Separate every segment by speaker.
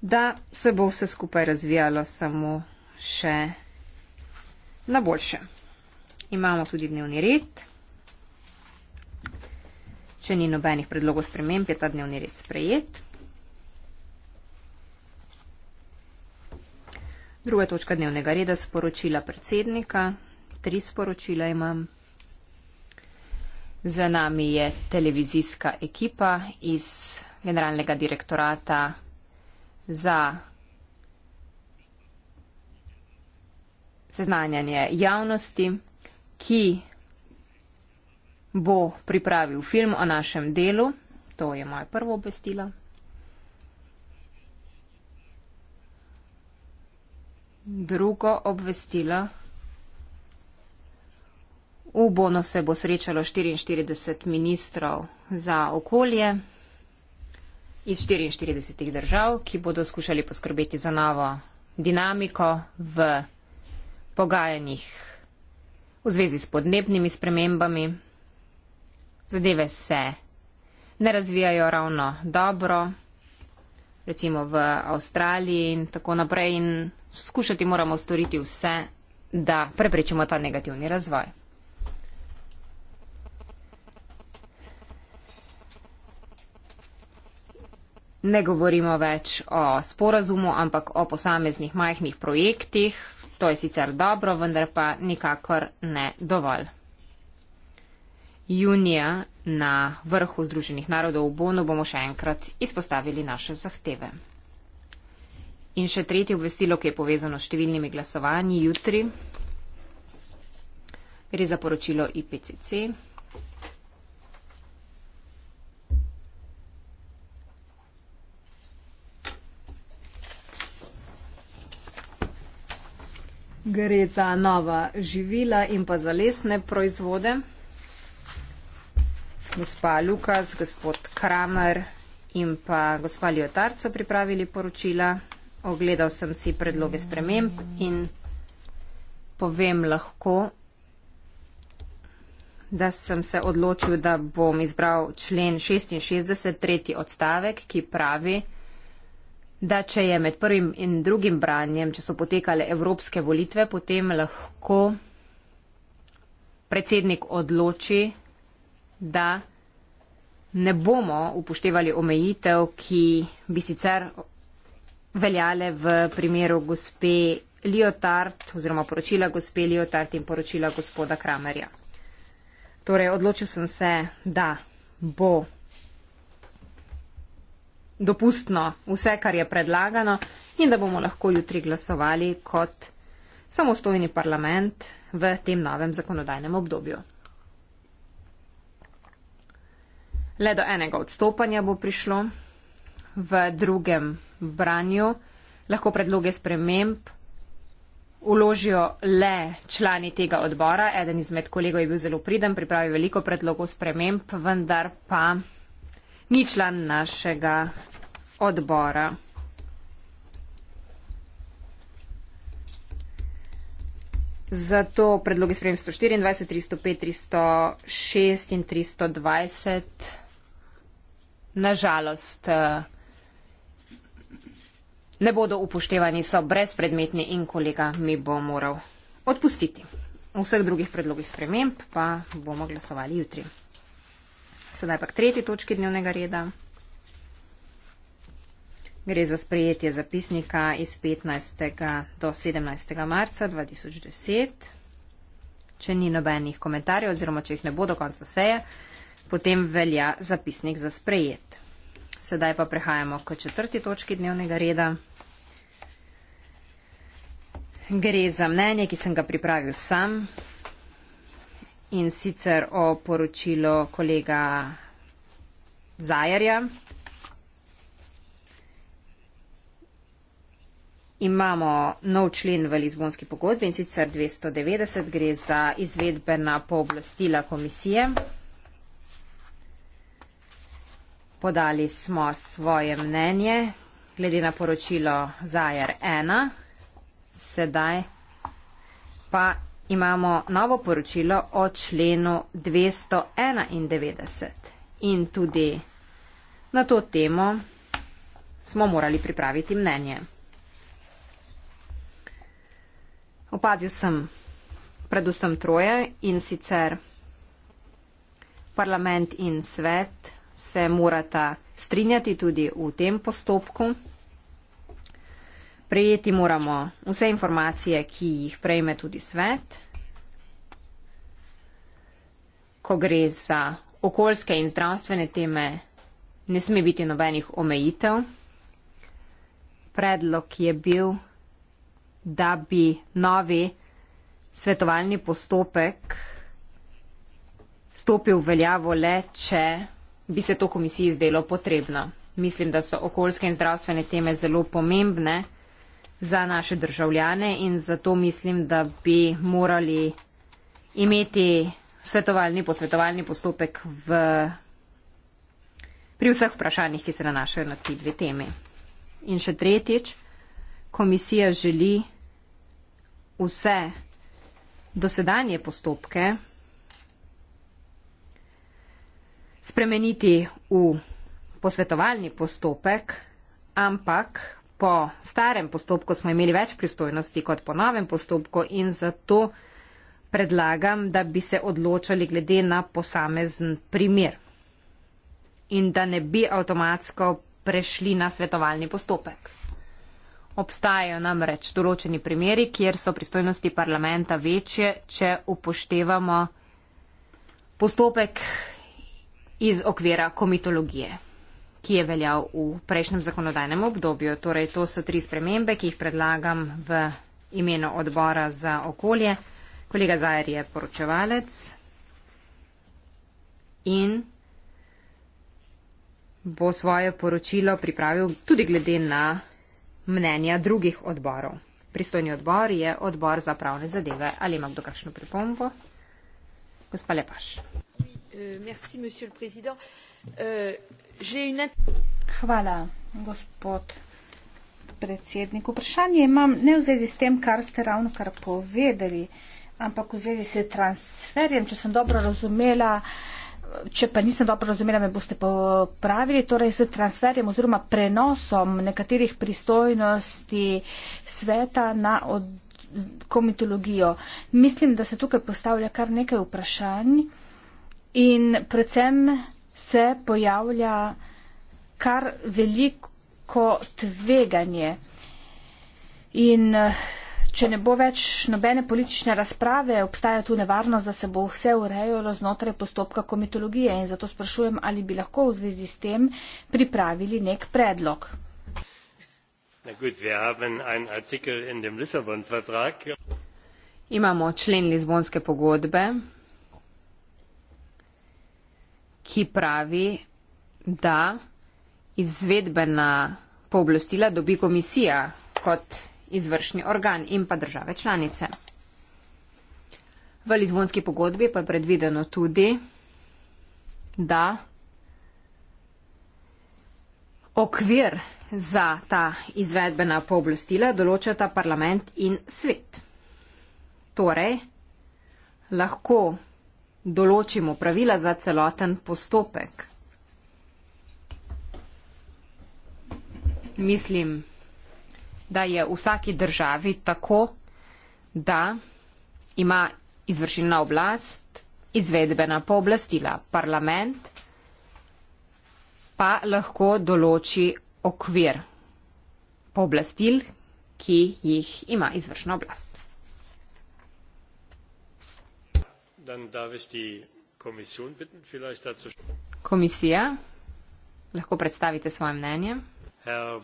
Speaker 1: da se bo vse skupaj razvijalo samo še na boljše. Imamo tudi dnevni red. Če ni nobenih predlogov sprememb, je ta dnevni red sprejet. Druga točka dnevnega reda je sporočila predsednika. Tri sporočila imam. Za nami je televizijska ekipa iz generalnega direktorata za seznanjanje javnosti, ki bo pripravil film o našem delu. To je moje prvo obvestilo. Drugo obvestilo. V Bono se bo srečalo 44 ministrov za okolje iz 44 držav, ki bodo skušali poskrbeti za novo dinamiko v pogajanjih v zvezi s podnebnimi spremembami. Zadeve se ne razvijajo ravno dobro, recimo v Avstraliji in tako naprej, in skušati moramo storiti vse, da preprečimo ta negativni razvoj. ne govorimo več o sporazumu, ampak o posameznih majhnih projektih. To je sicer dobro, vendar pa nikakor ne dovolj. Junija na vrhu Združenih narodov v Bonu bomo še enkrat izpostavili naše zahteve. In še tretje obvestilo, ki je povezano s številnimi glasovanji jutri. Gre za poročilo IPCC. Gre za nova živila in pa za lesne proizvode. Gospa Lukas, gospod Kramer in pa gospa Ljotarca pripravili poročila. Ogledal sem si predloge sprememb in povem lahko, da sem se odločil, da bom izbral člen 66, tretji odstavek, ki pravi, da če je med prvim in drugim branjem, če so potekale evropske volitve, potem lahko predsednik odloči, da ne bomo upoštevali omejitev, ki bi sicer veljale v primeru gospe Liotard oziroma poročila gospe Liotard in poročila gospoda Kramerja. Torej, odločil sem se, da bo dopustno vse, kar je predlagano in da bomo lahko jutri glasovali kot samostojni parlament v tem novem zakonodajnem obdobju. Le do enega odstopanja bo prišlo v drugem branju. Lahko predloge sprememb uložijo le člani tega odbora. Eden izmed kolegov je bil zelo priden, pripravi veliko predlogov sprememb, vendar pa ni član našega odbora. Zato predloge sprejem 124, 305, 306 in 320 nažalost eh, ne bodo upoštevani, so brezpredmetni in kolega mi bo moral odpustiti. V vseh drugih predlogih sprememb pa bomo glasovali jutri. Sedaj pa k tretji točki dnevnega reda. Gre za sprejetje zapisnika iz 15. do 17. marca 2010. Če ni nobenih komentarjev oziroma če jih ne bo do konca seje, potem velja zapisnik za sprejet. Sedaj pa prehajamo k četrti točki dnevnega reda. Gre za mnenje, ki sem ga pripravil sam in sicer o poročilo kolega Zajarja. Imamo nov člen v Lizbonski pogodbi in sicer 290 gre za izvedbena pooblastila komisije. Podali smo svoje mnenje glede na poročilo Zajar 1. Sedaj pa imamo novo poročilo o členu 291 in tudi na to temo smo morali pripraviti mnenje. Opazil sem predvsem troje in sicer parlament in svet se morata strinjati tudi v tem postopku. Prejeti moramo vse informacije, ki jih prejme tudi svet, ko gre za okoljske in zdravstvene teme. Ne sme biti nobenih omejitev. Predlog je bil, da bi novi svetovalni postopek stopil v veljavo le, če bi se to komisiji zdelo potrebno. Mislim, da so okoljske in zdravstvene teme zelo pomembne za naše državljane in zato mislim, da bi morali imeti svetovalni, posvetovalni postopek v, pri vseh vprašanjih, ki se nanašajo na ti dve teme. In še tretjič, komisija želi vse dosedanje postopke spremeniti v posvetovalni postopek, ampak po starem postopku smo imeli več pristojnosti kot po novem postopku in zato predlagam, da bi se odločali glede na posamezen primer in da ne bi avtomatsko prešli na svetovalni postopek. Obstajajo namreč določeni primeri, kjer so pristojnosti parlamenta večje, če upoštevamo postopek iz okvira komitologije ki je veljal v prejšnjem zakonodajnem obdobju. Torej, to so tri spremembe, ki jih predlagam v imenu odbora za okolje. Kolega Zajer je poročevalec in bo svoje poročilo pripravil tudi glede na mnenja drugih odborov. Pristojni odbor je odbor za pravne zadeve. Ali ima kdo kakšno pripombo? Gospa Lepaš.
Speaker 2: Euh, merci, monsieur le Président. Euh, Hvala, gospod predsednik. Vprašanje imam ne v zvezi s tem, kar ste ravno kar povedali, ampak v zvezi s transferjem, če sem dobro razumela, če pa nisem dobro razumela, me boste popravili, torej s transferjem oziroma prenosom nekaterih pristojnosti sveta na od, komitologijo. Mislim, da se tukaj postavlja kar nekaj vprašanj in predvsem se pojavlja kar veliko tveganje. In eh, če ne bo več nobene politične razprave, obstaja tu nevarnost, da se bo vse urejalo znotraj postopka komitologije. In zato sprašujem, ali bi lahko v zvezi s tem pripravili nek predlog. Imamo
Speaker 1: člen Lizbonske pogodbe, ki pravi, da izvedbena pooblastila dobi komisija kot izvršni organ in pa države članice. V Lizbonski pogodbi pa je predvideno tudi, da okvir za ta izvedbena pooblastila določata parlament in svet. Torej, lahko določimo pravila za celoten postopek. Mislim, da je vsaki državi tako, da ima izvršilna oblast, izvedbena pooblastila. Parlament pa lahko določi okvir pooblastil, ki jih ima izvršna oblast. Komisija, lahko predstavite svoje mnenje?
Speaker 3: Äh,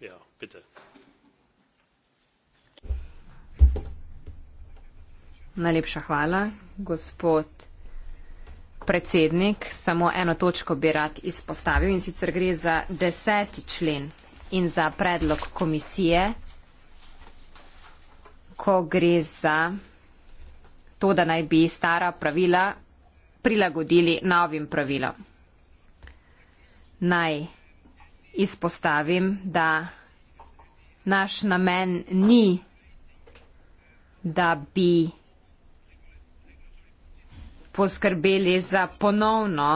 Speaker 2: ja,
Speaker 1: Najlepša hvala, gospod predsednik. Samo eno točko bi rad izpostavil in sicer gre za deseti člen in za predlog komisije, ko gre za to, da naj bi stara pravila prilagodili novim pravilom. Naj izpostavim, da naš namen ni, da bi poskrbeli za ponovno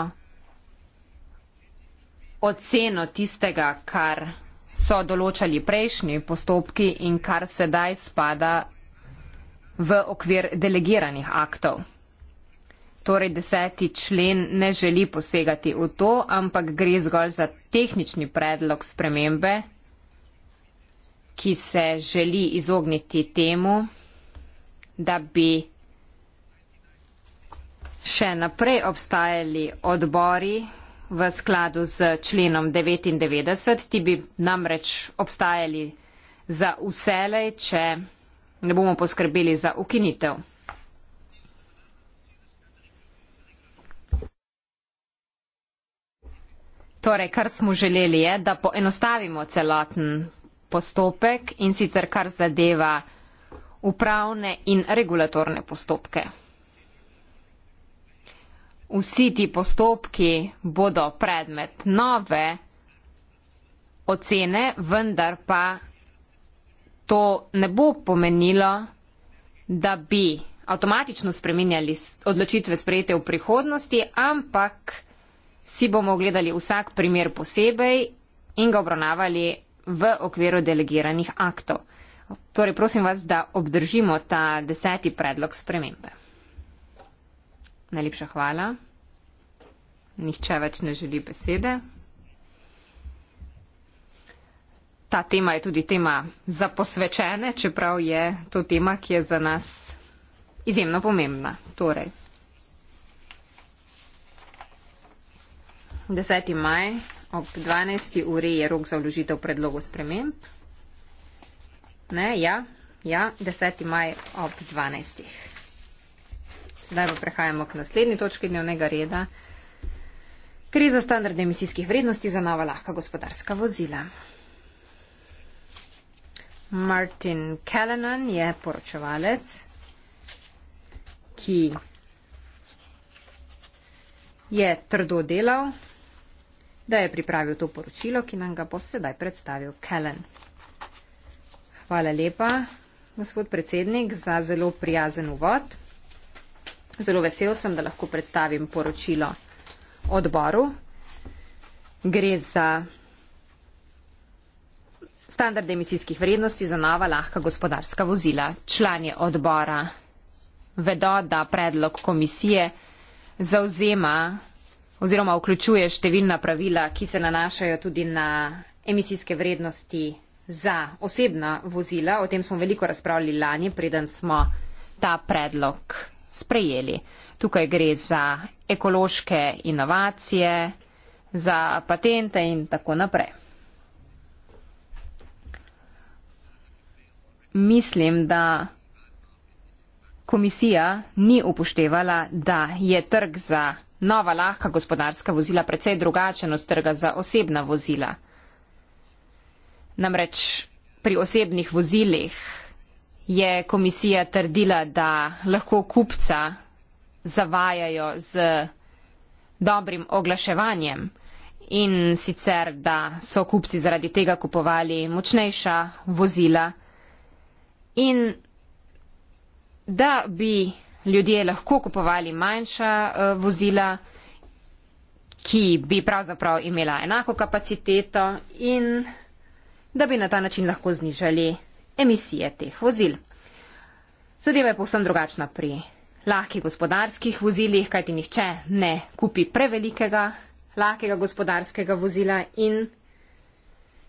Speaker 1: oceno tistega, kar so določali prejšnji postopki in kar sedaj spada v okvir delegiranih aktov. Torej deseti člen ne želi posegati v to, ampak gre zgolj za tehnični predlog spremembe, ki se želi izogniti temu, da bi še naprej obstajali odbori, v skladu z členom 99, ti bi namreč obstajali za vselej, če ne bomo poskrbeli za ukinitev. Torej, kar smo želeli je, da poenostavimo celoten postopek in sicer kar zadeva upravne in regulatorne postopke vsi ti postopki bodo predmet nove ocene, vendar pa to ne bo pomenilo, da bi avtomatično spreminjali odločitve sprejete v prihodnosti, ampak vsi bomo gledali vsak primer posebej in ga obravnavali v okviru delegiranih aktov. Torej prosim vas, da obdržimo ta deseti predlog spremembe. Najlepša hvala. Nihče več ne želi besede. Ta tema je tudi tema za posvečene, čeprav je to tema, ki je za nas izjemno pomembna. Torej, 10. maj ob 12. uri je rok za vložitev predlogov sprememb. Ne, ja, ja, 10. maj ob 12. maj. Sedaj pa prehajamo k naslednji točki dnevnega reda. Gre za standarde emisijskih vrednosti za nova lahka gospodarska vozila. Martin Callanan je poročevalec, ki je trdo delal, da je pripravil to poročilo, ki nam ga bo sedaj predstavil Callan. Hvala lepa, gospod predsednik, za zelo prijazen uvod. Zelo vesel sem, da lahko predstavim poročilo odboru. Gre za standard emisijskih vrednosti za nova lahka gospodarska vozila. Članje odbora vedo, da predlog komisije zauzema oziroma vključuje številna pravila, ki se nanašajo tudi na emisijske vrednosti za osebna vozila. O tem smo veliko razpravljali lani, preden smo ta predlog sprejeli. Tukaj gre za ekološke inovacije, za patente in tako naprej. Mislim, da komisija ni upoštevala, da je trg za nova lahka gospodarska vozila precej drugačen od trga za osebna vozila. Namreč pri osebnih vozilih je komisija trdila, da lahko kupca zavajajo z dobrim oglaševanjem in sicer, da so kupci zaradi tega kupovali močnejša vozila in da bi ljudje lahko kupovali manjša eh, vozila, ki bi pravzaprav imela enako kapaciteto in da bi na ta način lahko znižali emisije teh vozil. Zadeva je povsem drugačna pri lahkih gospodarskih vozilih, kajti nihče ne kupi prevelikega lahkega gospodarskega vozila in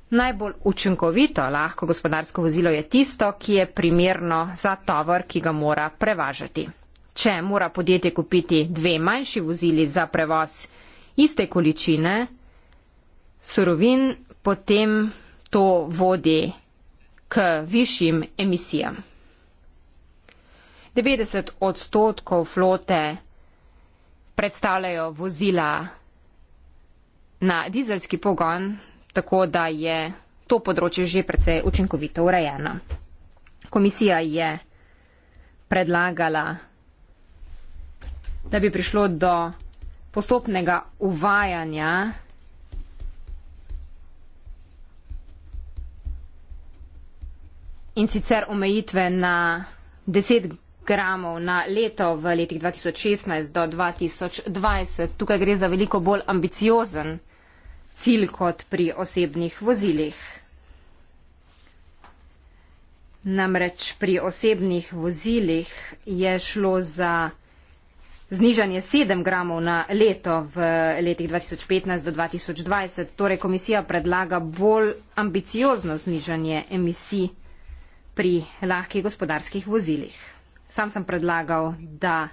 Speaker 1: najbolj učinkovito lahko gospodarsko vozilo je tisto, ki je primerno za tovor, ki ga mora prevažati. Če mora podjetje kupiti dve manjši vozili za prevoz iste količine surovin, potem to vodi k višjim emisijam. 90 odstotkov flote predstavljajo vozila na dizelski pogon, tako da je to področje že precej učinkovito urejeno. Komisija je predlagala, da bi prišlo do postopnega uvajanja in sicer omejitve na 10 gramov na leto v letih 2016 do 2020. Tukaj gre za veliko bolj ambiciozen cilj kot pri osebnih vozilih. Namreč pri osebnih vozilih je šlo za znižanje 7 gramov na leto v letih 2015 do 2020. Torej komisija predlaga bolj ambiciozno znižanje emisij pri lahkih gospodarskih vozilih. Sam sem predlagal, da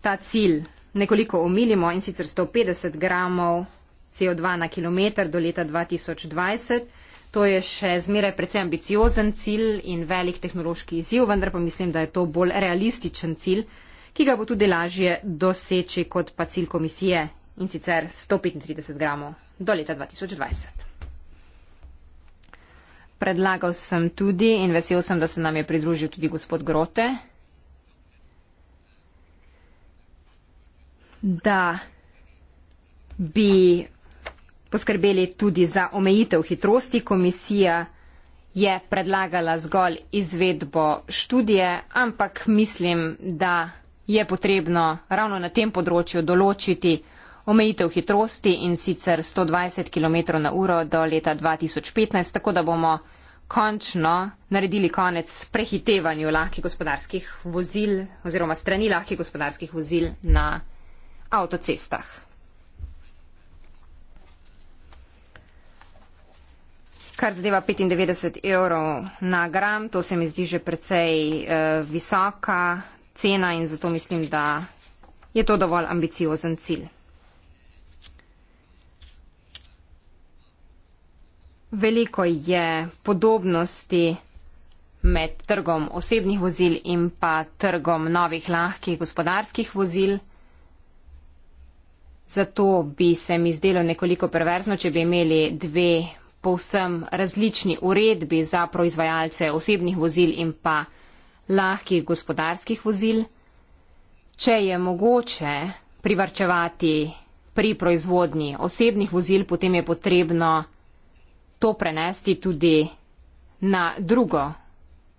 Speaker 1: ta cilj nekoliko omilimo in sicer 150 gramov CO2 na kilometr do leta 2020. To je še zmeraj predvsem ambiciozen cilj in velik tehnološki izziv, vendar pa mislim, da je to bolj realističen cilj, ki ga bo tudi lažje doseči kot pa cilj komisije in sicer 135 gramov do leta 2020. Predlagal sem tudi in vesel sem, da se nam je pridružil tudi gospod Grote, da bi poskrbeli tudi za omejitev hitrosti. Komisija je predlagala zgolj izvedbo študije, ampak mislim, da je potrebno ravno na tem področju določiti, omejitev hitrosti in sicer 120 km na uro do leta 2015, tako da bomo končno naredili konec prehitevanju lahkih gospodarskih vozil oziroma strani lahkih gospodarskih vozil na avtocestah. Kar zadeva 95 evrov na gram, to se mi zdi že precej eh, visoka cena in zato mislim, da je to dovolj ambiciozen cilj. veliko je podobnosti med trgom osebnih vozil in pa trgom novih lahkih gospodarskih vozil. Zato bi se mi zdelo nekoliko perverzno, če bi imeli dve povsem različni uredbi za proizvajalce osebnih vozil in pa lahkih gospodarskih vozil. Če je mogoče privrčevati pri proizvodnji osebnih vozil, potem je potrebno to prenesti tudi na drugo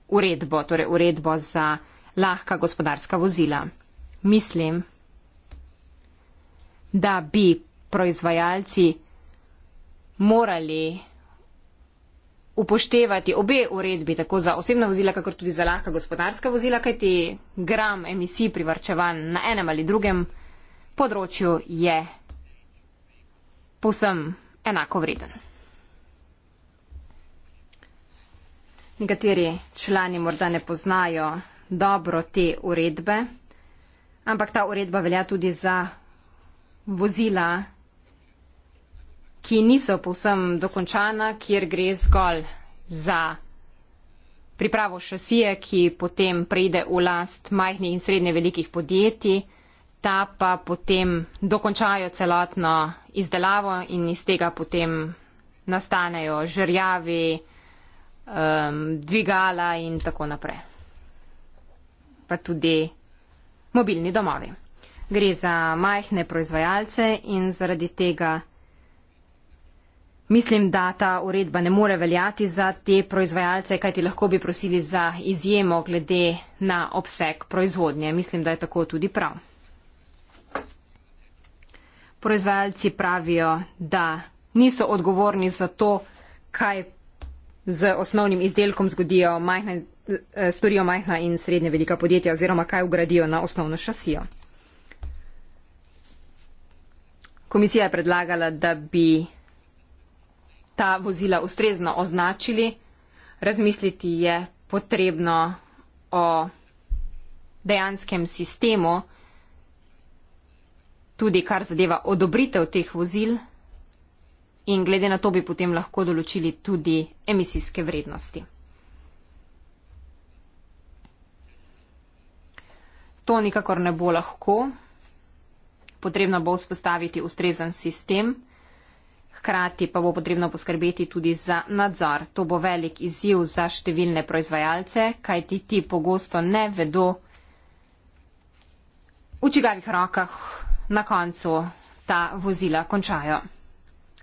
Speaker 1: uredbo, torej uredbo za lahka gospodarska vozila. Mislim, da bi proizvajalci morali upoštevati obe uredbi, tako za osebna vozila, kakor tudi za lahka gospodarska vozila, kajti gram emisij privrčevan na enem ali drugem področju je posem enako vreden. Nekateri člani morda ne poznajo dobro te uredbe, ampak ta uredba velja tudi za vozila, ki niso povsem dokončana, kjer gre zgolj za pripravo šasije, ki potem pride v last majhnih in srednje velikih podjetij, ta pa potem dokončajo celotno izdelavo in iz tega potem nastanejo žrjavi, um, dvigala in tako naprej. Pa tudi mobilni domovi. Gre za majhne proizvajalce in zaradi tega mislim, da ta uredba ne more veljati za te proizvajalce, kajti lahko bi prosili za izjemo glede na obseg proizvodnje. Mislim, da je tako tudi prav. Proizvajalci pravijo, da niso odgovorni za to, kaj z osnovnim izdelkom zgodijo majhne, eh, storijo majhna in srednje velika podjetja oziroma kaj ugradijo na osnovno šasijo. Komisija je predlagala, da bi ta vozila ustrezno označili. Razmisliti je potrebno o dejanskem sistemu, tudi kar zadeva odobritev teh vozil in glede na to bi potem lahko določili tudi emisijske vrednosti. To nikakor ne bo lahko. Potrebno bo vzpostaviti ustrezen sistem, hkrati pa bo potrebno poskrbeti tudi za nadzor. To bo velik izziv za številne proizvajalce, kajti ti pogosto ne vedo, v čigavih rokah na koncu ta vozila končajo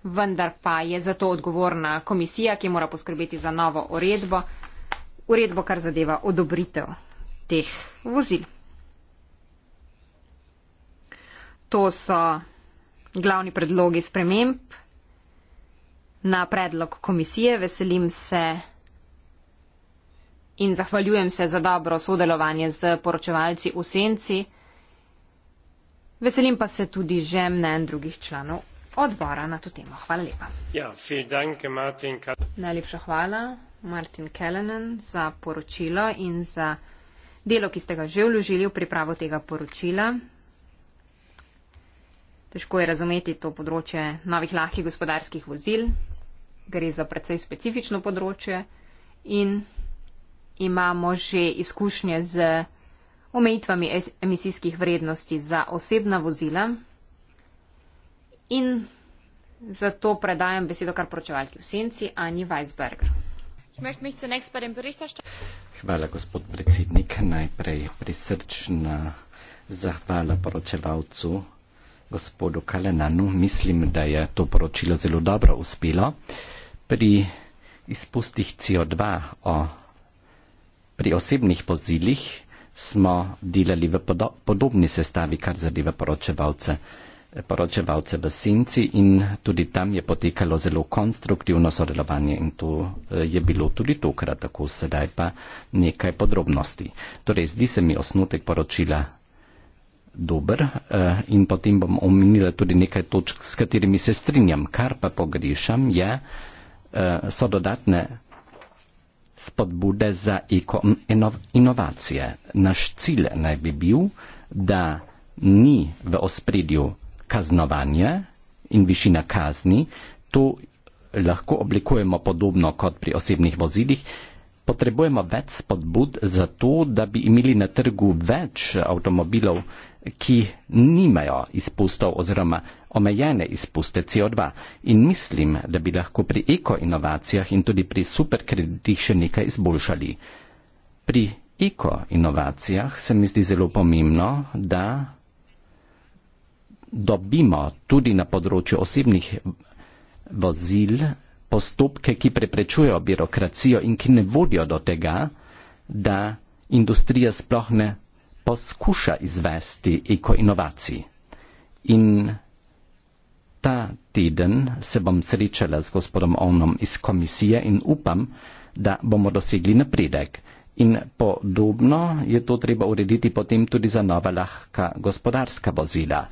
Speaker 1: vendar pa je za to odgovorna komisija, ki mora poskrbeti za novo uredbo, uredbo, kar zadeva odobritev teh vozil. To so glavni predlogi sprememb na predlog komisije. Veselim se in zahvaljujem se za dobro sodelovanje z poročevalci v senci. Veselim pa se tudi že mnen drugih članov odbora na to temo. Hvala lepa.
Speaker 3: Ja, dank,
Speaker 1: Najlepša hvala, Martin Kellenen, za poročilo in za delo, ki ste ga že vložili v pripravo tega poročila. Težko je razumeti to področje novih lahkih gospodarskih vozil. Gre za precej specifično področje in imamo že izkušnje z omejitvami emisijskih vrednosti za osebna vozila. In zato predajam besedo kar poročevalki v senci Ani Weisberger.
Speaker 3: Hvala, gospod predsednik. Najprej prisrčna zahvala poročevalcu gospodu Kalenanu. Mislim, da je to poročilo zelo dobro uspelo. Pri izpustih CO2 o, pri osebnih vozilih smo delali v podobni sestavi, kar zadeva poročevalce poročevalce v Sinci in tudi tam je potekalo zelo konstruktivno sodelovanje in to eh, je bilo tudi tokrat, tako sedaj pa nekaj podrobnosti. Torej, zdi se mi osnutek poročila dober eh, in potem bom omenila tudi nekaj točk, s katerimi se strinjam. Kar pa pogrešam je, eh, so dodatne spodbude za inovacije. Naš cilj naj bi bil, da ni v ospredju kaznovanje in višina kazni, tu lahko oblikujemo podobno kot pri osebnih vozilih. Potrebujemo več spodbud za to, da bi imeli na trgu več avtomobilov, ki nimajo izpustov oziroma omejene izpuste CO2. In mislim, da bi lahko pri ekoinovacijah in tudi pri superkreditih še nekaj izboljšali. Pri ekoinovacijah se mi zdi zelo pomembno, da dobimo tudi na področju osebnih vozil postopke, ki preprečujejo birokracijo in ki ne vodijo do tega, da industrija sploh ne poskuša izvesti ekoinovacij. In ta teden se bom srečala z gospodom Onom iz komisije in upam, da bomo dosegli napredek. In podobno je to treba urediti potem tudi za nova lahka gospodarska vozila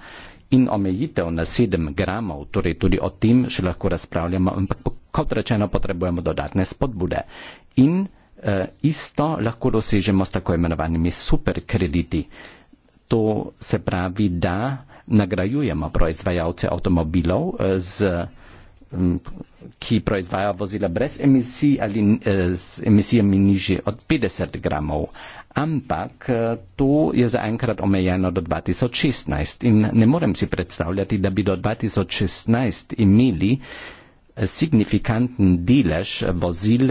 Speaker 3: in omejitev na 7 gramov, torej tudi o tem še lahko razpravljamo, ampak kot rečeno, potrebujemo dodatne spodbude. In eh, isto lahko dosežemo s tako imenovanimi superkrediti. To se pravi, da nagrajujemo proizvajalce avtomobilov, eh, z, m, ki proizvajajo vozila brez emisij ali eh, z emisijami nižje od 50 gramov ampak eh, to je zaenkrat omejeno do 2016 in ne morem si predstavljati, da bi do 2016 imeli eh, signifikanten delež eh, vozil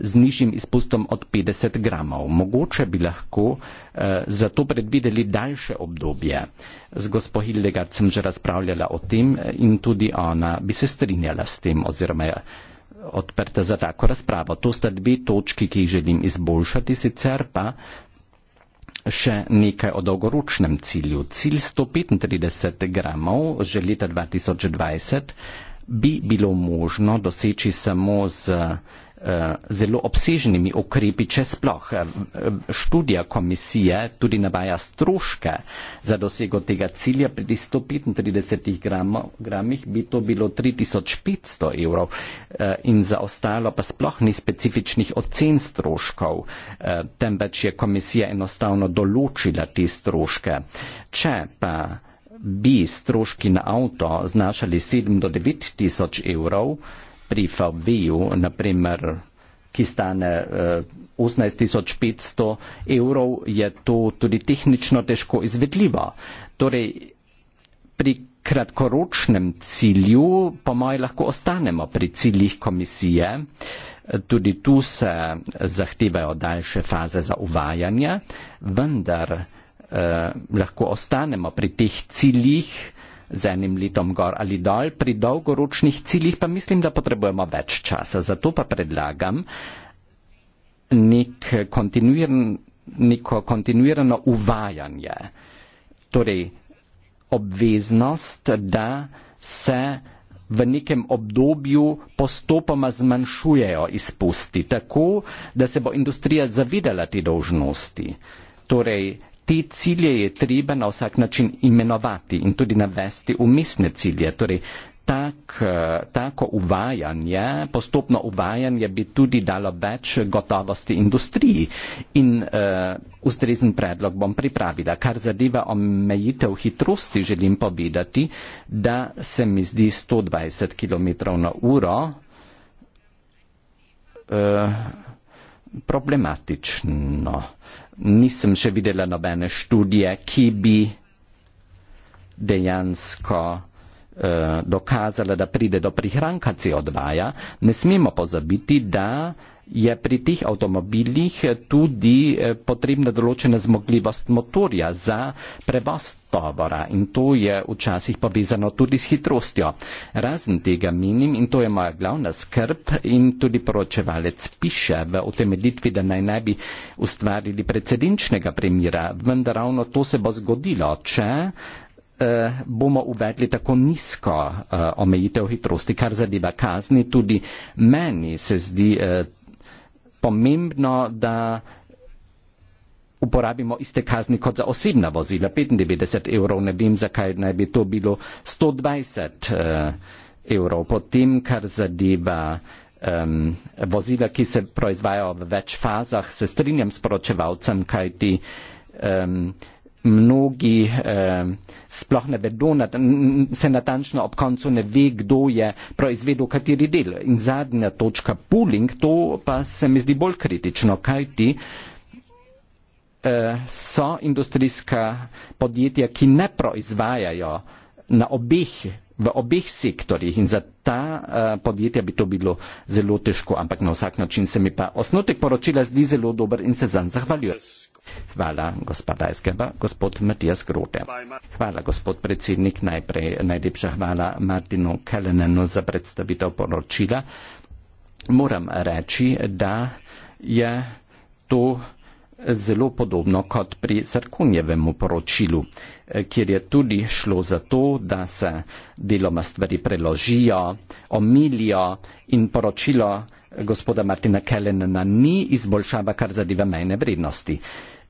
Speaker 3: z nižjim izpustom od 50 gramov. Mogoče bi lahko eh, za to predvideli daljše obdobje. Z gospo Hildegard sem že razpravljala o tem in tudi ona bi se strinjala s tem oziroma odprta za tako razpravo. To sta dve točki, ki jih želim izboljšati, sicer pa še nekaj o dolgoročnem cilju. Cilj 135 gramov že leta 2020 bi bilo možno doseči samo z Eh, zelo obsežnimi ukrepi, če sploh. Eh, študija komisije tudi navaja stroške za dosego tega cilja pri 135 gramih bi to bilo 3500 evrov eh, in za ostalo pa sploh ni specifičnih ocen stroškov, temveč je komisija enostavno določila te stroške. Če pa bi stroški na avto znašali 7 do 9 tisoč evrov, pri VVU, naprimer, ki stane uh, eh, 18.500 evrov, je to tudi tehnično težko izvedljivo. Torej, pri kratkoročnem cilju pa maj lahko ostanemo pri ciljih komisije. Tudi tu se zahtevajo daljše faze za uvajanje, vendar eh, lahko ostanemo pri teh ciljih, eh, z enim letom gor ali dol, pri dolgoročnih ciljih pa mislim, da potrebujemo več časa. Zato pa predlagam nek kontinuiran, neko kontinuirano uvajanje, torej obveznost, da se v nekem obdobju postopoma zmanjšujejo izpusti, tako da se bo industrija zavidala te dožnosti. Torej, te cilje je treba na vsak način imenovati in tudi navesti umestne cilje. Torej, tak, eh, tako uvajanje, postopno uvajanje bi tudi dalo več gotovosti industriji in uh, ustrezen predlog bom pripravila. Kar zadeva omejitev hitrosti, želim povedati, da se mi zdi 120 km na uro uh, problematično. Uh, nisem še videla nobene študije, ki bi dejansko eh, dokazala, da pride do prihranka CO2. Ne smemo pozabiti, da je pri teh avtomobilih tudi eh, potrebna določena zmogljivost motorja za prevoz tovora in to je včasih povezano tudi s hitrostjo. Razen tega menim in to je moja glavna skrb in tudi poročevalec piše v utemeljitvi, da naj naj bi ustvarili precedenčnega premira, vendar ravno to se bo zgodilo, če eh, bomo uvedli tako nizko uh, omejitev hitrosti, kar zadeva kazni. Tudi meni se zdi uh, pomembno, da uporabimo iste kazni kot za osebna vozila. 95 evrov, ne vem, zakaj naj bi to bilo 120 uh, eh, evrov. Potem, kar zadeva um, vozila, ki se proizvajajo v več fazah, se strinjam s poročevalcem, kaj ti. Um, mnogi eh, sploh ne vedo, nat se natančno ob koncu ne ve, kdo je proizvedel kateri del. In zadnja točka, pooling, to pa se mi zdi bolj kritično, kaj ti eh, so industrijska podjetja, ki ne proizvajajo na obeh v obeh sektorjih in za ta uh, podjetja bi to bilo zelo težko, ampak na vsak način se mi pa osnotek poročila zdi zelo dober in se zanj zahvaljujem. Hvala, gospod Dajskeba. Gospod Matijas Grote. Hvala, gospod predsednik. Najprej najlepša hvala Martinu Kalenenu za predstavitev poročila. Moram reči, da je to zelo podobno kot pri Sarkunjevemu poročilu, kjer je tudi šlo za to, da se deloma stvari preložijo, omilijo in poročilo gospoda Martina Kellenena ni izboljšava, kar zadeva mejne vrednosti.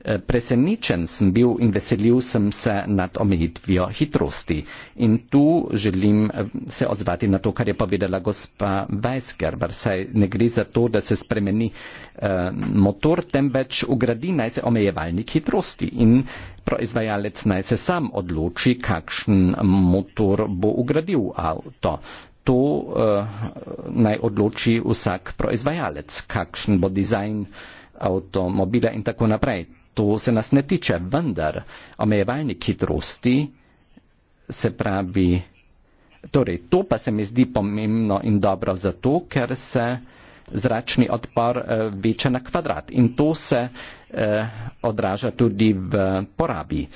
Speaker 3: Eh, presenečen sem bil in veselil sem se nad omejitvijo hitrosti. In tu želim eh, se odzvati na to, kar je povedala gospa Weisgerber. Saj ne gre za to, da se spremeni eh, motor, temveč ugradi naj se omejevalnik hitrosti in proizvajalec naj se sam odloči, kakšen motor bo ugradil avto. To eh, naj odloči vsak proizvajalec, kakšen bo dizajn avtomobila in tako naprej to se nas ne tiče, vendar omejevalni hitrosti, se pravi, torej to pa se mi zdi pomembno in dobro zato, ker se zračni odpor eh, veča na kvadrat in to se eh, odraža tudi v porabi.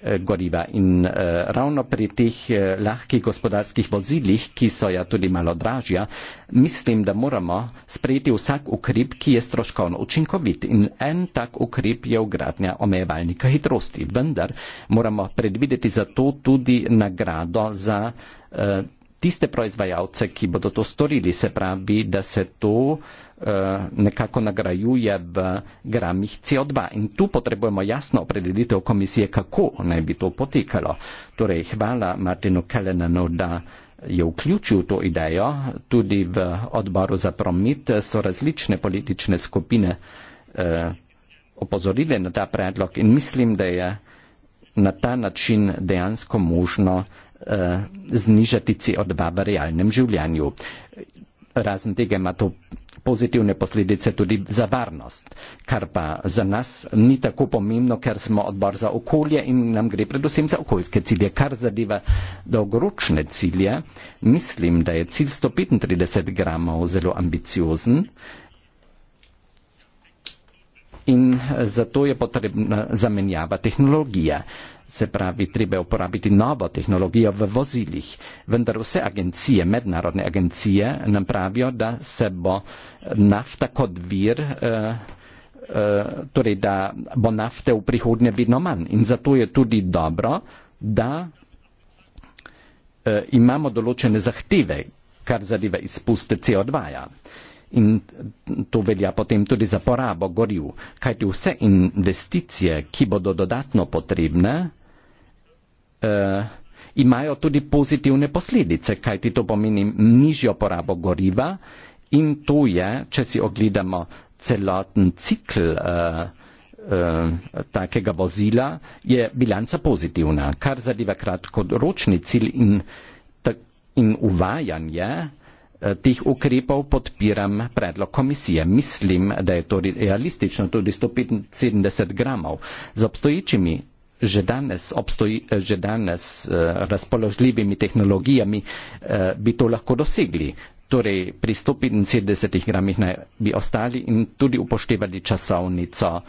Speaker 3: Eh, goriva. In uh, ravno pri teh uh, lahkih gospodarskih vozilih, ki so ja tudi malo dražja, mislim, da moramo sprejeti vsak ukrep, ki je stroškovno učinkovit. In en tak ukrep je ugradnja omejevalnika hitrosti. Vendar moramo predvideti za to tudi nagrado za uh, tiste proizvajalce, ki bodo to storili, se pravi, da se to eh, nekako nagrajuje v gramih CO2. In tu potrebujemo jasno opredelitev komisije, kako naj bi to potekalo. Torej, hvala Martinu Kellenanu, da je vključil to idejo. Tudi v odboru za promet so različne politične skupine eh, opozorile na ta predlog in mislim, da je na ta način dejansko možno Eh, znižati CO2 v realnem življenju. Razen tega ima to pozitivne posledice tudi za varnost, kar pa za nas ni tako pomembno, ker smo odbor za okolje in nam gre predvsem za okoljske cilje. Kar zadeva dolgoročne cilje, mislim, da je cilj 135 gramov zelo ambiciozen in zato je potrebna zamenjava tehnologije se pravi, treba uporabiti novo tehnologijo v vozilih. Vendar vse agencije, mednarodne agencije, nam pravijo, da se bo nafta kot vir. Uh, torej, da bo nafte v prihodnje vedno manj. In zato je tudi dobro, da eh, imamo določene zahteve, kar zadeva izpuste CO2. -ja. In to velja potem tudi za porabo goriv. Kajti vse investicije, ki bodo dodatno potrebne, uh, imajo tudi pozitivne posledice, kajti to pomeni nižjo porabo goriva in to je, če si ogledamo celoten cikl uh, uh, takega vozila, je bilanca pozitivna, kar zadeva kratkoročni cilj in, in uvajanje teh ukrepov podpiram predlog komisije. Mislim, da je to realistično, tudi 175 gramov. Z obstoječimi že danes, obstoji, eh, že danes eh, razpoložljivimi tehnologijami eh, bi to lahko dosegli. Torej pri 175 gramih naj bi ostali in tudi upoštevali časovnico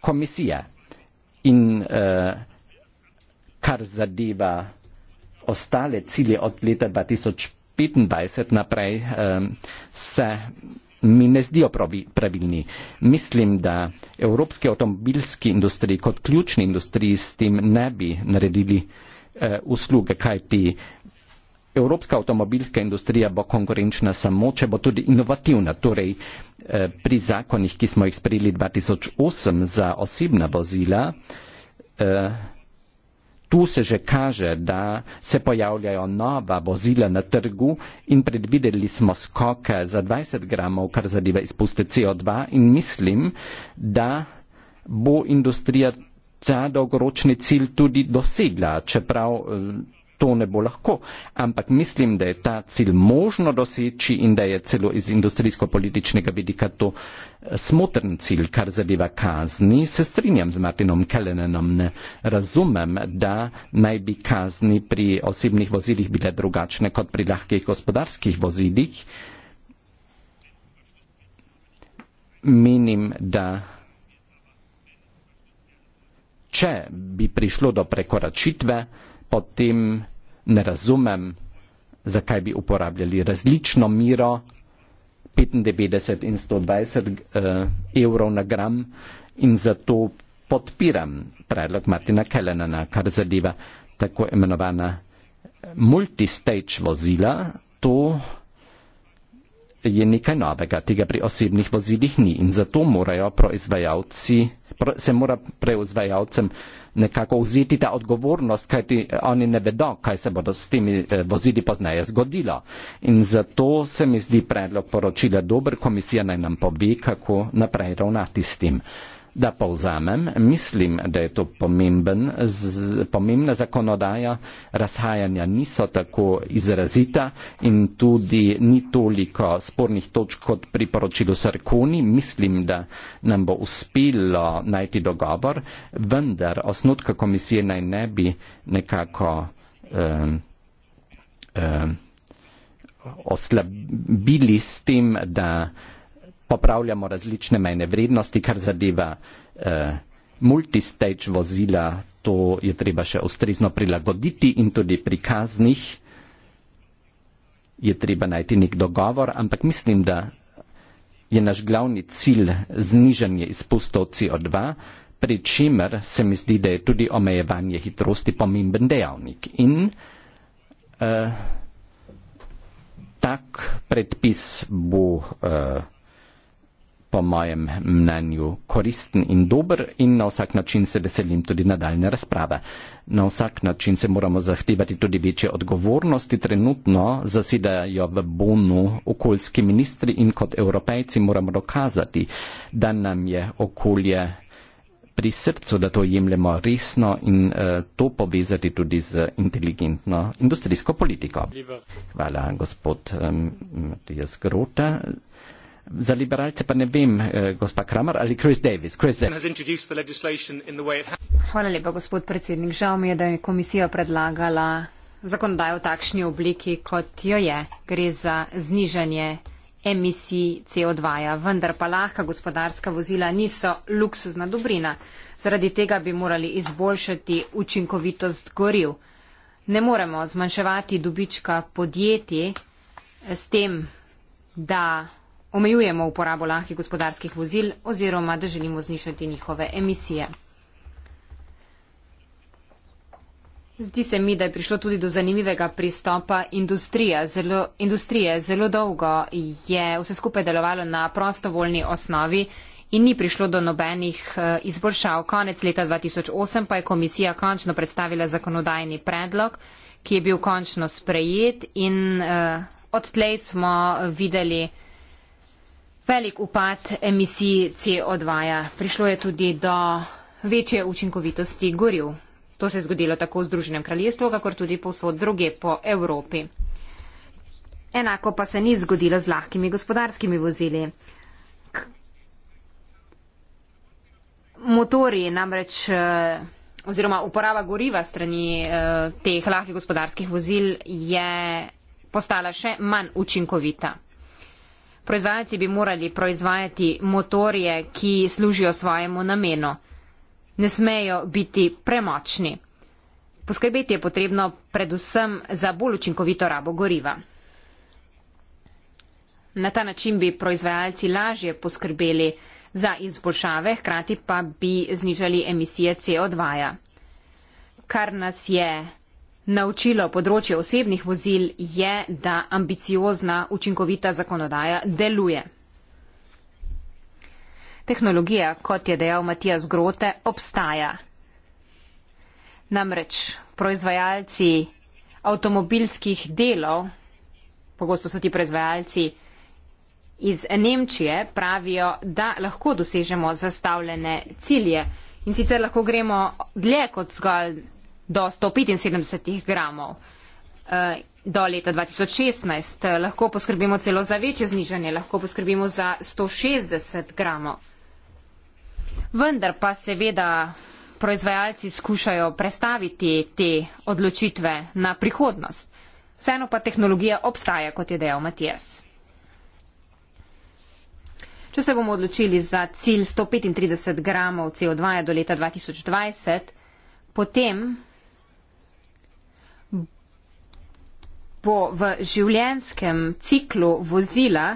Speaker 3: komisije. In kar zadeva ostale cilje od leta 2025 naprej, se mi ne zdijo pravilni. Mislim, da evropski avtomobilski industriji kot ključni industriji s tem ne bi naredili eh, usluge, kajti evropska avtomobilska industrija bo konkurenčna samo, če bo tudi inovativna. Torej, eh, pri zakonih, ki smo jih sprejeli 2008 za osebna vozila, eh, Tu se že kaže, da se pojavljajo nova vozila na trgu in predvideli smo skoke za 20 gramov, kar zadeva izpuste CO2 in mislim, da bo industrija ta dolgoročni cilj tudi dosegla, čeprav eh, to ne bo lahko, ampak mislim, da je ta cilj možno doseči in da je celo iz industrijsko-političnega vidika to eh, smotrn cilj, kar zadeva kazni. Se strinjam z Martinom Kellenenom, ne razumem, da naj bi kazni pri osebnih vozilih bile drugačne kot pri lahkih gospodarskih vozilih. Menim, da če bi prišlo do prekoračitve, potem ne razumem, zakaj bi uporabljali različno miro 95 in 120 uh, eh, evrov na gram in zato podpiram predlog Martina Kellenana, kar zadeva tako imenovana eh, multistage vozila. To je nekaj novega, tega pri osebnih vozilih ni in zato morajo proizvajalci, pro, se mora proizvajalcem uh, nekako vzeti ta odgovornost, kajti eh, oni ne vedo, kaj se bodo s temi eh, vozili poznaje zgodilo. In zato se mi zdi predlog poročila dober, komisija naj nam pove, kako naprej ravnati s tem. Da povzamem, mislim, da je to pomemben, z, pomembna zakonodaja, razhajanja niso tako izrazita in tudi ni toliko spornih točk kot priporočilo Sarkoni. Mislim, da nam bo uspelo najti dogovor, vendar osnutka komisije naj ne bi nekako. Um, um, oslabili s tem, da popravljamo različne mejne vrednosti, kar zadeva eh, multistage vozila, to je treba še ustrezno prilagoditi in tudi pri kaznih je treba najti nek dogovor, ampak mislim, da je naš glavni cilj znižanje izpustov CO2, pri čemer se mi zdi, da je tudi omejevanje hitrosti pomemben dejavnik. In eh, tak predpis bo. Eh, po mojem mnenju koristen in dober in na vsak način se veselim tudi nadaljne razprave. Na vsak način se moramo zahtevati tudi večje odgovornosti. Trenutno zasedajo v Bonu okoljski ministri in kot evropejci moramo dokazati, da nam je okolje pri srcu, da to jemljemo resno in uh, to povezati tudi z inteligentno industrijsko politiko. Hvala, gospod um, Matijas Grota. Za liberalce pa ne vem, eh, gospa Kramer ali Chris Davis. Chris Davis.
Speaker 1: Hvala lepa, gospod predsednik. Žal mi je, da je komisija predlagala zakonodajo v takšni obliki, kot jo je. Gre za znižanje emisij CO2. -ja. Vendar pa lahka gospodarska vozila niso luksuzna dobrina. Zaradi tega bi morali izboljšati učinkovitost goril. Ne moremo zmanjševati dobička podjetij s tem, da omejujemo uporabo lahkih gospodarskih vozil oziroma da želimo znišati njihove emisije. Zdi se mi, da je prišlo tudi do zanimivega pristopa zelo, industrije. Zelo dolgo je vse skupaj delovalo na prostovoljni osnovi in ni prišlo do nobenih eh, izboljšav. Konec leta 2008 pa je komisija končno predstavila zakonodajni predlog, ki je bil končno sprejet in eh, odtlej smo videli, velik upad emisij CO2. -ja. Prišlo je tudi do večje učinkovitosti goril. To se je zgodilo tako v Združenem kraljestvu, kakor tudi povsod druge po Evropi. Enako pa se ni zgodilo z lahkimi gospodarskimi vozili. K motori namreč eh, oziroma uporaba goriva strani eh, teh lahkih gospodarskih vozil je postala še manj učinkovita. Proizvajalci bi morali proizvajati motorje, ki služijo svojemu namenu. Ne smejo biti premočni. Poskrbeti je potrebno predvsem za bolj učinkovito rabo goriva. Na ta način bi proizvajalci lažje poskrbeli za izboljšave, hkrati pa bi znižali emisije CO2. Kar nas je naučilo področje osebnih vozil je, da ambiciozna učinkovita zakonodaja deluje. Tehnologija, kot je dejal Matijas Grote, obstaja. Namreč proizvajalci avtomobilskih delov, pogosto so ti proizvajalci iz Nemčije, pravijo, da lahko dosežemo zastavljene cilje. In sicer lahko gremo dlje kot zgolj do 175 gramov. Eh, do leta 2016 eh, lahko poskrbimo celo za večje znižanje, lahko poskrbimo za 160 gramov. Vendar pa seveda proizvajalci skušajo prestaviti te odločitve na prihodnost. Vseeno pa tehnologija obstaja, kot je dejal Matijas. Če se bomo odločili za cilj 135 gramov CO2 do leta 2020, potem bo v življenskem ciklu vozila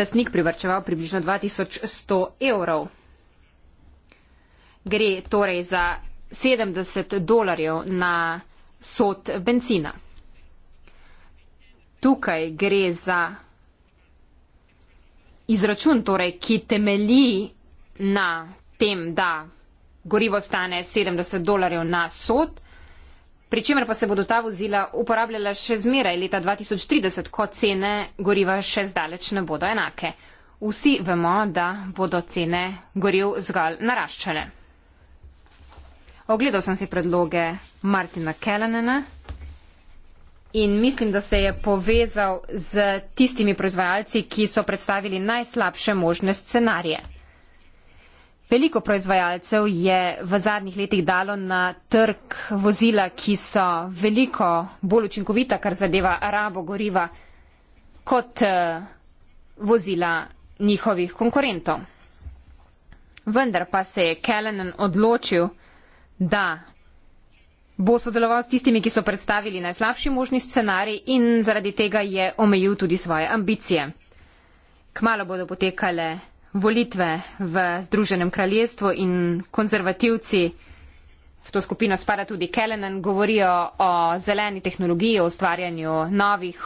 Speaker 1: lasnik privrčeval približno 2100 evrov. Gre torej za 70 dolarjev na sod benzina. Tukaj gre za izračun, torej, ki temelji na tem, da gorivo stane 70 dolarjev na sod pri čemer pa se bodo ta vozila uporabljala še zmeraj leta 2030, ko cene goriva še zdaleč ne bodo enake. Vsi vemo, da bodo cene goril zgolj naraščale. Ogledal sem si predloge Martina Kellenena in mislim, da se je povezal z tistimi proizvajalci, ki so predstavili najslabše možne scenarije. Veliko proizvajalcev je v zadnjih letih dalo na trg vozila, ki so veliko bolj učinkovita, kar zadeva rabo goriva, kot eh, vozila njihovih konkurentov. Vendar pa se je Kellenen odločil, da bo sodeloval s tistimi, ki so predstavili najslabši možni scenarij in zaradi tega je omejil tudi svoje ambicije. Kmalo bodo potekale volitve v Združenem kraljestvu in konzervativci, v to skupino spada tudi Kellenen, govorijo o zeleni tehnologiji, o ustvarjanju novih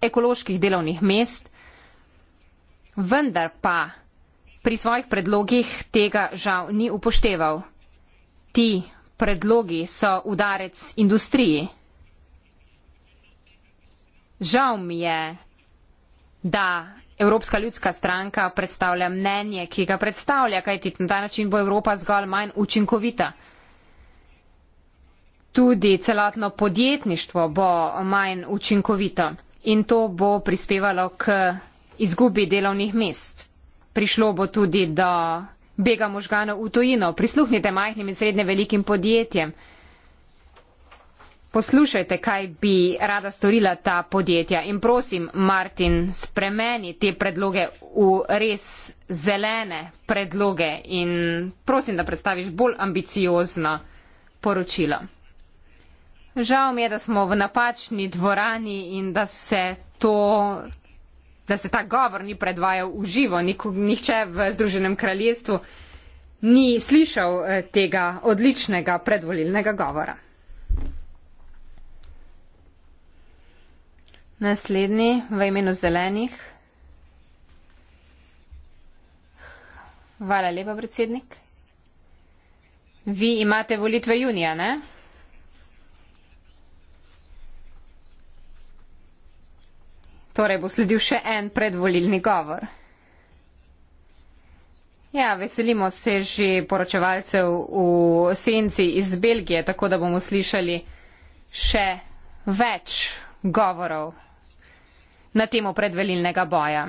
Speaker 1: ekoloških delovnih mest, vendar pa pri svojih predlogih tega žal ni upošteval. Ti predlogi so udarec industriji. Žal mi je, da Evropska ljudska stranka predstavlja mnenje, ki ga predstavlja, kajti na ta način bo Evropa zgolj manj učinkovita. Tudi celotno podjetništvo bo manj učinkovito in to bo prispevalo k izgubi delovnih mest. Prišlo bo tudi do bega možganov v tujino. Prisluhnite majhnim in srednje velikim podjetjem. Poslušajte, kaj bi rada storila ta podjetja in prosim, Martin, spremeni te predloge v res zelene predloge in prosim, da predstaviš bolj ambiciozna poročila. Žal mi je, da smo v napačni dvorani in da se, to, da se ta govor ni predvajal v živo. Nihče v Združenem kraljestvu ni slišal eh, tega odličnega predvolilnega govora. Naslednji v imenu zelenih. Hvala lepa, predsednik. Vi imate volitve junija, ne? Torej bo sledil še en predvolilni govor. Ja, veselimo se že poročevalcev v senci iz Belgije, tako da bomo slišali še več govorov na temo predvelilnega boja.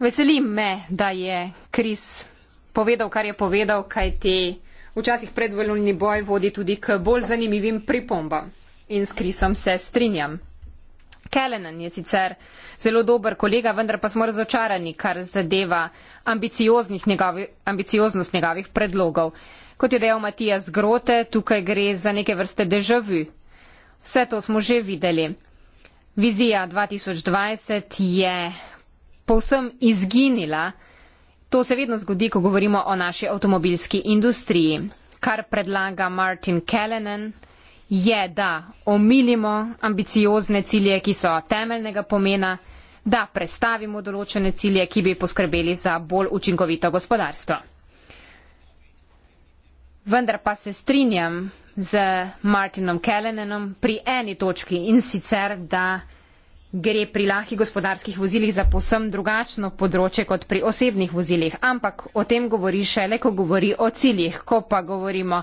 Speaker 1: Veselim me, da je Kris povedal, kar je povedal, kaj te včasih predvolilni boj vodi tudi k bolj zanimivim pripombam. In s Krisom se strinjam. Kellenen je sicer zelo dober kolega, vendar pa smo razočarani, kar zadeva njegovi, ambicioznost njegovih predlogov. Kot je dejal Matija Zgrote, tukaj gre za neke vrste deževi. Vse to smo že videli. Vizija 2020 je povsem izginila. To se vedno zgodi, ko govorimo o naši avtomobilski industriji. Kar predlaga Martin Kellenen je, da omilimo ambiciozne cilje, ki so temeljnega pomena, da prestavimo določene cilje, ki bi poskrbeli za bolj učinkovito gospodarstvo vendar pa se strinjam z Martinom Kellenenom pri eni točki in sicer, da gre pri lahkih gospodarskih vozilih za posem drugačno področje kot pri osebnih vozilih, ampak o tem govori šele, ko govori o ciljih, ko pa govorimo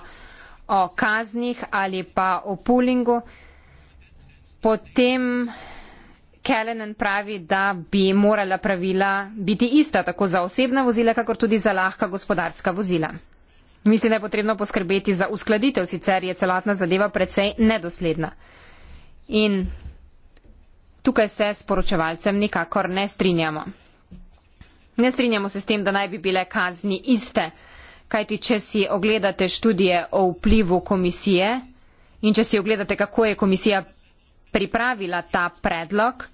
Speaker 1: o kaznih ali pa o pulingu, potem Kellenen pravi, da bi morala pravila biti ista tako za osebna vozila, kakor tudi za lahka gospodarska vozila. Mislim, da je potrebno poskrbeti za uskladitev, sicer je celatna zadeva precej nedosledna. In tukaj se s poročevalcem nikakor ne strinjamo. Ne strinjamo se s tem, da naj bi bile kazni iste, kajti če si ogledate študije o vplivu komisije in če si ogledate, kako je komisija pripravila ta predlog,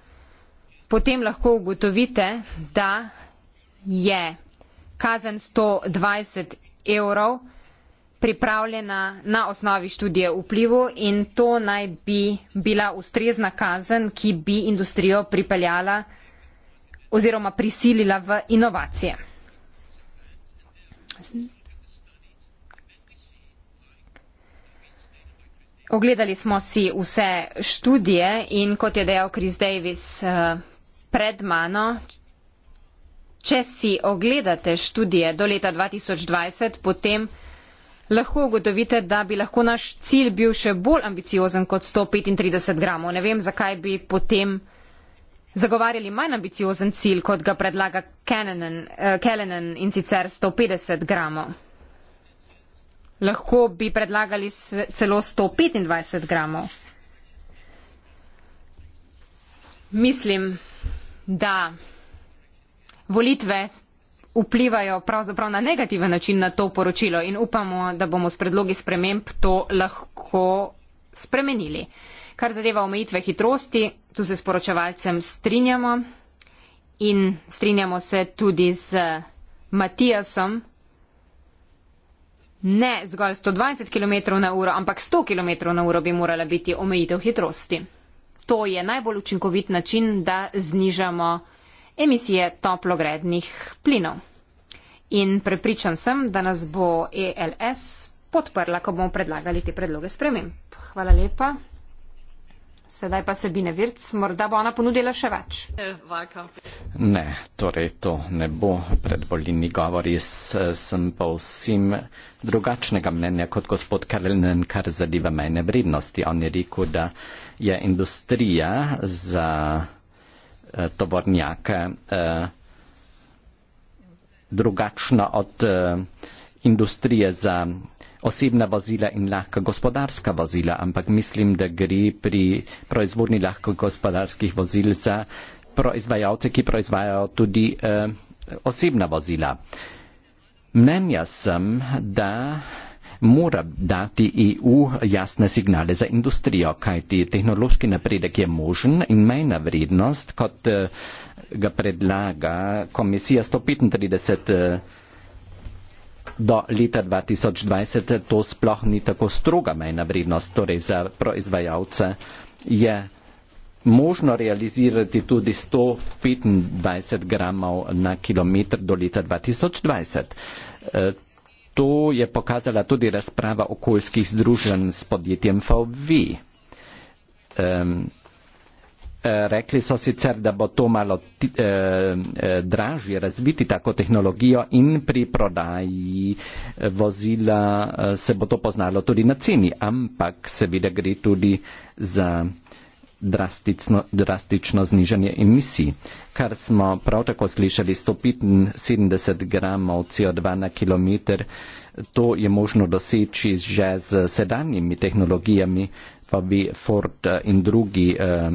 Speaker 1: potem lahko ugotovite, da je kazen 120 evrov pripravljena na osnovi študije vplivu in to naj bi bila ustrezna kazen, ki bi industrijo pripeljala oziroma prisilila v inovacije. Ogledali smo si vse študije in kot je dejal Chris Davis eh, pred mano, Če si ogledate študije do leta 2020, potem lahko ugotovite, da bi lahko naš cilj bil še bolj ambiciozen kot 135 gramov. Ne vem, zakaj bi potem zagovarjali manj ambiciozen cilj, kot ga predlaga Kellenen, eh, Kellenen in sicer 150 gramov. Lahko bi predlagali celo 125 gramov. Mislim, da volitve vplivajo pravzaprav na negativen način na to poročilo in upamo, da bomo s predlogi sprememb to lahko spremenili. Kar zadeva omejitve hitrosti, tu se s poročevalcem strinjamo in strinjamo se tudi z Matijasom. Ne zgolj 120 km na uro, ampak 100 km na uro bi morala biti omejitev hitrosti. To je najbolj učinkovit način, da znižamo emisije toplogrednih plinov. In prepričan sem, da nas bo ELS podprla, ko bomo predlagali te predloge spremem. Hvala lepa. Sedaj pa se Bine Virc, morda bo ona ponudila še več.
Speaker 3: Ne, torej to ne bo predboljni govor. Jaz eh, sem pa vsem drugačnega mnenja kot gospod Karlenen, kar zadeva mejne vrednosti. On je rekel, da je industrija za Eh, tovornjake eh, drugačna od eh, industrije za osebna vozila in lahko gospodarska vozila, ampak mislim, da gre pri proizvodni lahko gospodarskih vozil za proizvajalce, ki proizvajajo tudi osebna vozila. Mnenja sem, da mora dati EU jasne signale za industrijo, kajti tehnološki napredek je možen in mejna vrednost, kot eh, ga predlaga komisija 135 eh, do leta 2020, to sploh ni tako stroga mejna vrednost, torej za proizvajalce je možno realizirati tudi 125 gramov na kilometr do leta 2020. To je pokazala tudi razprava okoljskih združenj s podjetjem VV. Um, e, rekli so sicer, da bo to malo ti, eh, eh, dražje razviti tako tehnologijo in pri prodaji vozila eh, se bo to poznalo tudi na ceni, ampak seveda gre tudi za eh, drastično, drastično znižanje emisij. Kar smo prav tako slišali, 175 gramov CO2 na kilometr, to je možno doseči že z sedanjimi tehnologijami, pa bi Ford eh, in drugi eh,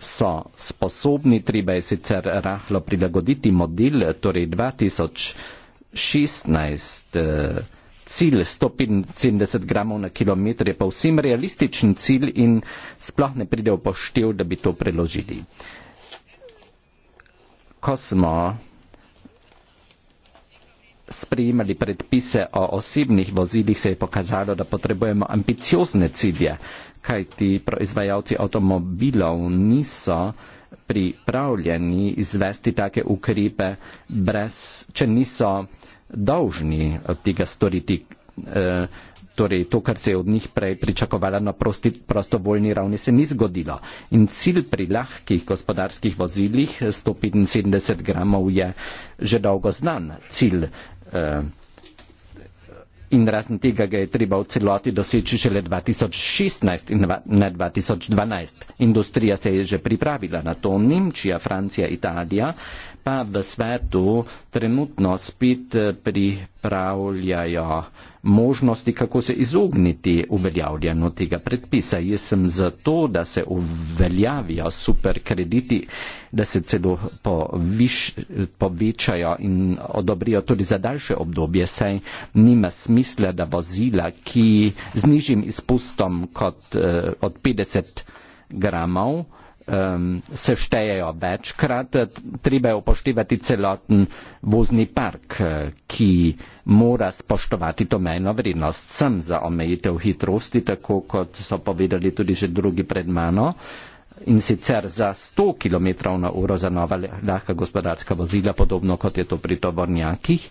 Speaker 3: so sposobni, treba je sicer rahlo prilagoditi model, torej 2016 cilj 175 gramov na kilometr je pa vsem realističen cilj in sploh ne pride v poštev, da bi to preložili. Ko smo sprejemali predpise o osebnih vozilih, se je pokazalo, da potrebujemo ambiciozne cilje, kaj ti proizvajalci avtomobilov niso pripravljeni izvesti take ukrepe, brez, če niso dolžni eh, tega storiti. Eh, torej, to, kar se je od njih prej pričakovalo na prosti, prostovoljni ravni, se ni zgodilo. In cilj pri lahkih gospodarskih vozilih 175 gramov je že dolgo znan cilj. Eh, in razen tega ga je treba v celoti doseči šele 2016 in ne 2012. Industrija se je že pripravila na to, Nemčija, Francija, Italija, pa v svetu trenutno spet eh, pripravljajo možnosti, kako se izogniti uveljavljanju tega predpisa. Jaz sem za to, da se uveljavijo superkrediti, da se celo poviš, povečajo in odobrijo tudi za daljše obdobje, saj nima smisla, da vozila, ki z nižjim izpustom kot eh, od 50 gramov, um, se štejejo večkrat, treba je upoštevati celoten vozni park, eh, ki mora spoštovati to mejno vrednost. Sem za omejitev hitrosti, tako kot so povedali tudi že drugi pred mano. In sicer za 100 km na uro za nova lahka gospodarska vozila, podobno kot je to pri tovornjakih.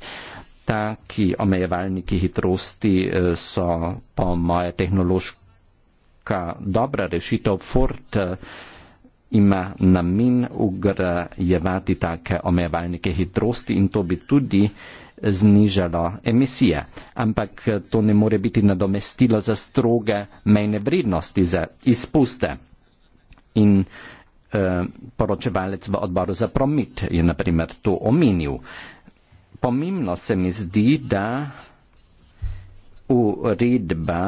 Speaker 3: Taki omejevalniki hitrosti eh, so po moje tehnološka dobra rešitev. Ford eh, ima namen ugrajevati take omejevalnike hitrosti in to bi tudi znižalo emisije. Ampak to ne more biti nadomestilo za stroge mejne vrednosti za izpuste. In eh, poročevalec v odboru za promit je naprimer to omenil. Pomembno se mi zdi, da uredba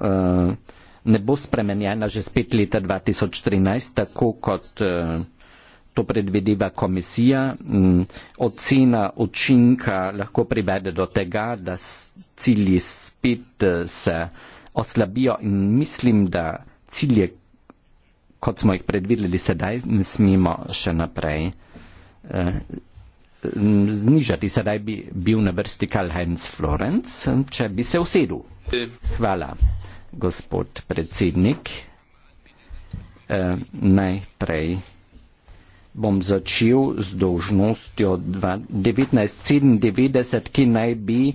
Speaker 3: eh, ne bo spremenjena že spet leta 2013, tako kot eh, to predvideva komisija. Mm, ocena učinka lahko privede do tega, da cilji spet eh, se oslabijo in mislim, da cilje, kot smo jih predvideli sedaj, ne smemo še naprej eh, znižati. Sedaj bi bil na vrsti Karl Heinz Florenc, če bi se usedel. Hvala gospod predsednik. E, najprej bom začel z dožnostjo 1997, ki naj bi e,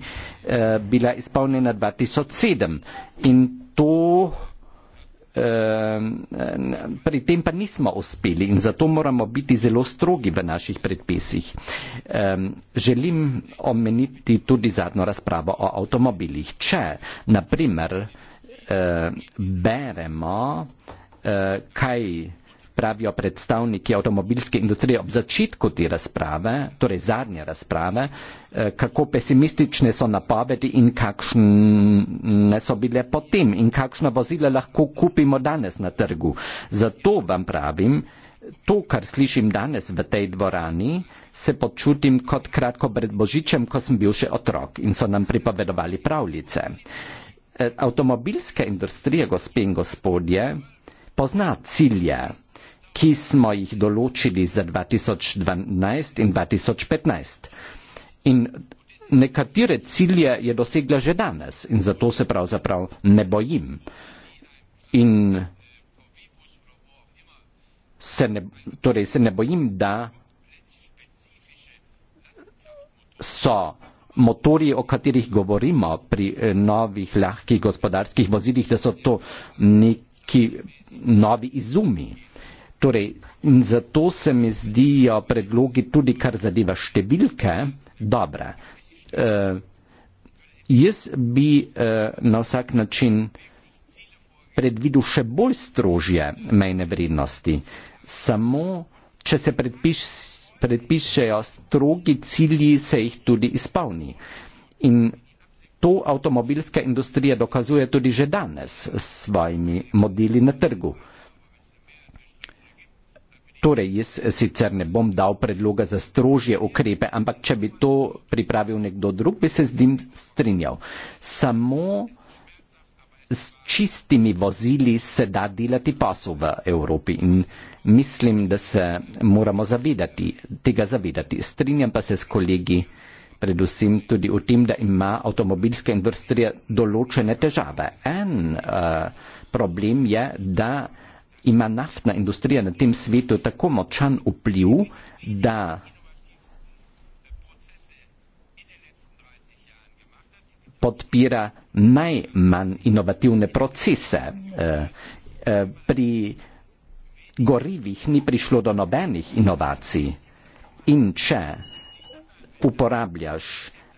Speaker 3: bila izpolnjena 2007. In to eh, pri tem pa nismo uspeli in zato moramo biti zelo strogi v naših predpisih. Želim omeniti tudi zadnjo razpravo o avtomobilih. Če, na primer, beremo, eh, kaj pravijo predstavniki avtomobilske industrije ob začetku te razprave, torej zadnje razprave, eh, kako pesimistične so napovedi in kakšne so bile potem in kakšna vozila lahko kupimo danes na trgu. Zato vam pravim, to, kar slišim danes v tej dvorani, se počutim kot kratko pred Božičem, ko sem bil še otrok in so nam pripovedovali pravljice. Eh, avtomobilska industrija, gospe in gospodje, pozna cilje, ki smo jih določili za 2012 in 2015. In nekatere cilje je dosegla že danes in zato se pravzaprav ne bojim. In se ne, torej se ne bojim, da so motorji, o katerih govorimo pri eh, novih lahkih gospodarskih vozilih, da so to neki novi izumi. Torej, in zato se mi zdijo predlogi tudi, kar zadeva številke, dobre. Uh, jaz bi uh, na vsak način predvidel še bolj strožje mejne vrednosti. Samo, če se predpiši predpišejo strogi cilji, se jih tudi izpolni. In to avtomobilska industrija dokazuje tudi že danes s svojimi modeli na trgu. Torej, jaz sicer ne bom dal predloga za strožje ukrepe, ampak če bi to pripravil nekdo drug, bi se z njim strinjal. Samo s čistimi vozili se da delati posel v Evropi in mislim, da se moramo zavedati, tega zavedati. Strinjam pa se s kolegi predvsem tudi v tem, da ima avtomobilska industrija določene težave. En uh, problem je, da ima naftna industrija na tem svetu tako močan vpliv, da podpira najmanj inovativne procese. Uh, uh, gorivih ni prišlo do nobenih inovacij. In če uporabljaš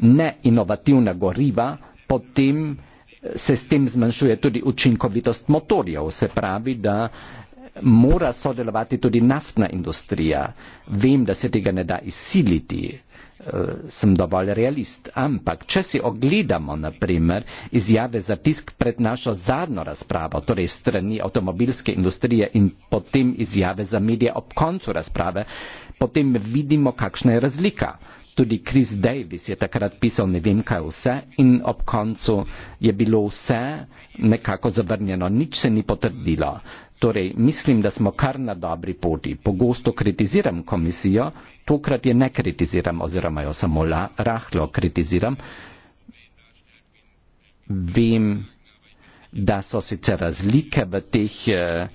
Speaker 3: neinovativna goriva, potem eh, se s tem zmanjšuje tudi učinkovitost motorjev. Se pravi, da mora sodelovati tudi naftna industrija. Vem, da se tega ne da izsiliti, Eh, sem dovolj realist, ampak če si ogledamo naprimer izjave za tisk pred našo zadnjo razpravo, torej strani avtomobilske industrije in potem izjave za medije ob koncu razprave, potem vidimo, kakšna je razlika. Tudi Chris Davis je takrat pisal ne vem kaj vse in ob koncu je bilo vse nekako zavrnjeno, nič se ni potrdilo. Torej, mislim, da smo kar na dobri poti. Pogosto kritiziram komisijo, tokrat je ne kritiziram oziroma jo samo la, rahlo kritiziram. Vem, da so sicer razlike v teh eh,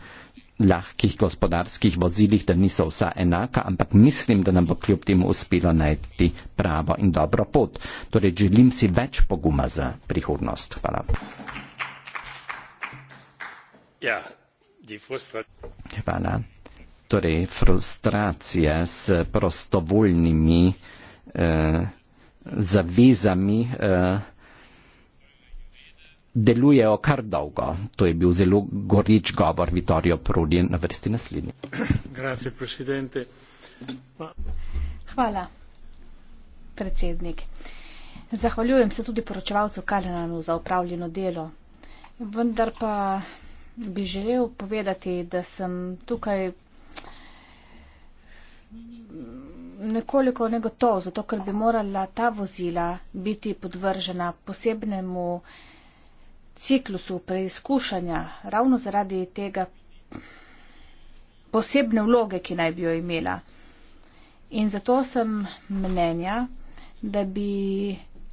Speaker 3: lahkih gospodarskih vozilih, da niso vsa enaka, ampak mislim, da nam bo kljub temu uspelo najti pravo in dobro pot. Torej, želim si več poguma za prihodnost. Hvala. Ja. Hvala. Torej, frustracija s prostovoljnimi eh, zavezami eh, delujejo kar dolgo. To je bil zelo goreč govor Vitorijo Prudi na vrsti naslednji.
Speaker 2: Hvala, predsednik. Zahvaljujem se tudi poročevalcu Kalinanu za upravljeno delo. Vendar pa bi želel povedati, da sem tukaj nekoliko negotov, zato ker bi morala ta vozila biti podvržena posebnemu ciklusu preizkušanja, ravno zaradi tega posebne vloge, ki naj bi jo imela. In zato sem mnenja, da bi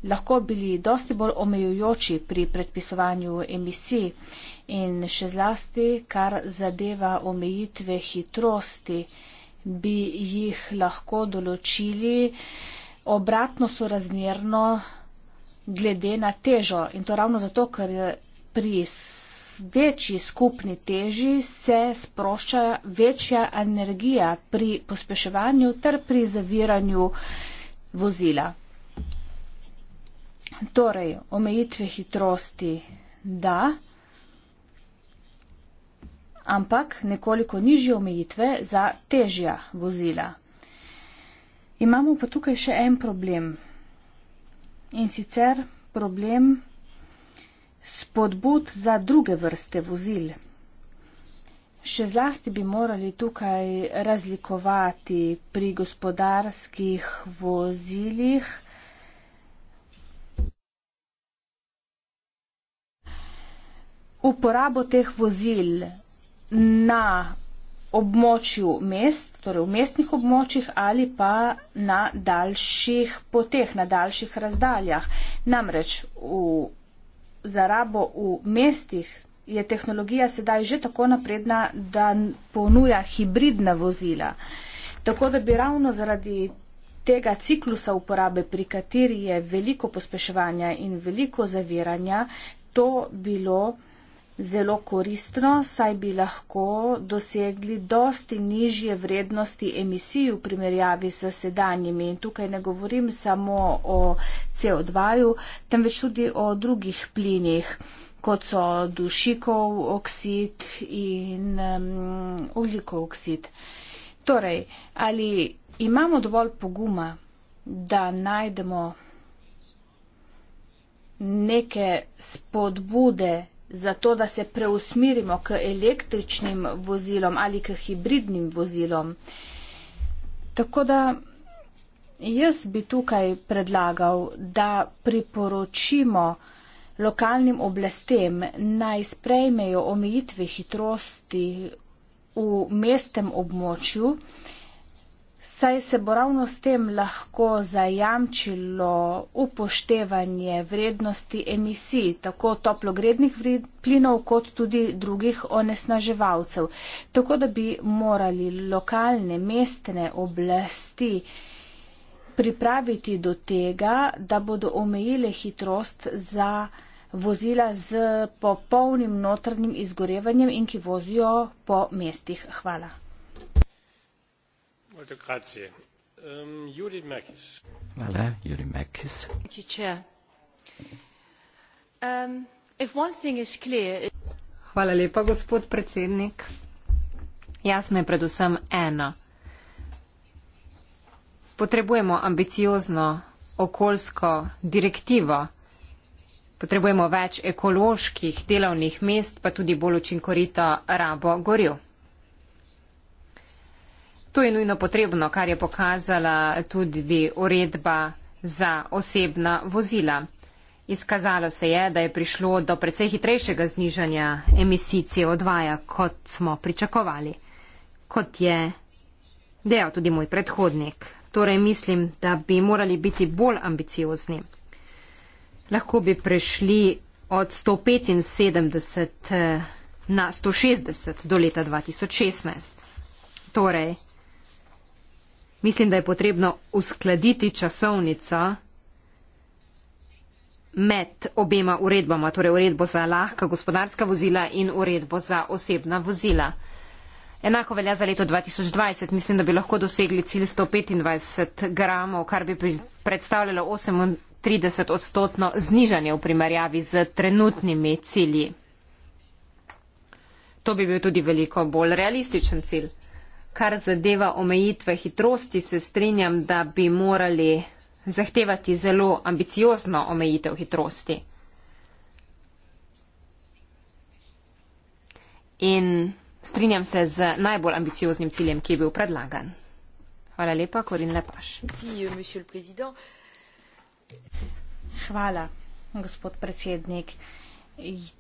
Speaker 2: lahko bili dosti bolj omejujoči pri predpisovanju emisij in še zlasti, kar zadeva omejitve hitrosti, bi jih lahko določili obratno sorazmerno glede na težo. In to ravno zato, ker pri večji skupni teži se sprošča večja energija pri pospeševanju ter pri zaviranju vozila. Torej, omejitve hitrosti da, ampak nekoliko nižje omejitve za težja vozila. Imamo pa tukaj še en problem in sicer problem spodbud za druge vrste vozil. Še zlasti bi morali tukaj razlikovati pri gospodarskih vozilih, uporabo teh vozil na območju mest, torej v mestnih območjih ali pa na daljših poteh, na daljših razdaljah. Namreč v zarabo v mestih je tehnologija sedaj že tako napredna, da ponuja hibridna vozila. Tako da bi ravno zaradi tega ciklusa uporabe, pri kateri je veliko pospeševanja in veliko zaviranja, to bilo zelo koristno, saj bi lahko dosegli dosti nižje vrednosti emisij v primerjavi s sedanjimi. In tukaj ne govorim samo o CO2-ju, temveč tudi o drugih plinih kot so dušikov oksid in um, ugljikov oksid. Torej, ali imamo dovolj poguma, da najdemo neke spodbude zato da se preusmirimo k električnim vozilom ali k hibridnim vozilom. Tako da jaz bi tukaj predlagal, da priporočimo lokalnim oblastem naj sprejmejo omejitve hitrosti v mestem območju, saj se bo ravno s tem lahko zajamčilo upoštevanje vrednosti emisij tako toplogrednih plinov kot tudi drugih onesnaževalcev. Tako da bi morali lokalne mestne oblasti pripraviti do tega, da bodo omejile hitrost za vozila z popolnim notrnim izgorevanjem in ki vozijo po mestih. Hvala.
Speaker 3: Um,
Speaker 2: um,
Speaker 1: Hvala lepa, gospod predsednik. Jasno je predvsem eno. Potrebujemo ambiciozno okoljsko direktivo, potrebujemo več ekoloških delovnih mest, pa tudi bolj učinkovito rabo goril. To je nujno potrebno, kar je pokazala tudi uredba za osebna vozila. Izkazalo se je, da je prišlo do precej hitrejšega znižanja emisij CO2, kot smo pričakovali, kot je dejal tudi moj predhodnik. Torej mislim, da bi morali biti bolj ambiciozni. Lahko bi prešli od 175 eh, na 160 do leta 2016. Torej, Mislim, da je potrebno uskladiti časovnico med obema uredbama, torej uredbo za lahka gospodarska vozila in uredbo za osebna vozila. Enako velja za leto 2020. Mislim, da bi lahko dosegli cilj 125 gramov, kar bi predstavljalo 38 odstotno znižanje v primerjavi z trenutnimi cilji. To bi bil tudi veliko bolj realističen cilj. Kar zadeva omejitve hitrosti, se strinjam, da bi morali zahtevati zelo ambiciozno omejitev hitrosti. In strinjam se z najbolj ambicioznim ciljem, ki je bil predlagan. Hvala lepa, Korin Lepaš.
Speaker 2: Hvala, gospod predsednik.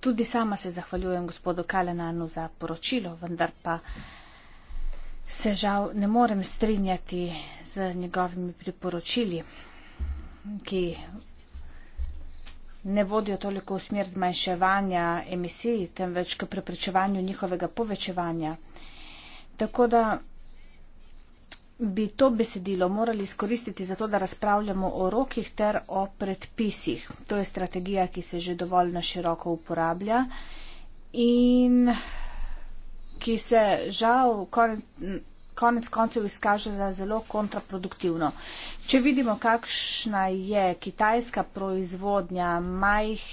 Speaker 2: Tudi sama se zahvaljujem gospodu Kalenanu za poročilo, vendar pa se žal ne morem strinjati z njegovimi priporočili, ki ne vodijo toliko v smer zmanjševanja emisij, temveč k preprečevanju njihovega povečevanja. Tako da bi to besedilo morali izkoristiti za to, da razpravljamo o rokih ter o predpisih. To je strategija, ki se že dovolj na široko uporablja. In ki se žal konec, konec koncev izkaže za zelo kontraproduktivno. Če vidimo, kakšna je kitajska proizvodnja majh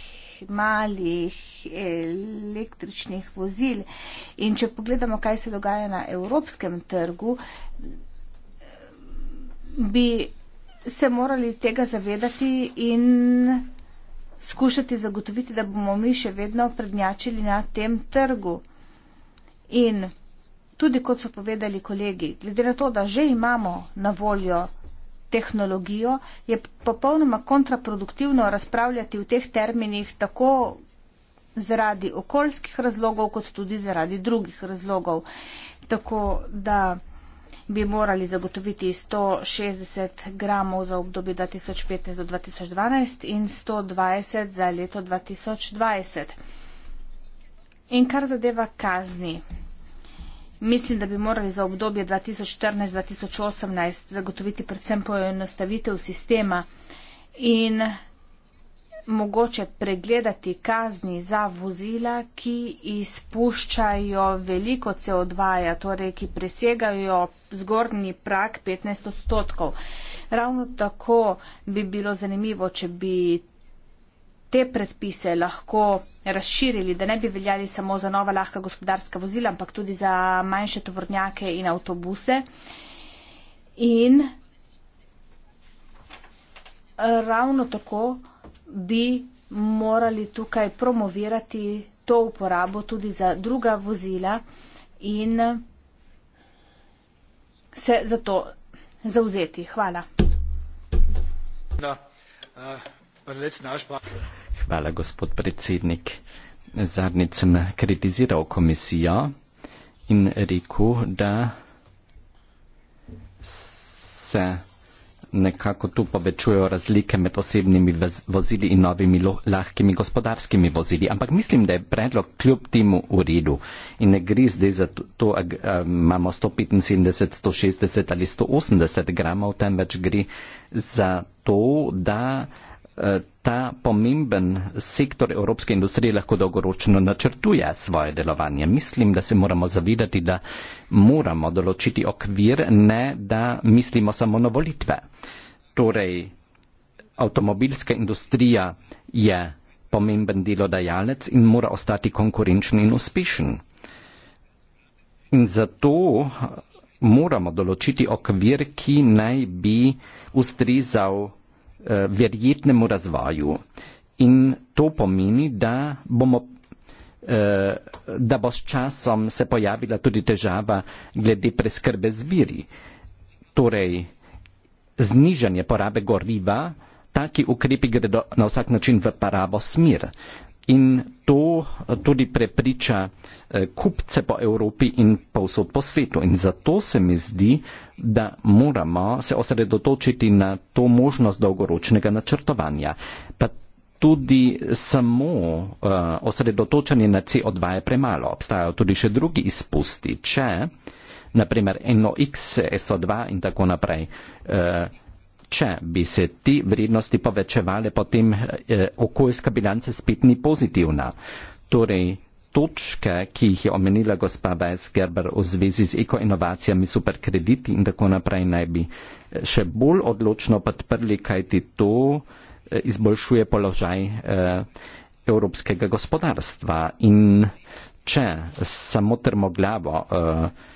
Speaker 2: malih električnih vozil in če pogledamo, kaj se dogaja na evropskem trgu, bi se morali tega zavedati in skušati zagotoviti, da bomo mi še vedno prednjačili na tem trgu. In tudi, kot so povedali kolegi, glede na to, da že imamo na voljo tehnologijo, je popolnoma kontraproduktivno razpravljati v teh terminih tako zaradi okoljskih razlogov, kot tudi zaradi drugih razlogov. Tako da bi morali zagotoviti 160 gramov za obdobje 2015 do 2012 in 120 za leto 2020. In kar zadeva kazni, mislim, da bi morali za obdobje 2014-2018 zagotoviti predvsem poenostavitev sistema in mogoče pregledati kazni za vozila, ki izpuščajo veliko CO2, ja, torej ki presegajo zgornji prak 15 odstotkov. Ravno tako bi bilo zanimivo, če bi te predpise lahko razširili, da ne bi veljali samo za nova lahka gospodarska vozila, ampak tudi za manjše tovornjake in avtobuse. In eh, ravno tako bi morali tukaj promovirati to uporabo tudi za druga vozila in se za to zauzeti. Hvala.
Speaker 3: Da, uh... Hvala, gospod predsednik. Zadnjič sem kritiziral komisijo in rekel, da se nekako tu povečujejo razlike med osebnimi vozili in novimi lahkimi gospodarskimi vozili. Ampak mislim, da je predlog kljub temu v redu in ne gre zdaj za to, da imamo 175, 160 ali 180 gramov, temveč gre za to, da Eh, ta pomemben sektor evropske industrije lahko dolgoročno načrtuje svoje delovanje. Mislim, da se moramo zavedati, da moramo določiti okvir, ne da mislimo samo na volitve. Torej, avtomobilska industrija je pomemben delodajalec in mora ostati konkurenčen in uspešen. In zato moramo določiti okvir, ki naj bi ustrezal Eh, verjetnemu razvoju. In to pomeni, da bomo eh, da bo s časom se pojavila tudi težava glede preskrbe zviri. Torej, znižanje porabe goriva, taki ukrepi gredo na vsak način v parabo smer. In to eh, tudi prepriča kupce po Evropi in povsod po svetu. In zato se mi zdi, da moramo se osredotočiti na to možnost dolgoročnega načrtovanja. Pa tudi samo uh, osredotočanje na CO2 je premalo. Obstajajo tudi še drugi izpusti. Če, naprimer, NOx, SO2 in tako naprej, uh, če bi se ti vrednosti povečevale, potem uh, okoljska bilanca spet ni pozitivna. Torej, točke, ki jih je omenila gospa Bajs Gerber v zvezi z ekoinovacijami, superkrediti in tako naprej, naj bi eh, še bolj odločno podprli, kajti to eh, izboljšuje položaj eh, evropskega gospodarstva. In če samo trmoglavo eh,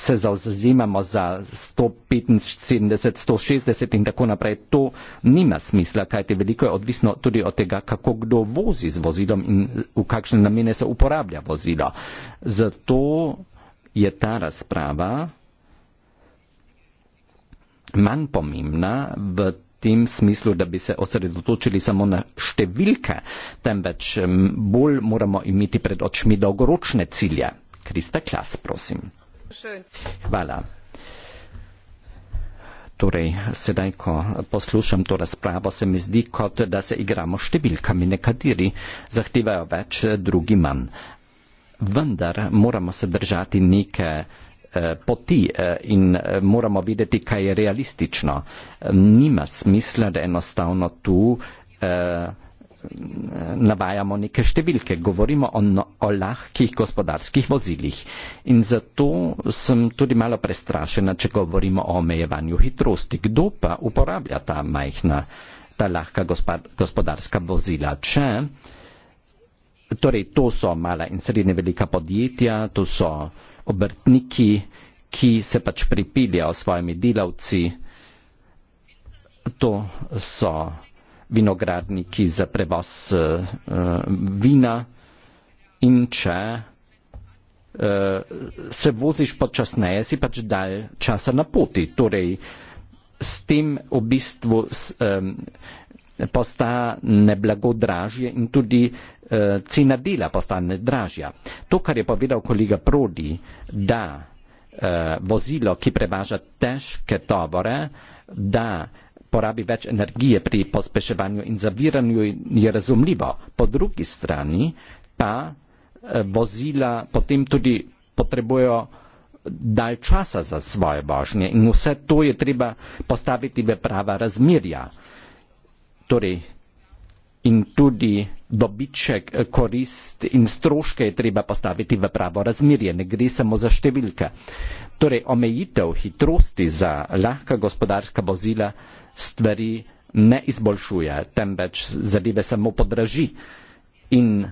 Speaker 3: se zauzimamo za 175, 160 in tako naprej. To nima smisla, kajti veliko je odvisno tudi od tega, kako kdo vozi z vozilom in v kakšne namene se uporablja vozilo. Zato je ta razprava manj pomembna v tem smislu, da bi se osredotočili samo na številke, temveč bolj moramo imeti pred očmi dolgoročne cilje. Krista Klas, prosim. Hvala. Torej, sedaj, ko poslušam to razpravo, se mi zdi, kot da se igramo s številkami, nekateri zahtevajo več, drugi manj. Vendar moramo se držati neke eh, poti eh, in eh, moramo videti, kaj je realistično. Nima smisla, da enostavno tu navajamo neke številke, govorimo o, no, o lahkih gospodarskih vozilih. In zato sem tudi malo prestrašena, če govorimo o omejevanju hitrosti. Kdo pa uporablja ta majhna, ta lahka gospodarska vozila? Če, torej, to so mala in srednje velika podjetja, to so obrtniki, ki se pač pripiljajo s svojimi delavci, to so vinogradniki za prevoz uh, vina in če uh, se voziš počasneje, si pač dalj časa na poti. Torej, s tem v bistvu um, postane neblago dražje in tudi uh, cena dela postane dražja. To, kar je povedal kolega Prodi, da uh, vozilo, ki prevaža težke tovore, da porabi več energije pri pospeševanju in zaviranju je razumljivo. Po drugi strani pa eh, vozila potem tudi potrebujejo dalj časa za svoje vožnje in vse to je treba postaviti v prava razmerja. Torej in tudi dobiček, eh, korist in stroške je treba postaviti v pravo razmerje, ne gre samo za številke. Torej omejitev hitrosti za lahka gospodarska vozila stvari ne izboljšuje, temveč zadeve samo podraži. In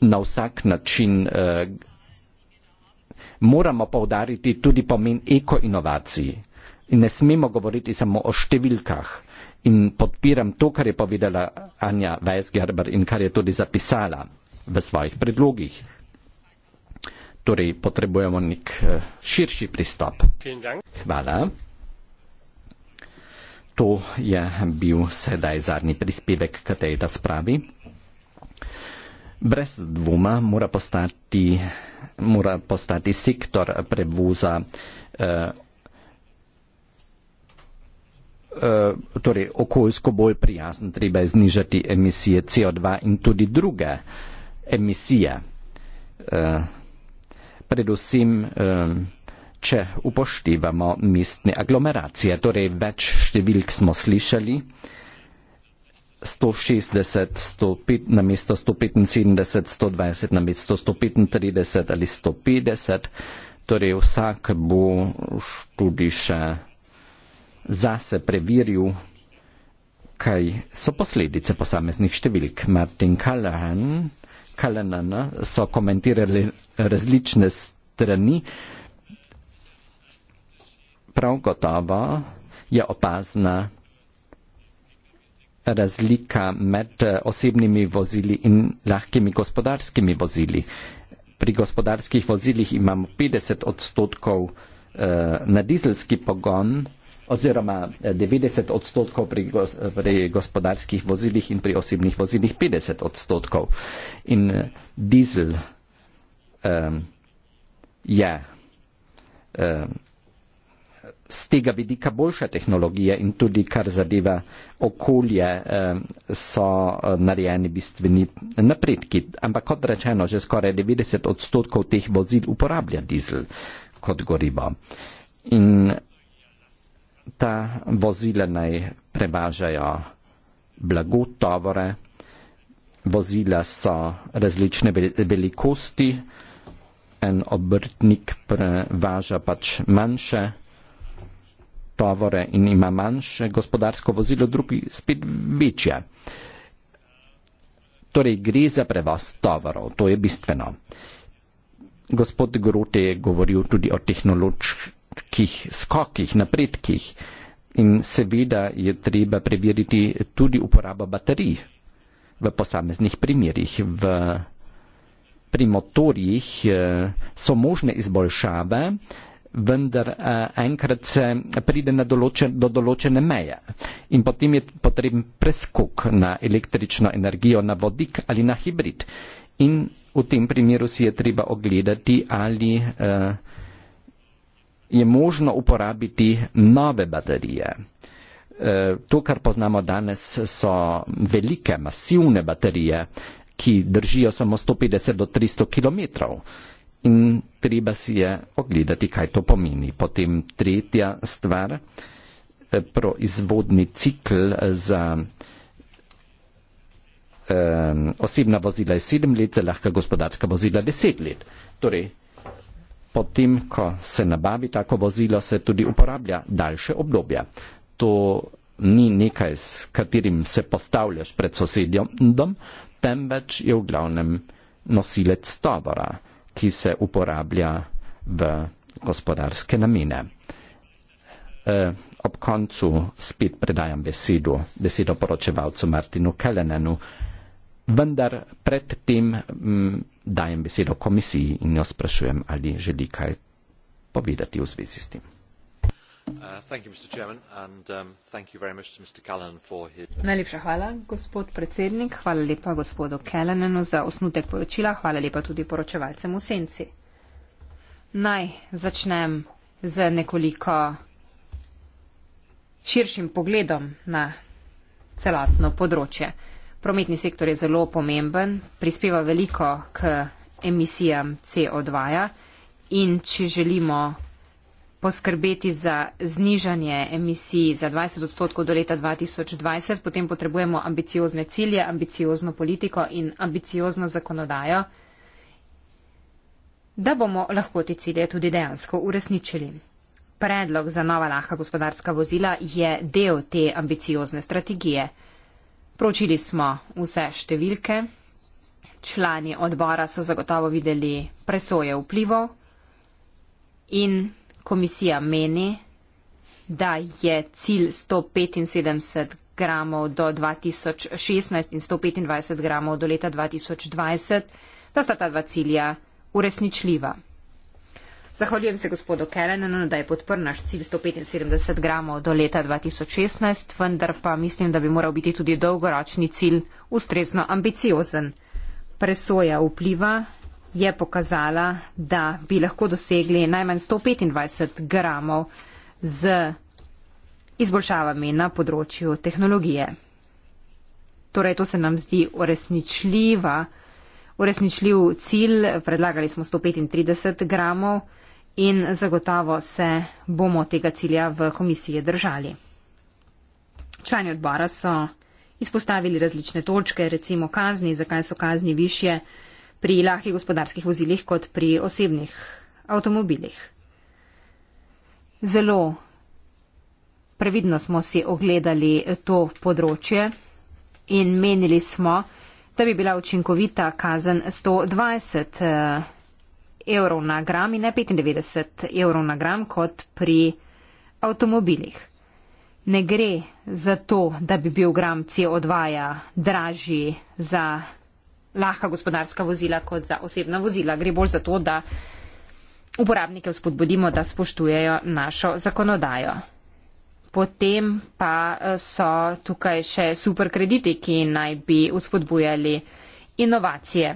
Speaker 3: na vsak način eh, moramo povdariti tudi pomen ekoinovacij. Ne smemo govoriti samo o številkah. In podpiram to, kar je povedala Anja Weisgerber in kar je tudi zapisala v svojih predlogih torej potrebujemo nek eh, širši pristop. Hvala. To je bil sedaj zadnji prispevek k tej razpravi. Brez dvoma mora postati, mora postati sektor prevoza eh, eh torej okoljsko bolj prijazen, treba je znižati emisije CO2 in tudi druge emisije. Eh, predvsem če upoštevamo mestne aglomeracije. Torej, več številk smo slišali. 160 105, na mesto 175, 120 na mesto 135 ali 150. Torej, vsak bo tudi še zase preveril, kaj so posledice posameznih številk. Martin Callahan. KLNN so komentirali različne strani. Prav gotovo je opazna razlika med osebnimi vozili in lahkimi gospodarskimi vozili. Pri gospodarskih vozilih imamo 50 odstotkov eh, na dizelski pogon, oziroma 90 eh, odstotkov pri, pri gospodarskih vozilih in pri osebnih vozilih 50 odstotkov. In eh, dizel um, je um, z tega vidika boljša tehnologija in tudi kar zadeva okolje, um, so eh, narejeni bistveni napredki. Ampak kot rečeno, že skoraj 90 odstotkov teh vozil uporablja dizel kot gorivo. In ta vozile naj prevažajo blago, tovore. Vozila so različne velikosti, en obrtnik prevaža pač manjše tovore in ima manjše gospodarsko vozilo, drugi spet večje. Torej gre za prevoz tovorov, to je bistveno. Gospod Grote je govoril tudi o tehnoloških velikih skokih, napredkih. In seveda je treba preveriti tudi uporabo baterij v posameznih primerjih. V pri motorjih eh, so možne izboljšave, vendar eh, enkrat se pride na določen, do določene meje in potem je potreben preskok na električno energijo, na vodik ali na hibrid. In v tem primeru si je treba ogledati ali. Uh, je možno uporabiti nove baterije. E, to, kar poznamo danes, so velike, masivne baterije, ki držijo samo 150 do 300 km. In treba si je ogledati, kaj to pomeni. Potem tretja stvar, e, proizvodni cikl za um, osebna vozila je 7 let, za lahka gospodarska vozila 10 let. Torej, potem, ko se nabavi tako vozilo, se tudi uporablja daljše obdobje. To ni nekaj, s katerim se postavljaš pred sosedjom, temveč je v glavnem nosilec tovora, ki se uporablja v gospodarske namene. E, ob koncu spet predajam besedo, besedo poročevalcu Martinu Kelenenu. Vendar predtem dajem besedo komisiji in jo sprašujem, ali želi kaj povedati v zvezi s tem. Uh, um,
Speaker 1: Najlepša hvala, gospod predsednik. Hvala lepa gospodu Kellenenu za osnutek poročila. Hvala lepa tudi poročevalcem v senci. Naj začnem z nekoliko širšim pogledom na celotno področje. Prometni sektor je zelo pomemben, prispeva veliko k emisijam CO2 -ja in če želimo poskrbeti za znižanje emisij za 20 odstotkov do leta 2020, potem potrebujemo ambiciozne cilje, ambiciozno politiko in ambiciozno zakonodajo, da bomo lahko te cilje tudi dejansko uresničili. Predlog za nova lahka gospodarska vozila je del te ambiciozne strategije. Pročili smo vse številke, člani odbora so zagotovo videli presoje vplivov in komisija meni, da je cilj 175 gramov do 2016 in 125 gramov do leta 2020, da sta ta dva cilja uresničljiva. Zahvaljujem se gospodu Kerenenu, da je podprl naš cilj 175 gramov do leta 2016, vendar pa mislim, da bi moral biti tudi dolgoročni cilj ustrezno ambiciozen. Presoja vpliva je pokazala, da bi lahko dosegli najmanj 125 gramov z izboljšavami na področju tehnologije. Torej, to se nam zdi uresničljiva, uresničljiv cilj, predlagali smo 135 gramov in zagotovo se bomo tega cilja v komisiji držali. Člani odbora so izpostavili različne točke, recimo kazni, zakaj so kazni više pri lahkih gospodarskih vozilih kot pri osebnih avtomobilih. Zelo previdno smo si ogledali to področje in menili smo, da bi bila učinkovita kazen 120 evrov na gram in ne 95 evrov na gram kot pri avtomobilih. Ne gre za to, da bi bil gram CO2 ja dražji za lahka gospodarska vozila kot za osebna vozila. Gre bolj za to, da uporabnike vzpodbudimo, da spoštujejo našo zakonodajo. Potem pa eh, so tukaj še super krediti, ki naj bi vzpodbujali inovacije.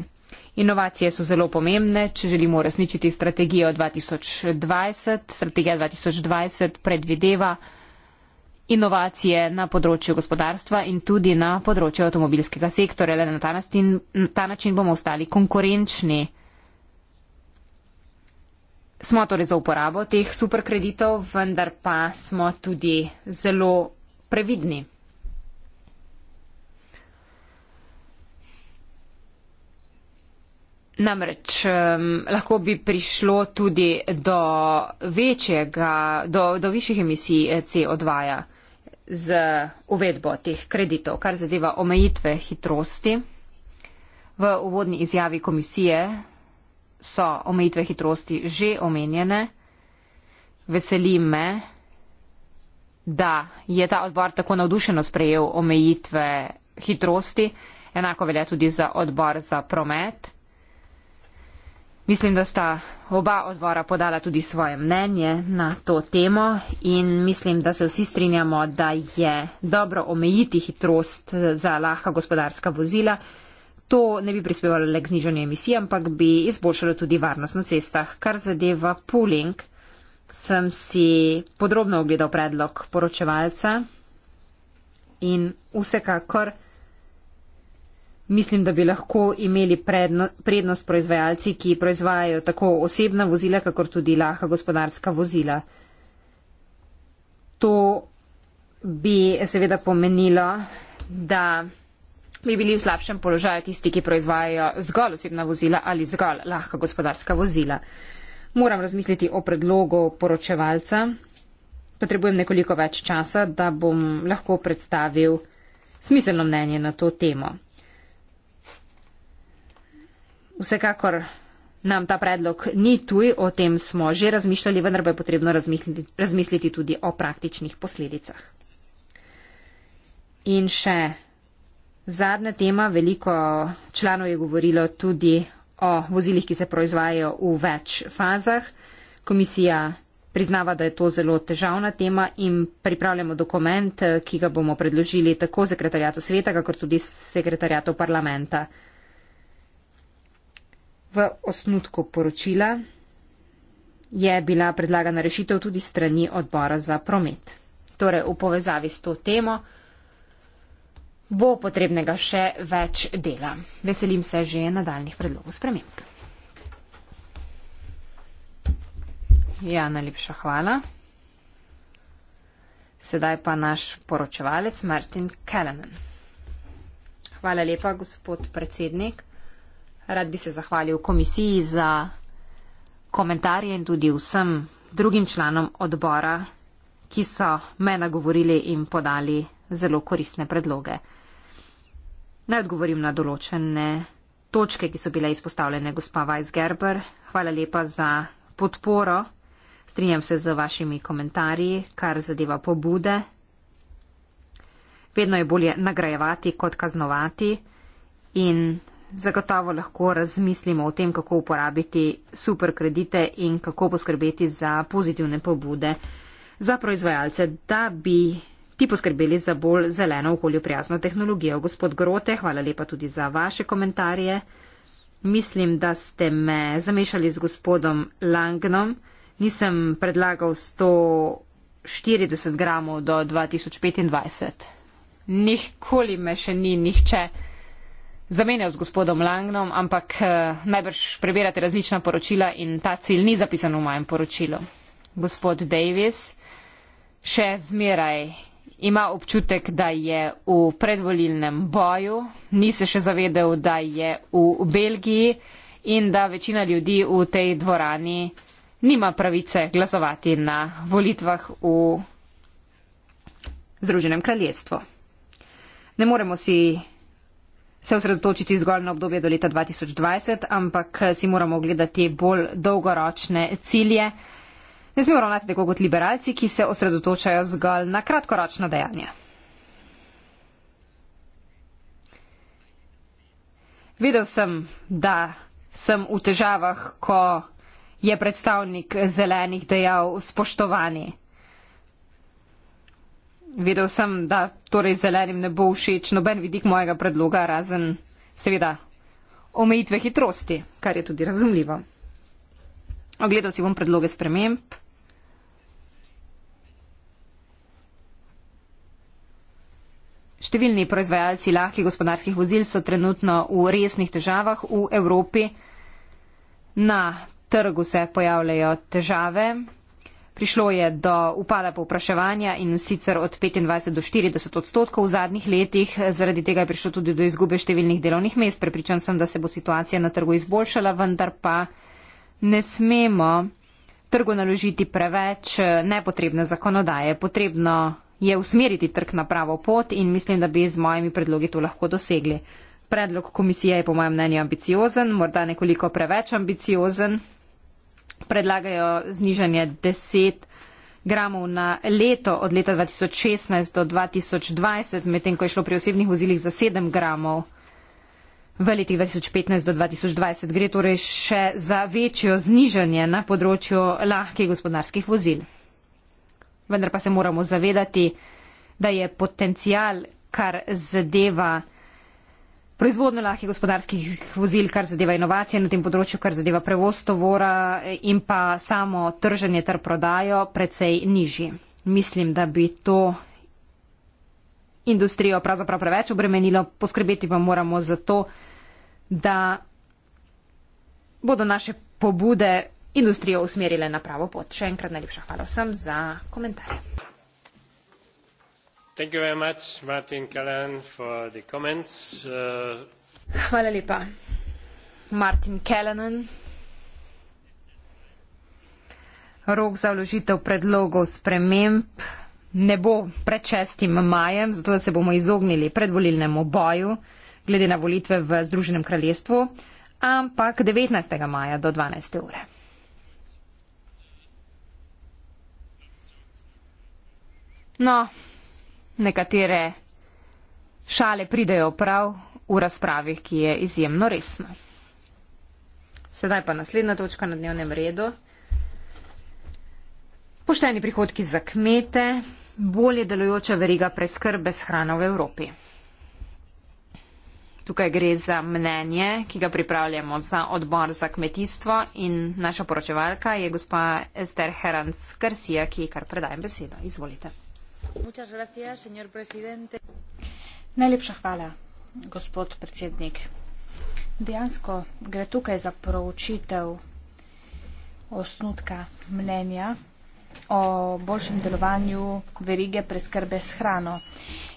Speaker 1: Inovacije so zelo pomembne, če želimo uresničiti strategijo 2020. Strategija 2020 predvideva inovacije na področju gospodarstva in tudi na področju avtomobilskega sektorja. Le na ta, nastin, na ta način bomo ostali konkurenčni. Smo torej za uporabo teh superkreditov, vendar pa smo tudi zelo previdni. Namreč um, lahko bi prišlo tudi do večjega, do, do višjih emisij eh, CO2 -ja z uvedbo teh kreditov, kar zadeva omejitve hitrosti. V uvodni izjavi komisije so omejitve hitrosti že omenjene. Veseli me, da je ta odbor tako navdušeno sprejel omejitve hitrosti. Enako velja tudi za odbor za promet. Mislim, da sta oba odbora podala tudi svoje mnenje na to temo in mislim, da se vsi strinjamo, da je dobro omejiti hitrost za lahka gospodarska vozila. To ne bi prispevalo le k znižanju emisij, ampak bi izboljšalo tudi varnost na cestah. Kar zadeva pooling, sem si podrobno ogledal predlog poročevalca in vsekakor. Mislim, da bi lahko imeli predno, prednost proizvajalci, ki proizvajajo tako osebna vozila, kakor tudi lahka gospodarska vozila. To bi seveda pomenilo, da bi bili v slabšem položaju tisti, ki proizvajajo zgolj osebna vozila ali zgolj lahka gospodarska vozila. Moram razmisliti o predlogu poročevalca. Potrebujem nekoliko več časa, da bom lahko predstavil smiselno mnenje na to temo. Vsekakor nam ta predlog ni tuj, o tem smo že razmišljali, vendar pa je potrebno razmisliti, razmisliti tudi o praktičnih posledicah. In še zadnja tema, veliko članov je govorilo tudi o vozilih, ki se proizvajajo v več fazah. Komisija priznava, da je to zelo težavna tema in pripravljamo dokument, ki ga bomo predložili tako sekretarjatu sveta, kakor tudi sekretarjatu parlamenta. V osnutku poročila je bila predlagana rešitev tudi strani odbora za promet. Torej, v povezavi s to temo bo potrebnega še več dela. Veselim se že nadaljnih predlogov sprememb. Ja, najlepša hvala. Sedaj pa naš poročevalec Martin Kellenen. Hvala lepa, gospod predsednik. Rad bi se zahvalil komisiji za komentarje in tudi vsem drugim članom odbora, ki so me nagovorili in podali zelo koristne predloge. Naj odgovorim na določene točke, ki so bile izpostavljene gospa Weisgerber. Hvala lepa za podporo. Strinjam se z vašimi komentarji, kar zadeva pobude. Vedno je bolje nagrajevati kot kaznovati in zagotovo lahko razmislimo o tem, kako uporabiti superkredite in kako poskrbeti za pozitivne pobude za proizvajalce, da bi ti poskrbeli za bolj zeleno okolje prijazno tehnologijo. Gospod Grote, hvala lepa tudi za vaše komentarje. Mislim, da ste me zamešali z gospodom Langnom. Nisem predlagal 140 gramov do 2025. Nikoli me še ni nihče zamenjal z gospodom Langnom, ampak eh, najbrž preberate različna poročila in ta cilj ni zapisan v mojem poročilu. Gospod Davis še zmeraj ima občutek, da je v predvolilnem boju, ni se še zavedel, da je v Belgiji in da večina ljudi v tej dvorani nima pravice glasovati na volitvah v Združenem kraljestvu. Ne moremo si se osredotočiti zgolj na obdobje do leta 2020, ampak eh, si moramo gledati bolj dolgoročne cilje. Ne smemo ravnati tako kot liberalci, ki se osredotočajo zgolj na kratkoročna dejanja. Videl sem, da sem v težavah, ko je predstavnik zelenih dejal spoštovanje vedel sem, da torej zelenim ne bo všeč noben vidik mojega predloga, razen seveda omejitve hitrosti, kar je tudi razumljivo. Ogledal si bom predloge sprememb. Številni proizvajalci lahkih gospodarskih vozil so trenutno v resnih težavah v Evropi. Na trgu se pojavljajo težave, Prišlo je do upada povpraševanja in sicer od 25 do 40 odstotkov v zadnjih letih. Zaradi tega je prišlo tudi do izgube številnih delovnih mest. Prepričan sem, da se bo situacija na trgu izboljšala, vendar pa ne smemo trgu naložiti preveč eh, nepotrebne zakonodaje. Potrebno je usmeriti trg na pravo pot in mislim, da bi z mojimi predlogi to lahko dosegli. Predlog komisije je po mojem mnenju ambiciozen, morda nekoliko preveč ambiciozen predlagajo znižanje 10 gramov na leto od leta 2016 do 2020, medtem ko je šlo pri osebnih vozilih za 7 gramov v letih 2015 do 2020. Gre torej še za večjo znižanje na področju lahkih gospodarskih vozil. Vendar pa se moramo zavedati, da je potencial, kar zadeva proizvodno lahkih gospodarskih vozil, kar zadeva inovacije na tem področju, kar zadeva prevoz tovora in pa samo trženje ter prodajo precej nižji. Mislim, da bi to industrijo pravzaprav preveč obremenilo, poskrbeti pa moramo za to, da bodo naše pobude industrijo usmerile na pravo pot. Še enkrat najlepša hvala vsem za komentarje. Uh, Hvala lepa, Martin Callanan. Rok za vložitev predlogov sprememb ne bo pred 6. majem, zato da se bomo izognili predvolilnemu boju glede na volitve v Združenem kraljestvu, ampak 19. maja do 12. ure. No, nekatere šale pridejo prav v razpravi, ki je izjemno resna. Sedaj pa naslednja točka na dnevnem redu. Pošteni prihodki za kmete, bolje delujoča veriga preskrbe s hrano v Evropi. Tukaj gre za mnenje, ki ga pripravljamo za odbor za kmetijstvo in naša poročevalka je gospa Ester Herans Garcia,
Speaker 2: ki kar predajem besedo. Izvolite. Najlepša hvala, gospod predsednik. Dejansko gre tukaj za proučitev osnutka mnenja o boljšem delovanju verige preskrbe s hrano.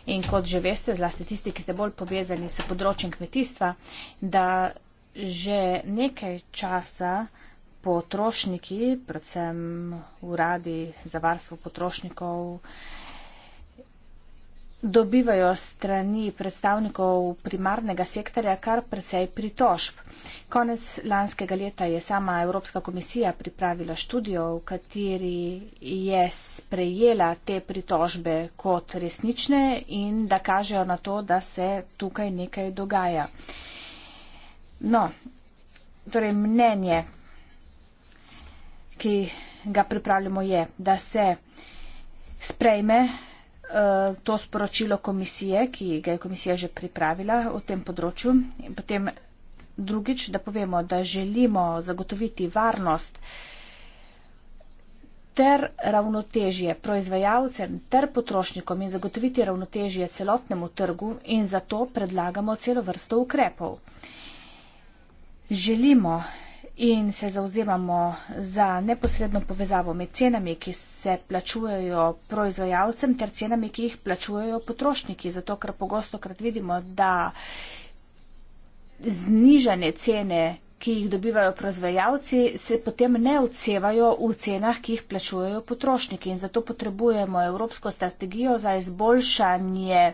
Speaker 2: In kot že veste, zlasti tisti, ki ste bolj povezani s področjem kmetijstva, da že nekaj časa potrošniki, predvsem uradi za varstvo potrošnikov, dobivajo strani predstavnikov primarnega sektorja kar precej pritožb. Konec lanskega leta je sama Evropska komisija pripravila študijo, v kateri je sprejela te pritožbe kot resnične in da kažejo na to, da se tukaj nekaj dogaja. No, torej mnenje, ki ga pripravljamo je, da se sprejme Eh, to sporočilo komisije, ki ga je komisija že pripravila v tem področju. In potem drugič, da povemo, da želimo zagotoviti varnost ter ravnotežje proizvajalcem ter potrošnikom in zagotoviti ravnotežje celotnemu trgu in zato predlagamo celo vrsto ukrepov. Želimo in se zauzemamo za neposredno povezavo med cenami, ki se plačujejo proizvajalcem ter cenami, ki jih plačujejo potrošniki. Zato, ker pogosto krat vidimo, da znižane cene, ki jih dobivajo proizvajalci, se potem ne odsevajo v cenah, ki jih plačujejo potrošniki. In zato potrebujemo evropsko strategijo za izboljšanje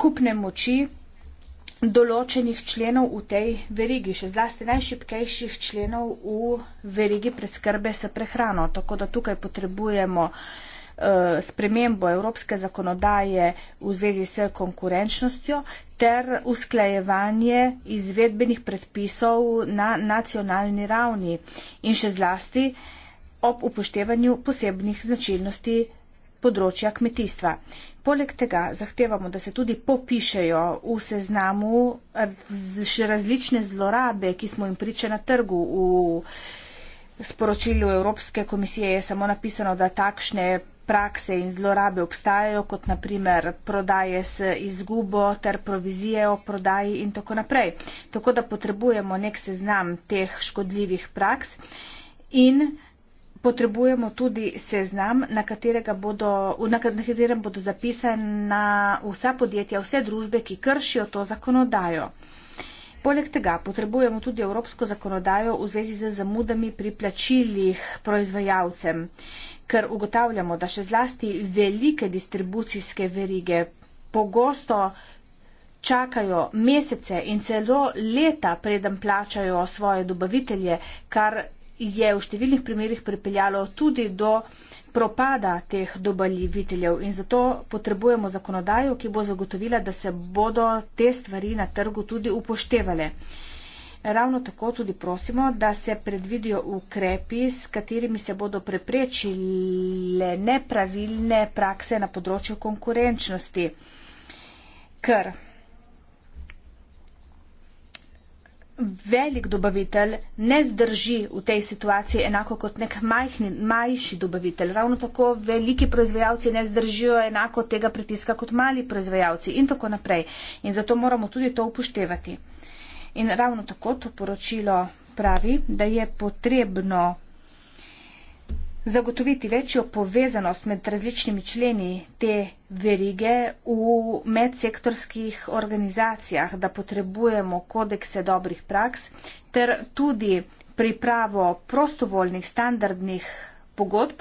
Speaker 2: kupne moči določenih členov v tej verigi, še zlasti najšipkejših členov v verigi preskrbe s prehrano. Tako da tukaj potrebujemo eh, spremembo evropske zakonodaje v zvezi s konkurenčnostjo ter usklajevanje izvedbenih predpisov na nacionalni ravni in še zlasti ob upoštevanju posebnih značilnosti področja kmetijstva. Poleg tega zahtevamo, da se tudi popišejo v seznamu različne zlorabe, ki smo jim priče na trgu. V sporočilu Evropske komisije je samo napisano, da takšne prakse in zlorabe obstajajo, kot naprimer prodaje s izgubo ter provizije o prodaji in tako naprej. Tako da potrebujemo nek seznam teh škodljivih praks in potrebujemo tudi seznam, na katerega bodo, na katerem bodo zapisana vsa podjetja, vse družbe, ki kršijo to zakonodajo. Poleg tega potrebujemo tudi evropsko zakonodajo v zvezi z zamudami pri plačilih proizvajalcem, ker ugotavljamo, da še zlasti velike distribucijske verige pogosto čakajo mesece in celo leta, preden plačajo svoje dobavitelje, kar je v številnih primerjih pripeljalo tudi do propada teh dobaljiteljev in zato potrebujemo zakonodajo, ki bo zagotovila, da se bodo te stvari na trgu tudi upoštevale. Ravno tako tudi prosimo, da se predvidijo ukrepi, s katerimi se bodo preprečile nepravilne prakse na področju konkurenčnosti. Ker velik dobavitelj ne zdrži v tej situaciji enako kot nek majhni, majši dobavitelj. Ravno tako veliki proizvajalci ne zdržijo enako tega pritiska kot mali proizvajalci in tako naprej. In zato moramo tudi to upoštevati. In ravno tako to poročilo pravi, da je potrebno zagotoviti večjo povezanost med različnimi členi te verige v medsektorskih organizacijah, da potrebujemo kodekse dobrih praks ter tudi pripravo prostovoljnih standardnih pogodb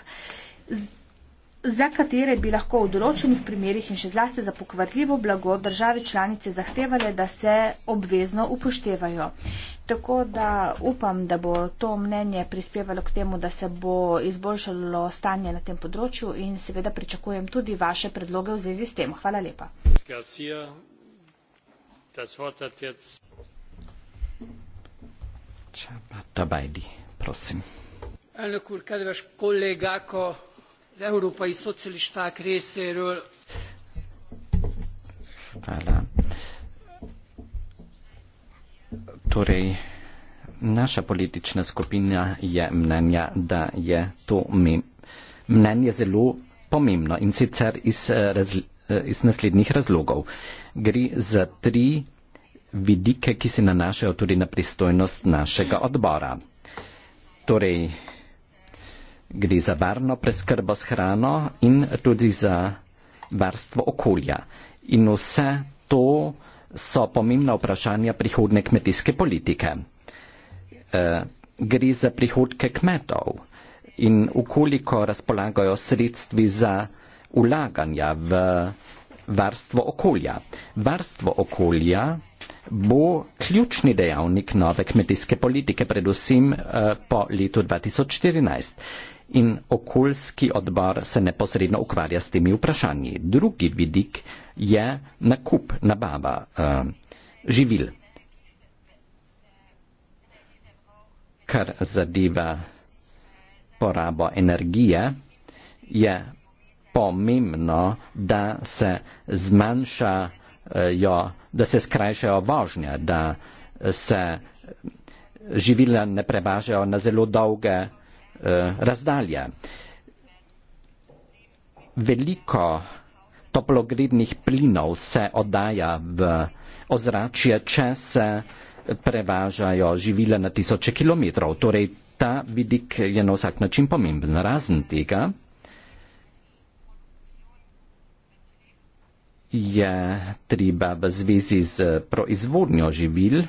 Speaker 2: za katere bi lahko v določenih primerjih in še zlasti za pokvarljivo blago države članice zahtevali, da se obvezno upoštevajo. Tako da upam, da bo to mnenje prispevalo k temu, da se bo izboljšalo stanje na tem področju in seveda pričakujem tudi vaše predloge v zvezi s tem. Hvala lepa. Elnök úr, kedves kollégáko, kedves képviselőtársaim! az európai szocialisták részéről.
Speaker 3: Para. Torej, naša politična skupina je mnenja, da je to mnenje zelo pomembno in sicer iz, iz naslednjih razlogov. Gre za tri vidike, ki se nanašajo tudi na pristojnost našega odbora. Torej, gre za varno preskrbo s hrano in tudi za varstvo okolja. In vse to so pomembna vprašanja prihodne kmetijske politike. E, gre za prihodke kmetov in ukoliko razpolagajo sredstvi za ulaganja v varstvo okolja. Varstvo okolja bo ključni dejavnik nove kmetijske politike, predvsem eh, po letu 2014 in okoljski odbor se neposredno ukvarja s temi vprašanji. Drugi vidik je nakup, nabava uh, živil. Kar zadeva porabo energije, je pomembno, da se zmanjšajo, da se skrajšajo vožnje, da se živila ne prevažajo na zelo dolge Eh, razdalja. Veliko toplogrednih plinov se oddaja v ozračje, če se prevažajo živila na tisoče kilometrov. Torej, ta vidik je na vsak način pomemben. Razen tega je treba v zvezi z proizvodnjo živil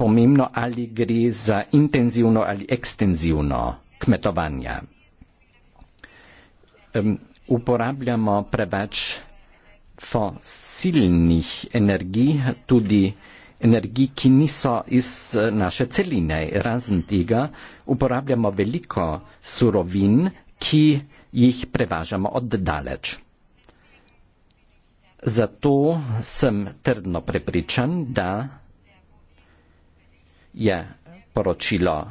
Speaker 3: pomembno, ali gre za intenzivno ali ekstenzivno kmetovanje. Uporabljamo preveč fosilnih energij, tudi energij, ki niso iz eh, naše celine. Razen tega uporabljamo veliko surovin, ki jih prevažamo oddaleč. Zato sem trdno prepričan, da je poročilo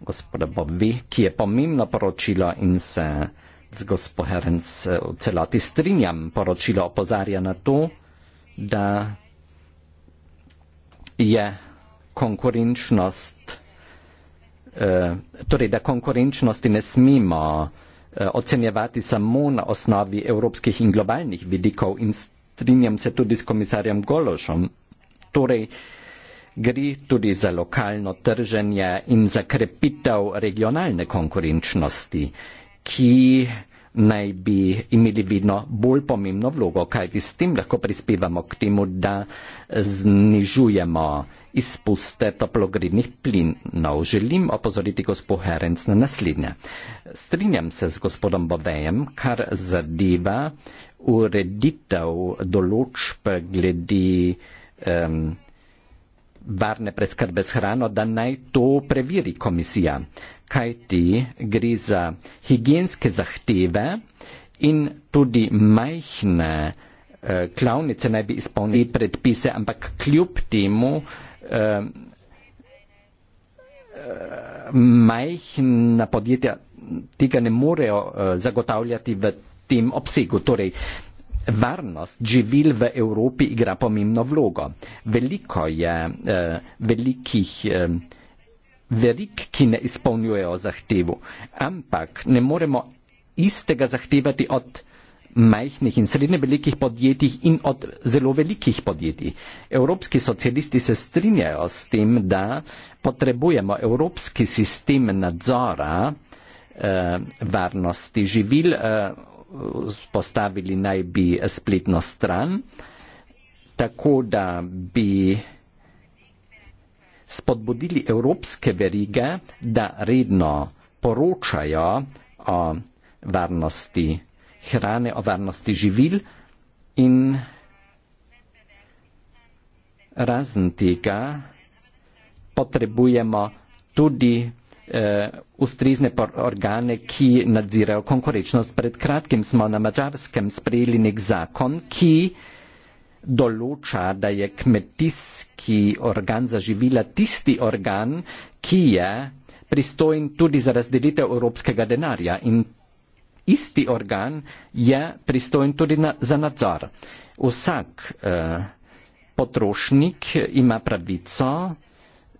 Speaker 3: gospoda Bobvi, ki je pomembno poročilo in se z gospoherenc v celoti strinjam. Poročilo opozarja na to, da je konkurenčnost, eh, torej da konkurenčnosti ne smemo eh, ocenjevati samo na osnovi evropskih in globalnih vidikov in strinjam se tudi s komisarjem Gološom. Torej, gre tudi za lokalno trženje in za krepitev regionalne konkurenčnosti, ki naj bi imeli vidno bolj pomembno vlogo, kaj bi s tem lahko prispevamo k temu, da znižujemo izpuste toplogrednih plinov. Želim opozoriti gospod Herenc na naslednje. Strinjam se z gospodom Bovejem, kar zadeva ureditev določb glede um, varne preskrbe s hrano, da naj to preveri komisija, kaj ti gre za higijenske zahteve in tudi majhne eh, klavnice naj bi izpolnili predpise, ampak kljub temu eh, eh majhna podjetja tega ne morejo eh, zagotavljati v tem obsegu. Torej, Varnost živil v Evropi igra pomembno vlogo. Veliko je eh, velikih eh, verik, ki ne izpolnjujejo zahtevu, ampak ne moremo istega zahtevati od majhnih in srednje velikih podjetij in od zelo velikih podjetij. Evropski socialisti se strinjajo s tem, da potrebujemo evropski sistem nadzora eh, varnosti živil. Eh, vzpostavili naj bi spletno stran, tako da bi spodbudili evropske verige, da redno poročajo o varnosti hrane, o varnosti živil in razen tega potrebujemo tudi eh, ustrezne organe, ki nadzirajo konkurenčnost. Pred kratkim smo na Mačarskem sprejeli nek zakon, ki določa, da je kmetijski organ za živila tisti organ, ki je pristojen tudi za razdelitev evropskega denarja in isti organ je pristojen tudi na, za nadzor. Vsak eh, potrošnik ima pravico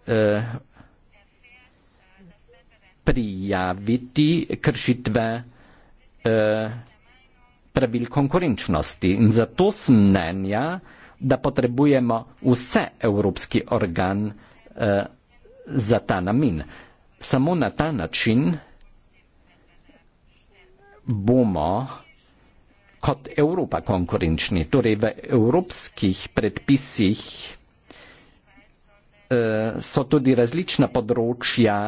Speaker 3: eh, prijaviti kršitve eh, pravil konkurenčnosti. In zato smnenja, da potrebujemo vse evropski organ eh, za ta namin. Samo na ta način bomo kot Evropa konkurenčni, torej v evropskih predpisih eh, so tudi različna področja, ki so tudi različna področja,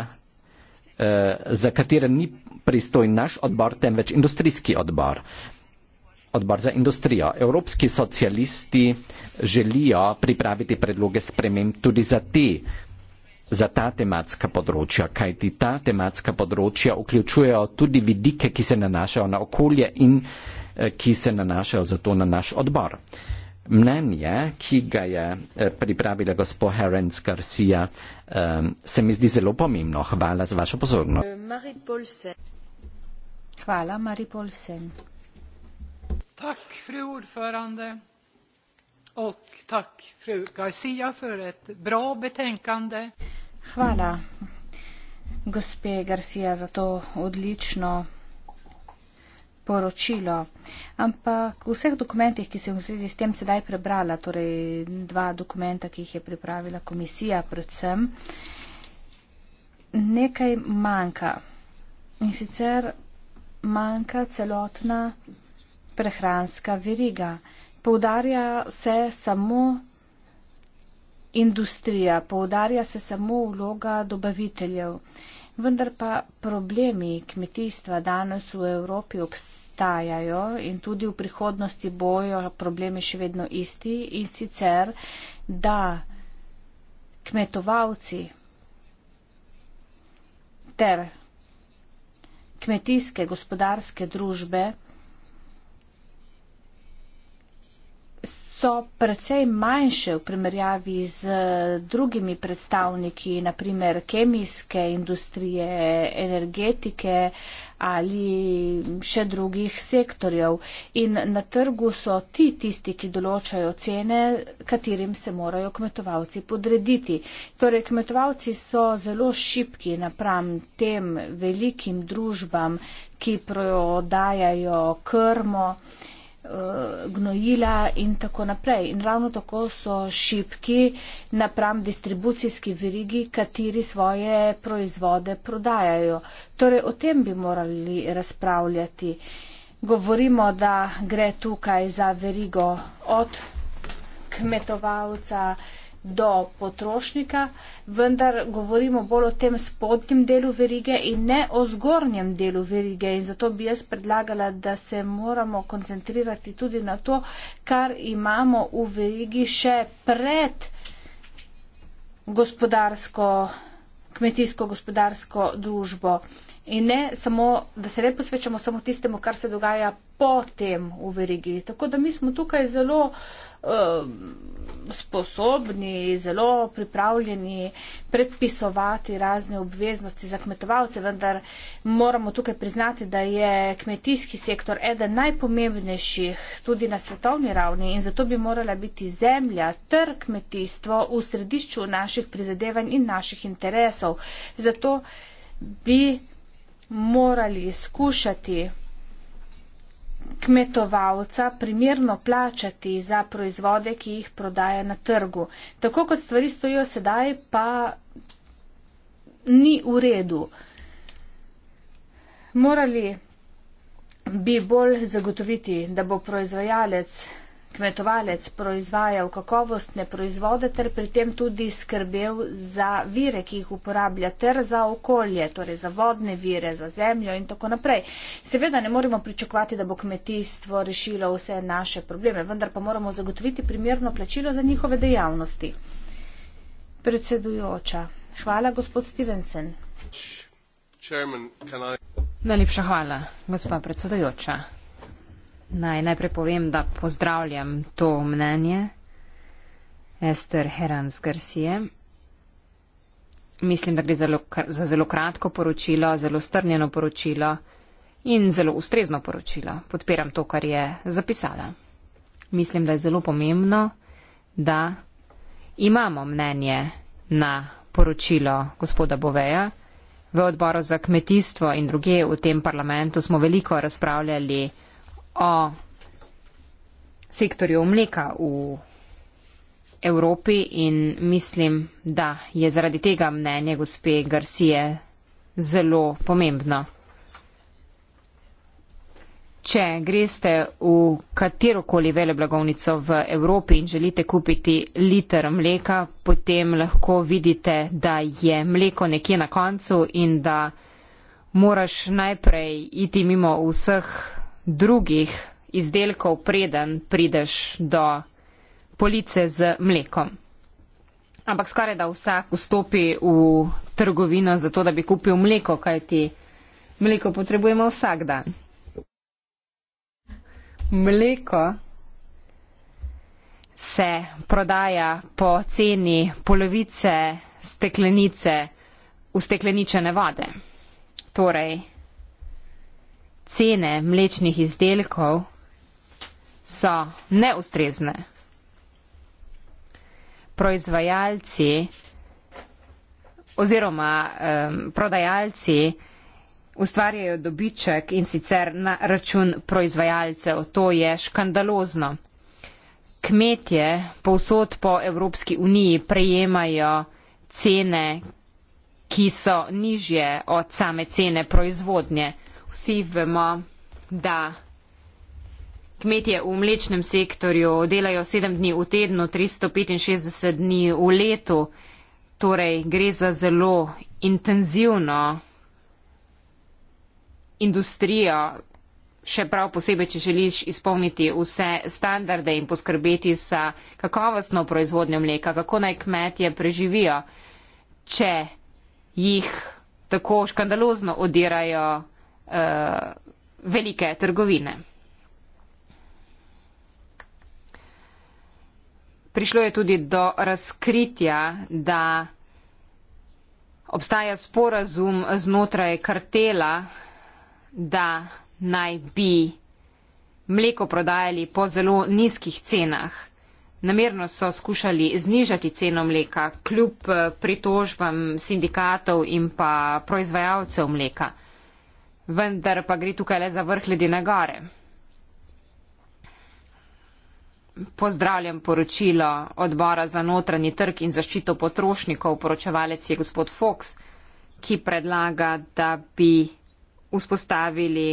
Speaker 3: Eh, za katere ni pristojen naš odbor, temveč industrijski odbor. Odbor za industrijo. Evropski socialisti želijo pripraviti predloge sprememb tudi za, te, za ta tematska področja, kajti ta tematska področja vključujejo tudi vidike, ki se nanašajo na okolje in eh, ki se nanašajo zato na naš odbor. Uh, mnenje, ki ga je eh, pripravila gospod Herenc Garcia, eh, se mi zdi zelo pomembno. Hvala za vašo pozornost.
Speaker 2: Eh, Hvala, Mari Polsen. Tak, fru ordförande. Och tack, fru Garcia, för ett bra betänkande. Hvala, gospe Garcia, za to odlično poročilo. Ampak v vseh dokumentih, ki sem v zvezi s tem sedaj prebrala, torej dva dokumenta, ki jih je pripravila komisija predvsem, nekaj manjka. In sicer manjka celotna prehranska veriga. Poudarja se samo industrija, poudarja se samo vloga dobaviteljev. Vendar pa problemi kmetijstva danes v Evropi obstajajo obstajajo in tudi v prihodnosti bojo problemi še vedno isti in sicer, da kmetovalci ter kmetijske gospodarske družbe so precej manjše v primerjavi z drugimi predstavniki, naprimer kemijske industrije, energetike, eh, ali še drugih sektorjev. In na trgu so ti tisti, ki določajo cene, katerim se morajo kmetovalci podrediti. Torej, kmetovalci so zelo šipki napram tem velikim družbam, ki prodajajo krmo. Eh, gnojila in tako naprej. In ravno tako so šipki napram distribucijski verigi, kateri svoje proizvode prodajajo. Torej o tem bi morali razpravljati. Govorimo, da gre tukaj za verigo od kmetovalca, uh, do potrošnika, vendar govorimo bolj o tem spodnjem delu verige in ne o zgornjem delu verige. In zato bi jaz predlagala, da se moramo koncentrirati tudi na to, kar imamo v verigi še pred gospodarsko, kmetijsko gospodarsko družbo. In ne samo, da se ne posvečamo samo tistemu, kar se dogaja potem v verigi. Tako da mi smo tukaj zelo uh, Um, sposobni, zelo pripravljeni predpisovati razne obveznosti za kmetovalce, vendar moramo tukaj priznati, da je kmetijski sektor eden najpomembnejših tudi na svetovni ravni in zato bi morala biti zemlja, trg, kmetijstvo v središču naših prizadevanj in naših interesov. Zato bi morali skušati kmetovalca primerno plačati za proizvode, ki jih prodaja na trgu. Tako kot stvari stojijo sedaj, pa ni v redu. Morali bi bolj zagotoviti, da bo proizvajalec kmetovalec proizvajal kakovostne proizvode ter pri tem tudi skrbel za vire, ki jih uporablja, ter za okolje, torej za vodne vire, za zemljo in tako naprej. Seveda ne moremo pričakovati, da bo kmetijstvo rešilo vse naše probleme, vendar pa moramo zagotoviti primerno plačilo za njihove dejavnosti. Predsedujoča, hvala gospod Stevenson.
Speaker 1: Najlepša hvala, gospa predsedujoča. Naj najprej povem, da pozdravljam to mnenje Ester Herans Garcije. Mislim, da gre zelo, za zelo kratko poročilo, zelo strnjeno poročilo in zelo ustrezno poročilo. Podpiram to, kar je zapisala. Mislim, da je zelo pomembno, da imamo mnenje na poročilo gospoda Boveja. V odboru za kmetijstvo in druge v tem parlamentu smo veliko razpravljali o o sektorju mleka v Evropi in mislim, da je zaradi tega mnenje gospe Garcije zelo pomembno. Če greste v katerokoli veleblagovnico v Evropi in želite kupiti liter mleka, potem lahko vidite, da je mleko nekje na koncu in da moraš najprej iti mimo vseh drugih izdelkov, preden prideš do police z mlekom. Ampak skoraj da vsak vstopi v trgovino zato, da bi kupil mleko, kajti mleko potrebujemo vsak dan. Mleko se prodaja po ceni polovice steklenice ustekleničene vode. Torej, cene mlečnih izdelkov so neustrezne. Proizvajalci oziroma eh, prodajalci ustvarjajo dobiček in sicer na račun proizvajalcev. To je škandalozno. Kmetje povsod po Evropski uniji prejemajo cene, ki so nižje od same cene proizvodnje vsi vemo, da kmetje v mlečnem sektorju delajo 7 dni v tednu, 365 dni v letu, torej gre za zelo intenzivno industrijo, še prav posebej, če želiš izpolniti vse standarde in poskrbeti za kakovostno proizvodnjo mleka, kako naj kmetje preživijo, če jih tako škandalozno odirajo uh, velike trgovine. Prišlo je tudi do razkritja, da obstaja sporazum znotraj kartela, da naj bi mleko prodajali po zelo nizkih cenah. Namerno so skušali znižati ceno mleka kljub eh, pritožbam sindikatov in pa proizvajalcev mleka vendar pa gre tukaj le za vrh ledene gore. Pozdravljam poročilo odbora za notranji trg in zaščito potrošnikov, poročevalec je gospod Fox, ki predlaga, da bi vzpostavili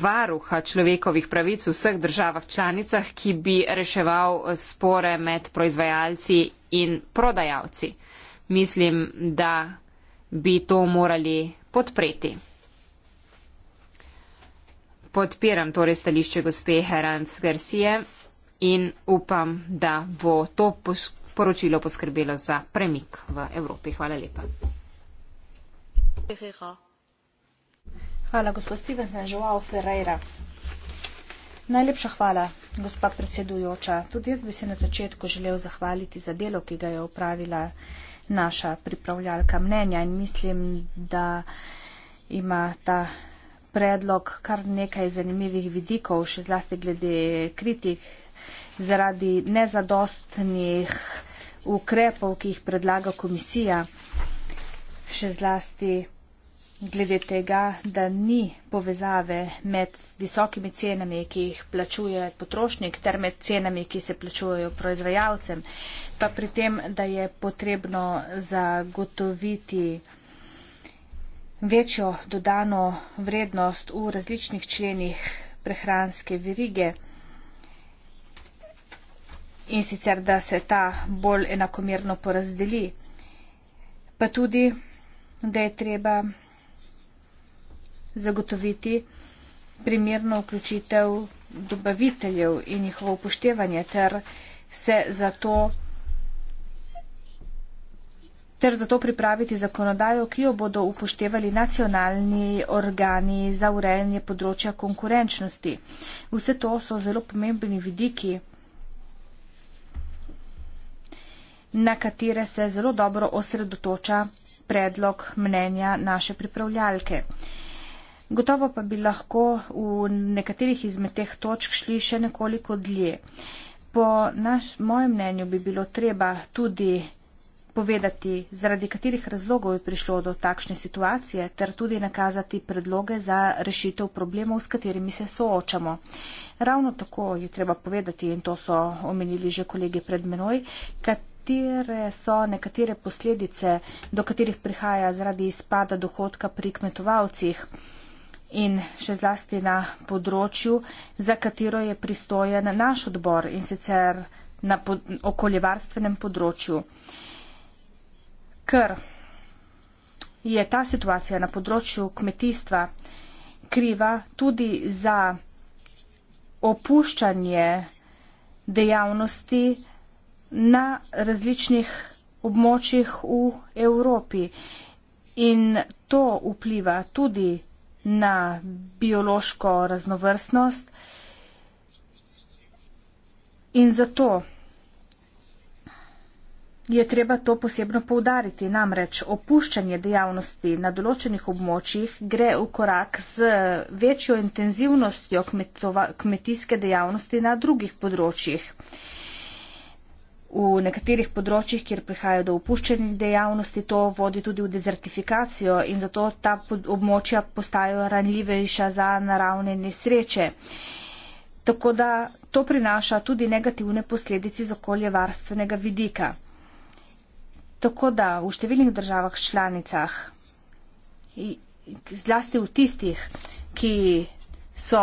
Speaker 1: varuha človekovih pravic v vseh državah članicah, ki bi reševal spore med proizvajalci in prodajalci. Mislim, da bi to morali podpreti podpiram torej stališče gospe Herant Garcije in upam, da bo to poročilo poskrbelo za premik v Evropi. Hvala lepa.
Speaker 2: Hvala, gospod Stevenson, žival Ferreira. Najlepša hvala, gospa predsedujoča. Tudi jaz bi se na začetku želel zahvaliti za delo, ki ga je upravila naša pripravljalka mnenja in mislim, da ima ta predlog kar nekaj zanimivih vidikov, še zlasti glede kritik zaradi nezadostnih ukrepov, ki jih predlaga komisija, še zlasti glede tega, da ni povezave med visokimi cenami, ki jih plačuje potrošnik, ter med cenami, ki se plačujejo proizvajalcem, pa pri tem, da je potrebno zagotoviti večjo dodano vrednost v različnih členih prehranske verige in sicer, da se ta bolj enakomerno porazdeli, pa tudi, da je treba zagotoviti primerno vključitev dobaviteljev in njihovo upoštevanje ter se zato ter zato pripraviti zakonodajo, ki jo bodo upoštevali nacionalni organi za urejanje področja konkurenčnosti. Vse to so zelo pomembni vidiki, na katere se zelo dobro osredotoča predlog mnenja naše pripravljalke. Gotovo pa bi lahko v nekaterih izmed teh točk šli še nekoliko dlje. Po našem mnenju bi bilo treba tudi povedati, zaradi katerih razlogov je prišlo do takšne situacije, ter tudi nakazati predloge za rešitev problemov, s katerimi se soočamo. Ravno tako je treba povedati, in to so omenili že kolegi pred menoj, katere so nekatere posledice, do katerih prihaja zaradi izpada dohodka pri kmetovalcih. In še zlasti na področju, za katero je pristojen naš odbor in sicer na pod, okoljevarstvenem področju. Uh, ker je ta situacija na področju kmetijstva kriva tudi za opuščanje dejavnosti na različnih območjih v Evropi. In to vpliva tudi na biološko raznovrstnost. In zato je treba to posebno poudariti. Namreč opuščanje dejavnosti na določenih območjih gre v korak z večjo intenzivnostjo kmetova, kmetijske dejavnosti na drugih področjih. V nekaterih področjih, kjer prihajajo do opuščenih dejavnosti, to vodi tudi v dezertifikacijo in zato ta območja postajajo ranljivejša za naravne nesreče. Tako da to prinaša tudi negativne posledice z okoljevarstvenega vidika. Tako da v številnih državah članicah, zlasti v tistih, ki so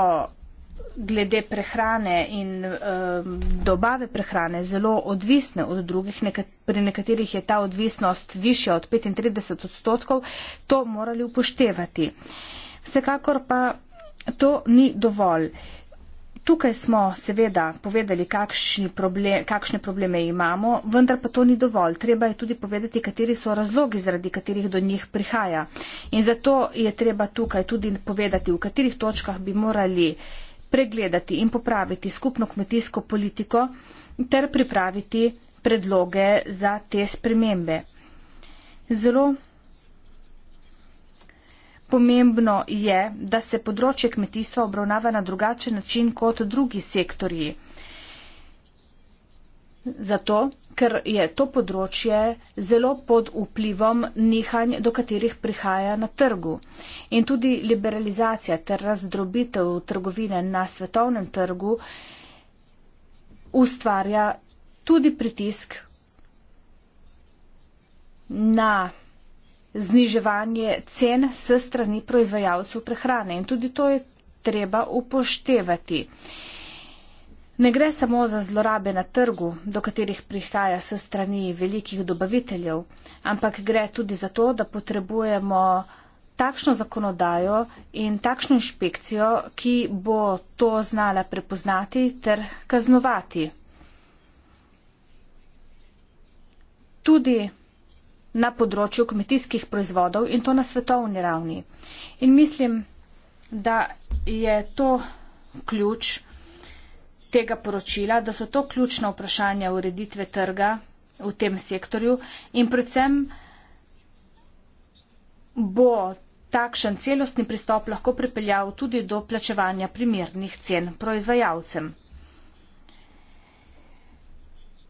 Speaker 2: glede prehrane in um, dobave prehrane zelo odvisne od drugih, nekat, pri nekaterih je ta odvisnost višja od 35 odstotkov, to morali upoštevati. Vsekakor pa to ni dovolj. Tukaj smo seveda povedali, problem, kakšne probleme imamo, vendar pa to ni dovolj. Treba je tudi povedati, kateri so razlogi, zaradi katerih do njih prihaja. In zato je treba tukaj tudi povedati, v katerih točkah bi morali pregledati in popraviti skupno kmetijsko politiko ter pripraviti predloge za te spremembe. Zelo Pomembno je, da se področje kmetijstva obravnava na drugačen način kot drugi sektorji. Zato, ker je to področje zelo pod vplivom nihanj, do katerih prihaja na trgu. In tudi liberalizacija ter razdrobitev trgovine na svetovnem trgu ustvarja tudi pritisk na zniževanje cen s strani proizvajalcev prehrane in tudi to je treba upoštevati. Ne gre samo za zlorabe na trgu, do katerih prihaja s strani velikih dobaviteljev, ampak gre tudi za to, da potrebujemo takšno zakonodajo in takšno inšpekcijo, ki bo to znala prepoznati ter kaznovati. Tudi na področju kmetijskih proizvodov in to na svetovni ravni. In mislim, da je to ključ tega poročila, da so to ključna vprašanja ureditve trga v tem sektorju in predvsem bo takšen celostni pristop lahko pripeljal tudi do plačevanja primernih cen proizvajalcem.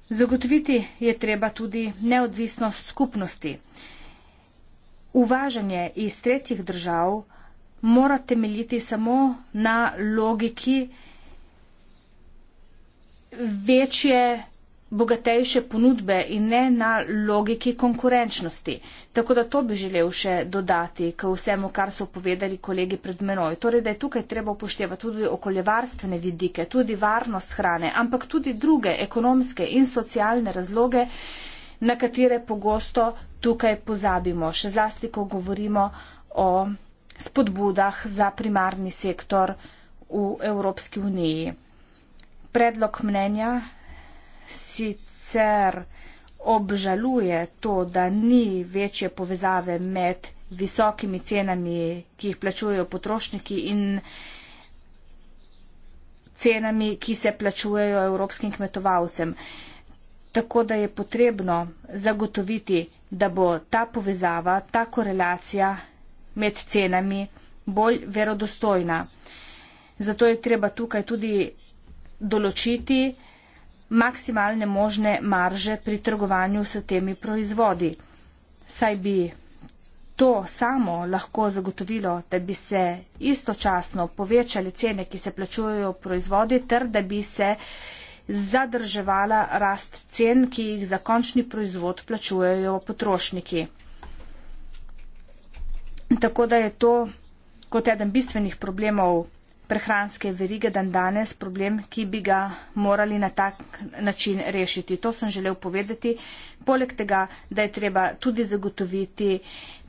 Speaker 2: Zagotoviti je treba tudi neodvisnost skupnosti. Uvažanje iz tretjih držav mora temeljiti samo na logiki večje bogatejše ponudbe in ne na logiki konkurenčnosti. Tako da to bi želel še dodati k vsemu, kar so povedali kolegi pred menoj. Torej, da je tukaj treba upoštevati tudi okoljevarstvene vidike, tudi varnost hrane, ampak tudi druge ekonomske in socialne razloge, na katere pogosto tukaj pozabimo. Še zlasti, ko govorimo o spodbudah za primarni sektor v Evropski uniji. Predlog mnenja sicer obžaluje to, da ni večje povezave med visokimi cenami, ki jih plačujejo potrošniki in cenami, ki se plačujejo evropskim kmetovalcem. Tako da je potrebno zagotoviti, da bo ta povezava, ta korelacija med cenami bolj verodostojna. Zato je treba tukaj tudi določiti, maksimalne možne marže pri trgovanju s temi proizvodi. Saj bi to samo lahko zagotovilo, da bi se istočasno povečali cene, ki se plačujejo proizvodi, ter da bi se zadrževala rast cen, ki jih za končni proizvod plačujejo potrošniki. Tako da je to kot eden bistvenih problemov prehranske verige dan danes problem, ki bi ga morali na tak način rešiti. To sem želel povedati. Poleg tega, da je treba tudi zagotoviti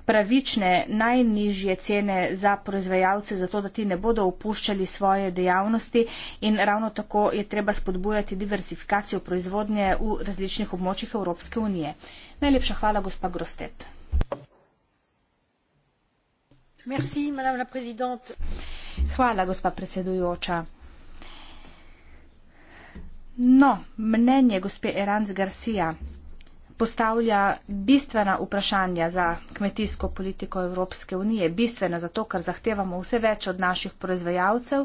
Speaker 2: pravične najnižje cene za proizvajalce, zato da ti ne bodo opuščali svoje dejavnosti in ravno tako je treba spodbujati diversifikacijo proizvodnje v različnih območjih Evropske unije. Najlepša hvala, gospa Grostet.
Speaker 1: Merci, madame la
Speaker 2: présidente. Hvala, gospa predsedujoča. No, mnenje gospe Eranc Garcia postavlja bistvena vprašanja za kmetijsko politiko Evropske unije. Bistvena zato, ker zahtevamo vse več od naših proizvajalcev,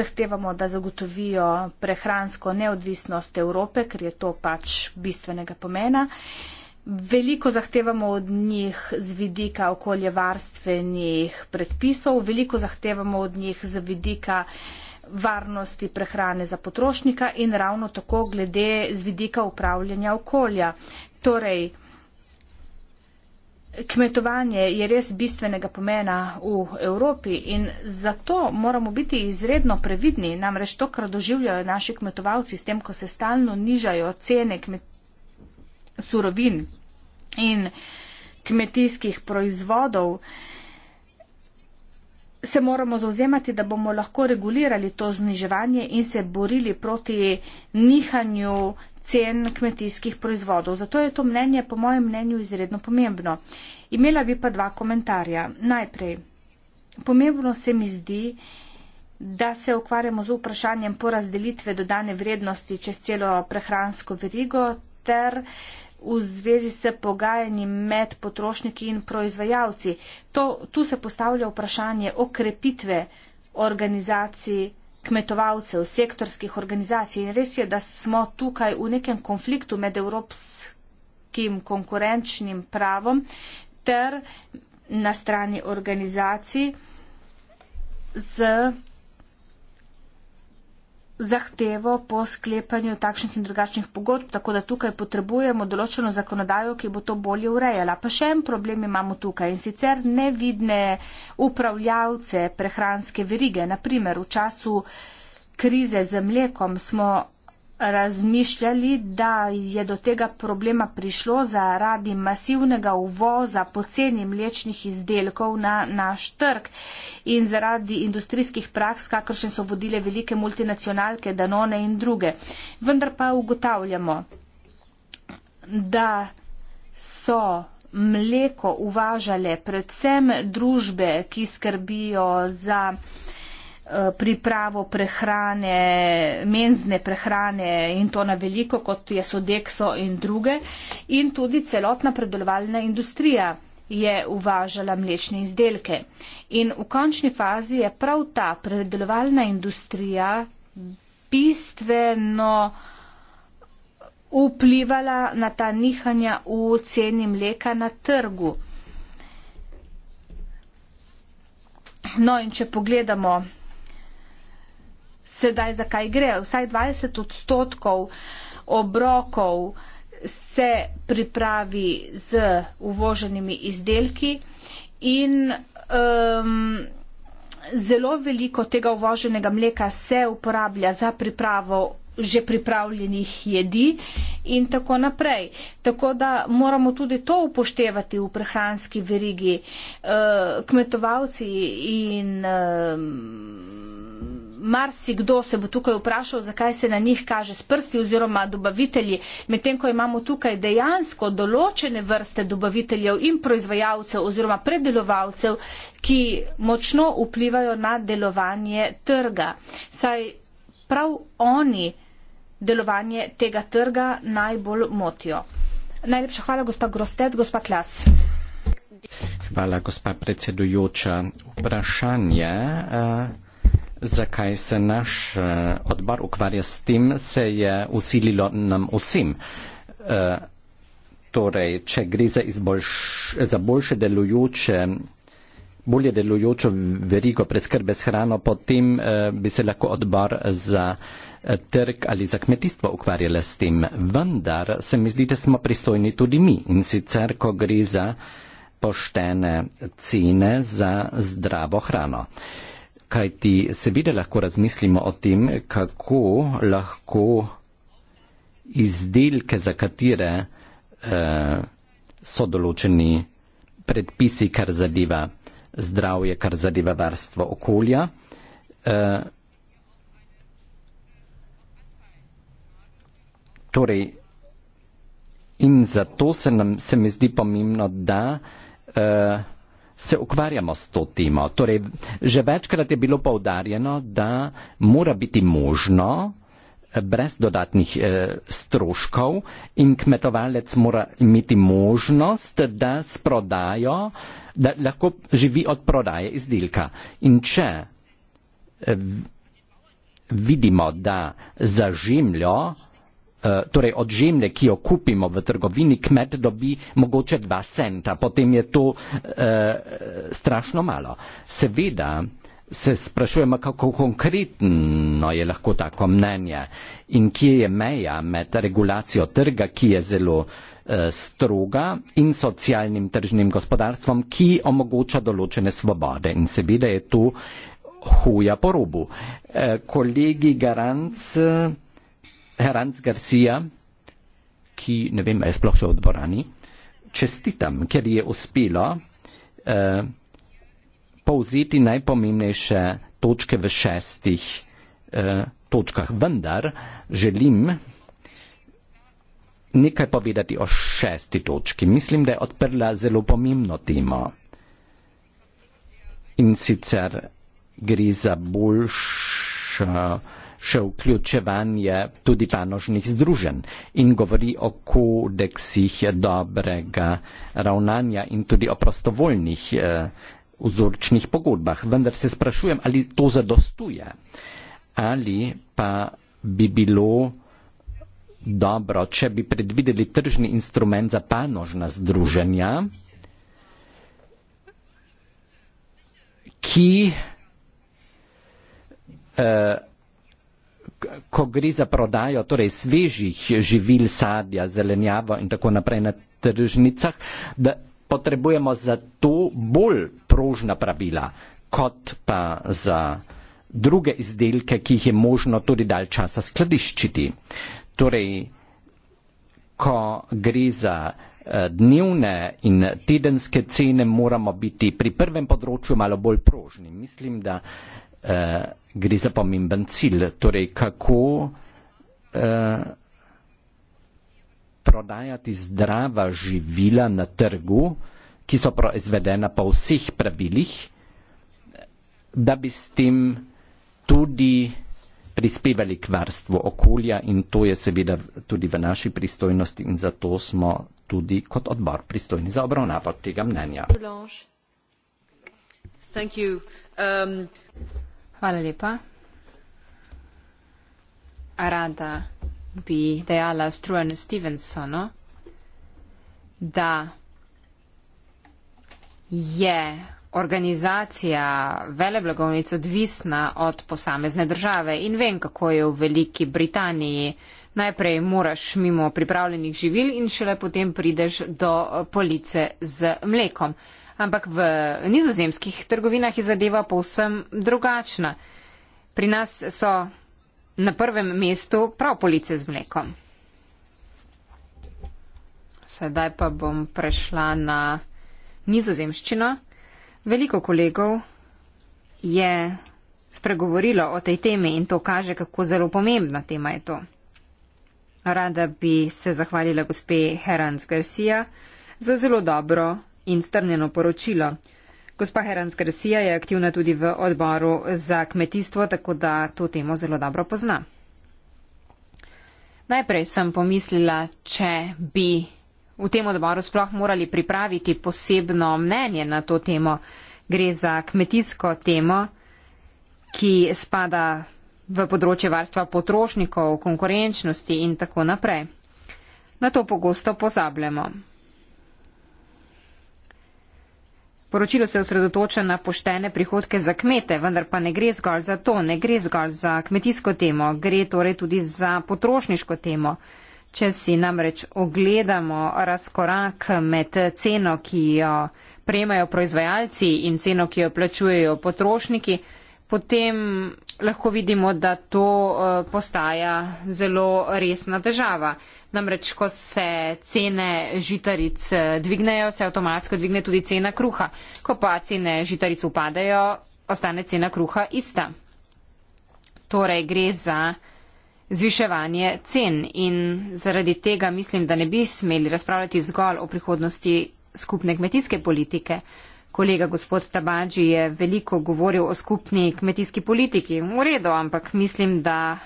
Speaker 2: zahtevamo, da zagotovijo prehransko neodvisnost Evrope, ker je to pač bistvenega pomena. Uh, Veliko zahtevamo od njih z vidika okoljevarstvenih predpisov, veliko zahtevamo od njih z vidika varnosti prehrane za potrošnika in ravno tako glede z vidika upravljanja okolja. Torej, kmetovanje je res bistvenega pomena v Evropi in zato moramo biti izredno previdni, namreč to, kar doživljajo naši kmetovalci s tem, ko se stalno nižajo cene kmetovanja surovin in kmetijskih proizvodov, se moramo zauzemati, da bomo lahko regulirali to zniževanje in se borili proti nihanju cen kmetijskih proizvodov. Zato je to mnenje, po mojem mnenju, izredno pomembno. Imela bi pa dva komentarja. Najprej, pomembno se mi zdi, da se ukvarjamo z vprašanjem porazdelitve dodane vrednosti čez celo prehransko verigo ter v zvezi s pogajanji med potrošniki in proizvajalci. To, tu se postavlja vprašanje o krepitve organizacij kmetovalcev, sektorskih organizacij. In res je, da smo tukaj v nekem konfliktu med evropskim konkurenčnim pravom ter na strani organizacij z zahtevo po sklepanju takšnih in drugačnih pogodb, tako da tukaj potrebujemo določeno zakonodajo, ki bo to bolje urejala. Pa še en problem imamo tukaj in sicer nevidne upravljavce prehranske verige. Naprimer, v času krize z mlekom smo razmišljali, da je do tega problema prišlo zaradi masivnega uvoza poceni mlečnih izdelkov na naš trg in zaradi industrijskih praks, kakršne so vodile velike multinacionalke Danone in druge. Vendar pa ugotavljamo, da so mleko uvažale predvsem družbe, ki skrbijo za Eh, pripravo prehrane, menzne prehrane in to na veliko, kot je sodekso in druge. In tudi celotna predelovalna industrija je uvažala mlečne izdelke. In v končni fazi je prav ta predelovalna industrija bistveno vplivala na ta nihanja v ceni mleka na trgu. No in če pogledamo sedaj zakaj gre. Vsaj 20 odstotkov obrokov se pripravi z uvoženimi izdelki in um, zelo veliko tega uvoženega mleka se uporablja za pripravo že pripravljenih jedi in tako naprej. Tako da moramo tudi to upoštevati v prehranski verigi. Uh, kmetovalci in um, marsikdo se bo tukaj vprašal, zakaj se na njih kaže s prsti oziroma dobavitelji, medtem ko imamo tukaj dejansko določene vrste dobaviteljev in proizvajalcev oziroma predelovalcev, ki močno vplivajo na delovanje trga. Saj prav oni delovanje tega trga najbolj motijo. Najlepša hvala, gospa Grostet, gospa Klas.
Speaker 3: Hvala, gospa predsedujoča. Vprašanje. Uh zakaj se naš eh, odbor ukvarja s tem, se je usililo nam vsem. Eh, torej, če gre za, izboljš, za boljše delujoče, bolje delujočo verigo preskrbe s hrano, potem eh, bi se lahko odbor za trg ali za kmetijstvo ukvarjala s tem. Vendar se mi zdi, da smo pristojni tudi mi in sicer, ko gre za poštene cene za zdravo hrano. Uh, kajti seveda lahko razmislimo o tem, kako lahko izdelke, za katere eh, so določeni predpisi, kar zadeva zdravje, kar zadeva varstvo okolja, eh, torej in zato se, nam, se mi zdi pomembno, da eh, se ukvarjamo s to temo. Torej, že večkrat je bilo povdarjeno, da mora biti možno eh, brez dodatnih e, stroškov in kmetovalec mora imeti možnost, da s prodajo, da lahko živi od prodaje izdelka. In če e, vidimo, da za žemljo Eh, torej od žemlje, ki jo kupimo v trgovini, kmet dobi mogoče dva centa, potem je to uh, strašno malo. Seveda se sprašujemo, kako konkretno je lahko tako mnenje in kje je meja med regulacijo trga, ki je zelo uh, stroga, in socialnim tržnim gospodarstvom, ki omogoča določene svobode. In seveda je to huja po robu. Uh, kolegi Garanc. Uh, Heranc Garcia, ki ne vem, ali je sploh še v dvorani, čestitam, ker je uspelo eh, povzeti najpomembnejše točke v šestih eh, točkah. Vendar želim nekaj povedati o šesti točki. Mislim, da je odprla zelo pomembno temo. In sicer gre za boljšo še vključevanje tudi panožnih združenj in govori o kodeksih dobrega ravnanja in tudi o prostovoljnih eh, vzorčnih pogodbah. Vendar se sprašujem, ali to zadostuje ali pa bi bilo dobro, če bi predvideli tržni instrument za panožna združenja, ki eh, ko gre za prodajo torej svežih živil, sadja, zelenjavo in tako naprej na tržnicah, da potrebujemo za to bolj prožna pravila, kot pa za druge izdelke, ki jih je možno tudi dal časa skladiščiti. Torej, ko gre za eh, dnevne in tedenske cene, moramo biti pri prvem področju malo bolj prožni. Mislim, da eh, gre za pomemben cilj, torej kako eh, prodajati zdrava živila na trgu, ki so proizvedena po vseh pravilih, da bi s tem tudi prispevali k varstvu okolja in to je seveda tudi v naši pristojnosti in zato smo tudi kot odbor pristojni za obravnavo tega mnenja.
Speaker 1: Thank you. Um... Hvala lepa. Rada bi dejala Struanu Stevensonu, da je organizacija veleblagovnic odvisna od posamezne države in vem, kako je v Veliki Britaniji. Najprej moraš mimo pripravljenih živil in šele potem prideš do police z mlekom ampak v nizozemskih trgovinah je zadeva povsem drugačna. Pri nas so na prvem mestu prav police z mlekom. Sedaj pa bom prešla na nizozemščino. Veliko kolegov je spregovorilo o tej temi in to kaže, kako zelo pomembna tema je to. Rada bi se zahvalila gospe Herans Garcia za zelo dobro in strnjeno poročilo. Gospa Heranska Resija je aktivna tudi v odboru za kmetijstvo, tako da to temo zelo dobro pozna. Najprej sem pomislila, če bi v tem odboru sploh morali pripraviti posebno mnenje na to temo. Gre za kmetijsko temo, ki spada v področje varstva potrošnikov, konkurenčnosti in tako naprej. Na to pogosto pozabljamo. Poročilo se osredotoča na poštene prihodke za kmete, vendar pa ne gre zgolj za to, ne gre zgolj za kmetijsko temo, gre torej tudi za potrošniško temo. Če si namreč ogledamo razkorak med ceno, ki jo prejmajo proizvajalci in ceno, ki jo plačujejo potrošniki, potem lahko vidimo, da to eh, postaja zelo resna težava. Namreč, ko se cene žitaric eh, dvignejo, se avtomatsko dvigne tudi cena kruha. Ko pa cene žitaric upadajo, ostane cena kruha ista. Torej, gre za zviševanje cen in zaradi tega mislim, da ne bi smeli razpravljati zgolj o prihodnosti skupne kmetijske politike, Kolega gospod Tabađi je veliko govoril o skupni kmetijski politiki. V redu, ampak mislim, da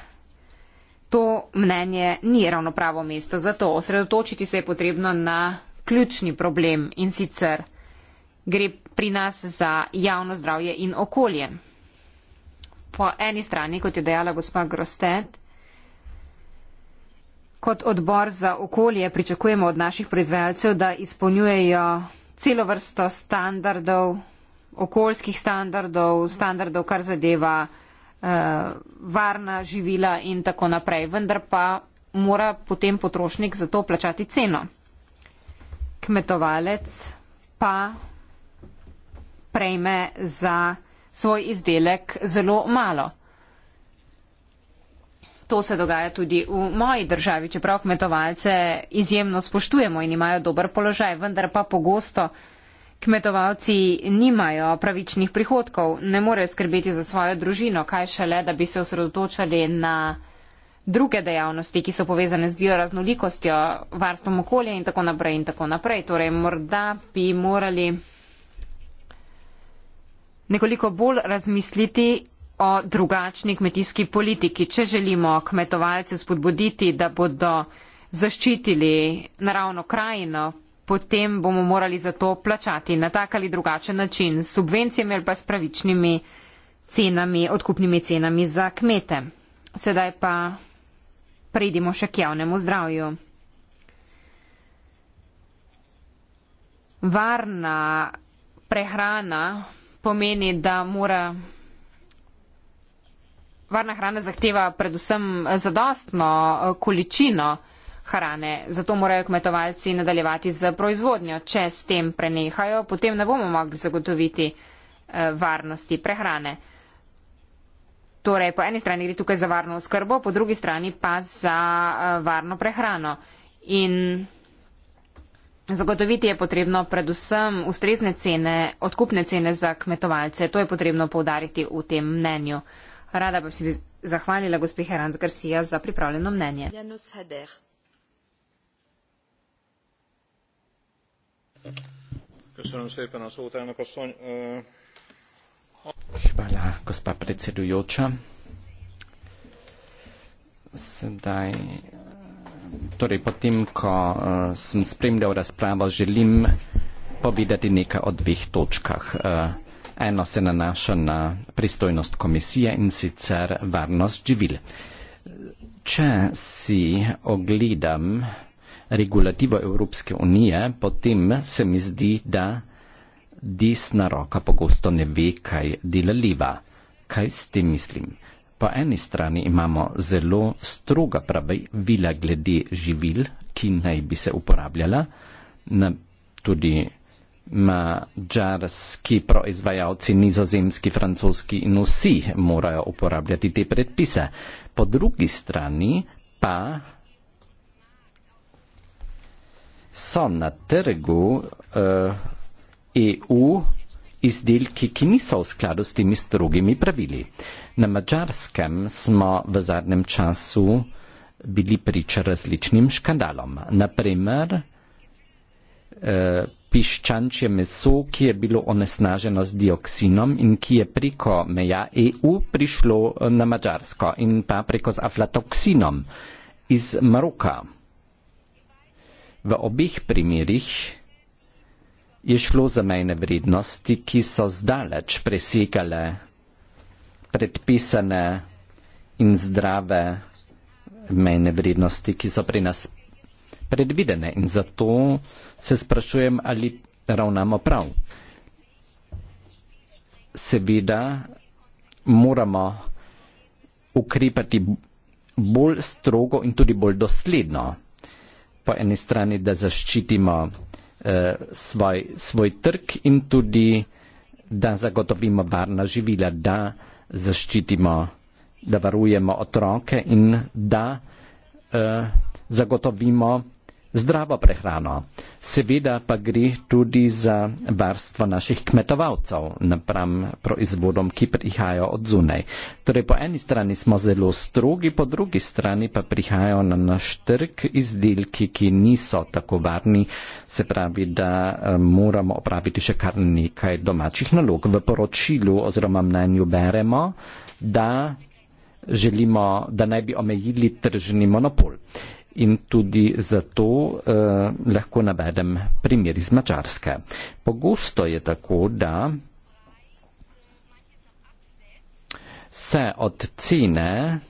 Speaker 1: to mnenje ni ravno pravo mesto za to. Osredotočiti se je potrebno na ključni problem in sicer gre pri nas za javno zdravje in okolje. Po eni strani, kot je dejala gospa Grostet, kot odbor za okolje pričakujemo od naših proizvajalcev, da izpolnjujejo celo vrsto standardov, okoljskih standardov, standardov, kar zadeva uh, varna živila in tako naprej. Vendar pa mora potem potrošnik za to plačati ceno. Kmetovalec pa prejme za svoj izdelek zelo malo to se dogaja tudi v moji državi, čeprav kmetovalce izjemno spoštujemo in imajo dober položaj, vendar pa pogosto kmetovalci nimajo pravičnih prihodkov, ne morejo skrbeti za svojo družino, kaj šele, da bi se osredotočali na druge dejavnosti, ki so povezane z bioraznolikostjo, varstvom okolja in tako naprej in tako naprej. Torej, morda bi morali nekoliko bolj razmisliti o drugačni kmetijski politiki, če želimo kmetovalce spodbuditi, da bodo zaščitili naravno krajino, potem bomo morali za to plačati na tak ali drugačen način s subvencijami ali pa s pravičnimi cenami, odkupnimi cenami za kmete. Sedaj pa pridimo še k javnemu zdravju. Varna prehrana pomeni, da mora varna hrana zahteva predvsem eh, zadostno eh, količino hrane, zato morajo kmetovalci nadaljevati z proizvodnjo. Če s tem prenehajo, potem ne bomo mogli zagotoviti eh, varnosti prehrane. Torej, po eni strani gre tukaj za varno oskrbo, po drugi strani pa za varno prehrano. In zagotoviti je potrebno predvsem ustrezne cene, odkupne cene za kmetovalce. To je potrebno poudariti v tem mnenju. Rada pa se bi zahvalila gospe Heranz Garcia za pripravljeno mnenje.
Speaker 3: Hvala, gospa predsedujoča. Sedaj, torej potem, ko uh, sem spremljal razpravo, želim povedati nekaj o dveh točkah. Uh, Eno se nanaša na pristojnost komisije in sicer varnost živil. Če si ogledam regulativo Evropske unije, potem se mi zdi, da desna roka pogosto ne ve, kaj dela leva. Kaj s tem mislim? Po eni strani imamo zelo stroga pravila glede živil, ki naj bi se uporabljala, tudi mađarski proizvajalci, nizozemski, francoski in vsi morajo uporabljati te predpise. Po drugi strani pa so na trgu uh, eh, EU izdelki, ki niso v skladu s temi strogimi pravili. Na mađarskem smo v zadnjem času bili priča različnim škandalom. Naprimer, eh, piščančje meso, ki je bilo onesnaženo z dioksinom in ki je preko meja EU prišlo eh, na Mačarsko in pa preko z aflatoksinom iz Maroka. V obih primerih je šlo za mejne vrednosti, ki so zdaleč presegale predpisane in zdrave mejne vrednosti, ki so pri nas predvidene in zato se sprašujem, ali ravnamo prav. Seveda moramo ukrepati bolj strogo in tudi bolj dosledno. Po eni strani, da zaščitimo eh, svoj, svoj trg in tudi, da zagotovimo varna živila, da zaščitimo, da varujemo otroke in da eh, zagotovimo zdravo prehrano. Seveda pa gre tudi za varstvo naših kmetovalcev napram proizvodom, ki prihajajo od zunaj. Torej, po eni strani smo zelo strogi, po drugi strani pa prihajajo na naš trg izdelki, ki niso tako varni, se pravi, da eh, moramo opraviti še kar nekaj domačih nalog. V poročilu oziroma mnenju beremo, da želimo, da naj bi omejili tržni monopol. In tudi zato eh, lahko navedem primer iz Mačarske. Pogosto je tako, da se od cene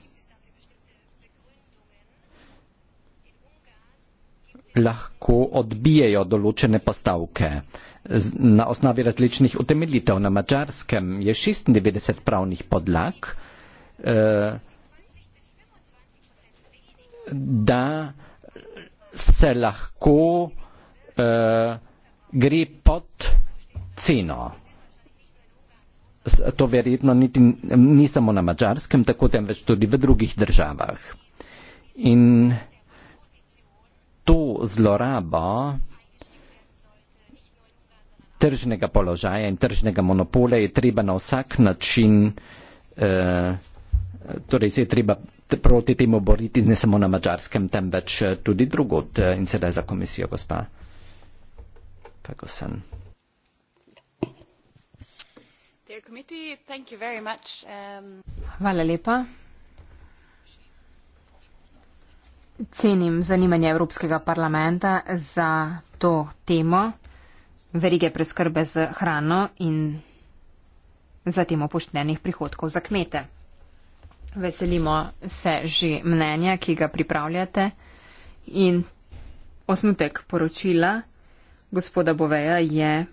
Speaker 3: lahko odbijejo določene postavke. Na osnovi različnih utemeljitev na Mačarskem je 96 pravnih podlag. Eh, da se lahko eh, gre pod ceno. To verjetno niti, ni samo na mačarskem, tako temveč tudi v drugih državah. In to zlorabo tržnega položaja in tržnega monopola je treba na vsak način, eh, torej se je treba proti temu boriti, ne samo na mačarskem, temveč eh, tudi drugot eh, in sedaj za komisijo, gospa Pekosen.
Speaker 2: Um,
Speaker 1: Hvala lepa. Cenim zanimanje Evropskega parlamenta za to temo verige preskrbe z hrano in za temo poštenih prihodkov za kmete. Veselimo se že mnenja, ki ga pripravljate in osnutek poročila gospoda Boveja je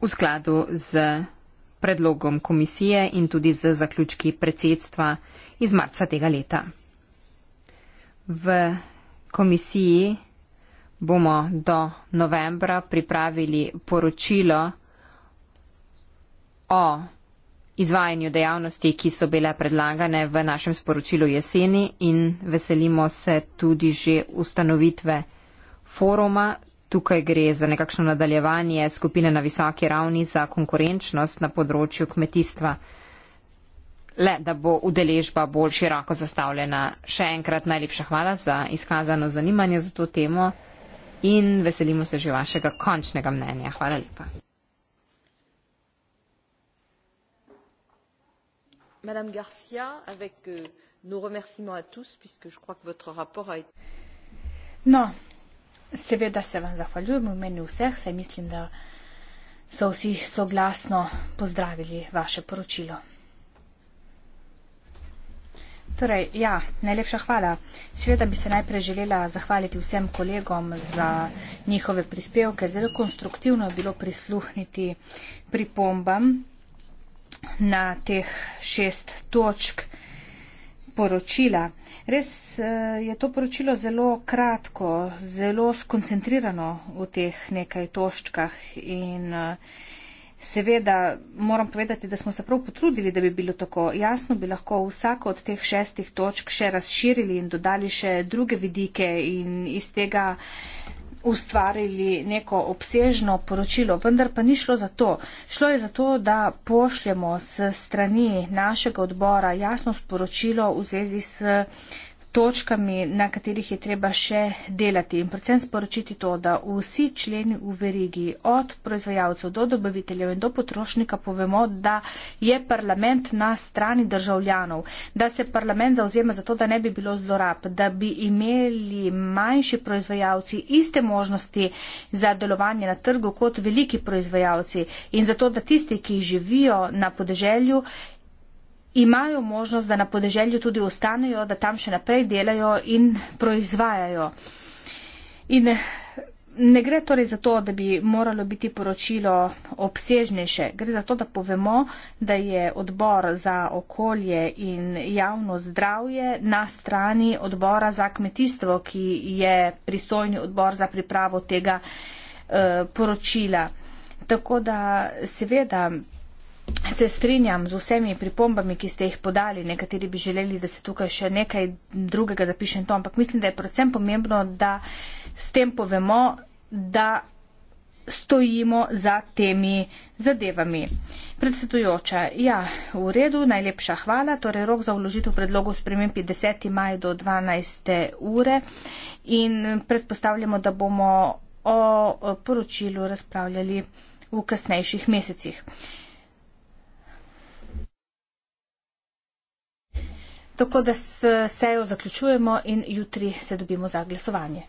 Speaker 1: v skladu z predlogom komisije in tudi z zaključki predsedstva iz marca tega leta. V komisiji bomo do novembra pripravili poročilo o izvajanju dejavnosti, ki so bile predlagane v našem sporočilu jeseni in veselimo se tudi že ustanovitve foruma. Tukaj gre za nekakšno nadaljevanje skupine na visoki ravni za konkurenčnost na področju kmetijstva. Le, da bo udeležba bolj široko zastavljena. Še enkrat najlepša hvala za izkazano zanimanje za to temo in veselimo se že vašega končnega mnenja. Hvala lepa.
Speaker 2: madame garca avec euh, nos remerciements à tous puisque je crois que votre rapport a été. No, seveda se vam zahvaljujem v imenu vseh, saj mislim, da so vsi soglasno pozdravili vaše poročilo. Torej, ja, najlepša hvala. Seveda bi se najprej želela zahvaliti vsem kolegom za njihove prispevke. Zelo konstruktivno je bilo prisluhniti pripombam na teh šest točk poročila. Res eh, je to poročilo zelo kratko, zelo skoncentrirano v teh nekaj točkah in eh, seveda moram povedati, da smo se prav potrudili, da bi bilo tako. Jasno bi lahko vsako od teh šestih točk še razširili in dodali še druge vidike in iz tega ustvarili neko obsežno poročilo, vendar pa ni šlo za to. Šlo je za to, da pošljemo s strani našega odbora jasno sporočilo v zvezi s točkami, na katerih je treba še delati in predvsem sporočiti to, da vsi členi v verigi od proizvajalcev do dobaviteljev in do potrošnika povemo, da je parlament na strani državljanov, da se parlament zauzema za to, da ne bi bilo zlorab, da bi imeli manjši proizvajalci iste možnosti za delovanje na trgu kot veliki proizvajalci in zato, da tisti, ki živijo na podeželju, imajo možnost, da na podeželju tudi ostanejo, da tam še naprej delajo in proizvajajo. In ne gre torej za to, da bi moralo biti poročilo obsežnejše, gre za to, da povemo, da je odbor za okolje in javno zdravje na strani odbora za kmetijstvo, ki je pristojni odbor za pripravo tega eh, poročila. Tako da seveda se strinjam z vsemi pripombami, ki ste jih podali. Nekateri bi želeli, da se tukaj še nekaj drugega zapiše in to, ampak mislim, da je predvsem pomembno, da s tem povemo, da stojimo za temi zadevami. Predsedujoča, ja, v redu, najlepša hvala. Torej, rok za vložitev predlogov sprememb je 10. maj do 12. ure in predpostavljamo, da bomo o poročilu razpravljali v kasnejših mesecih. Tako da s sejo zaključujemo in jutri se dobimo za glasovanje.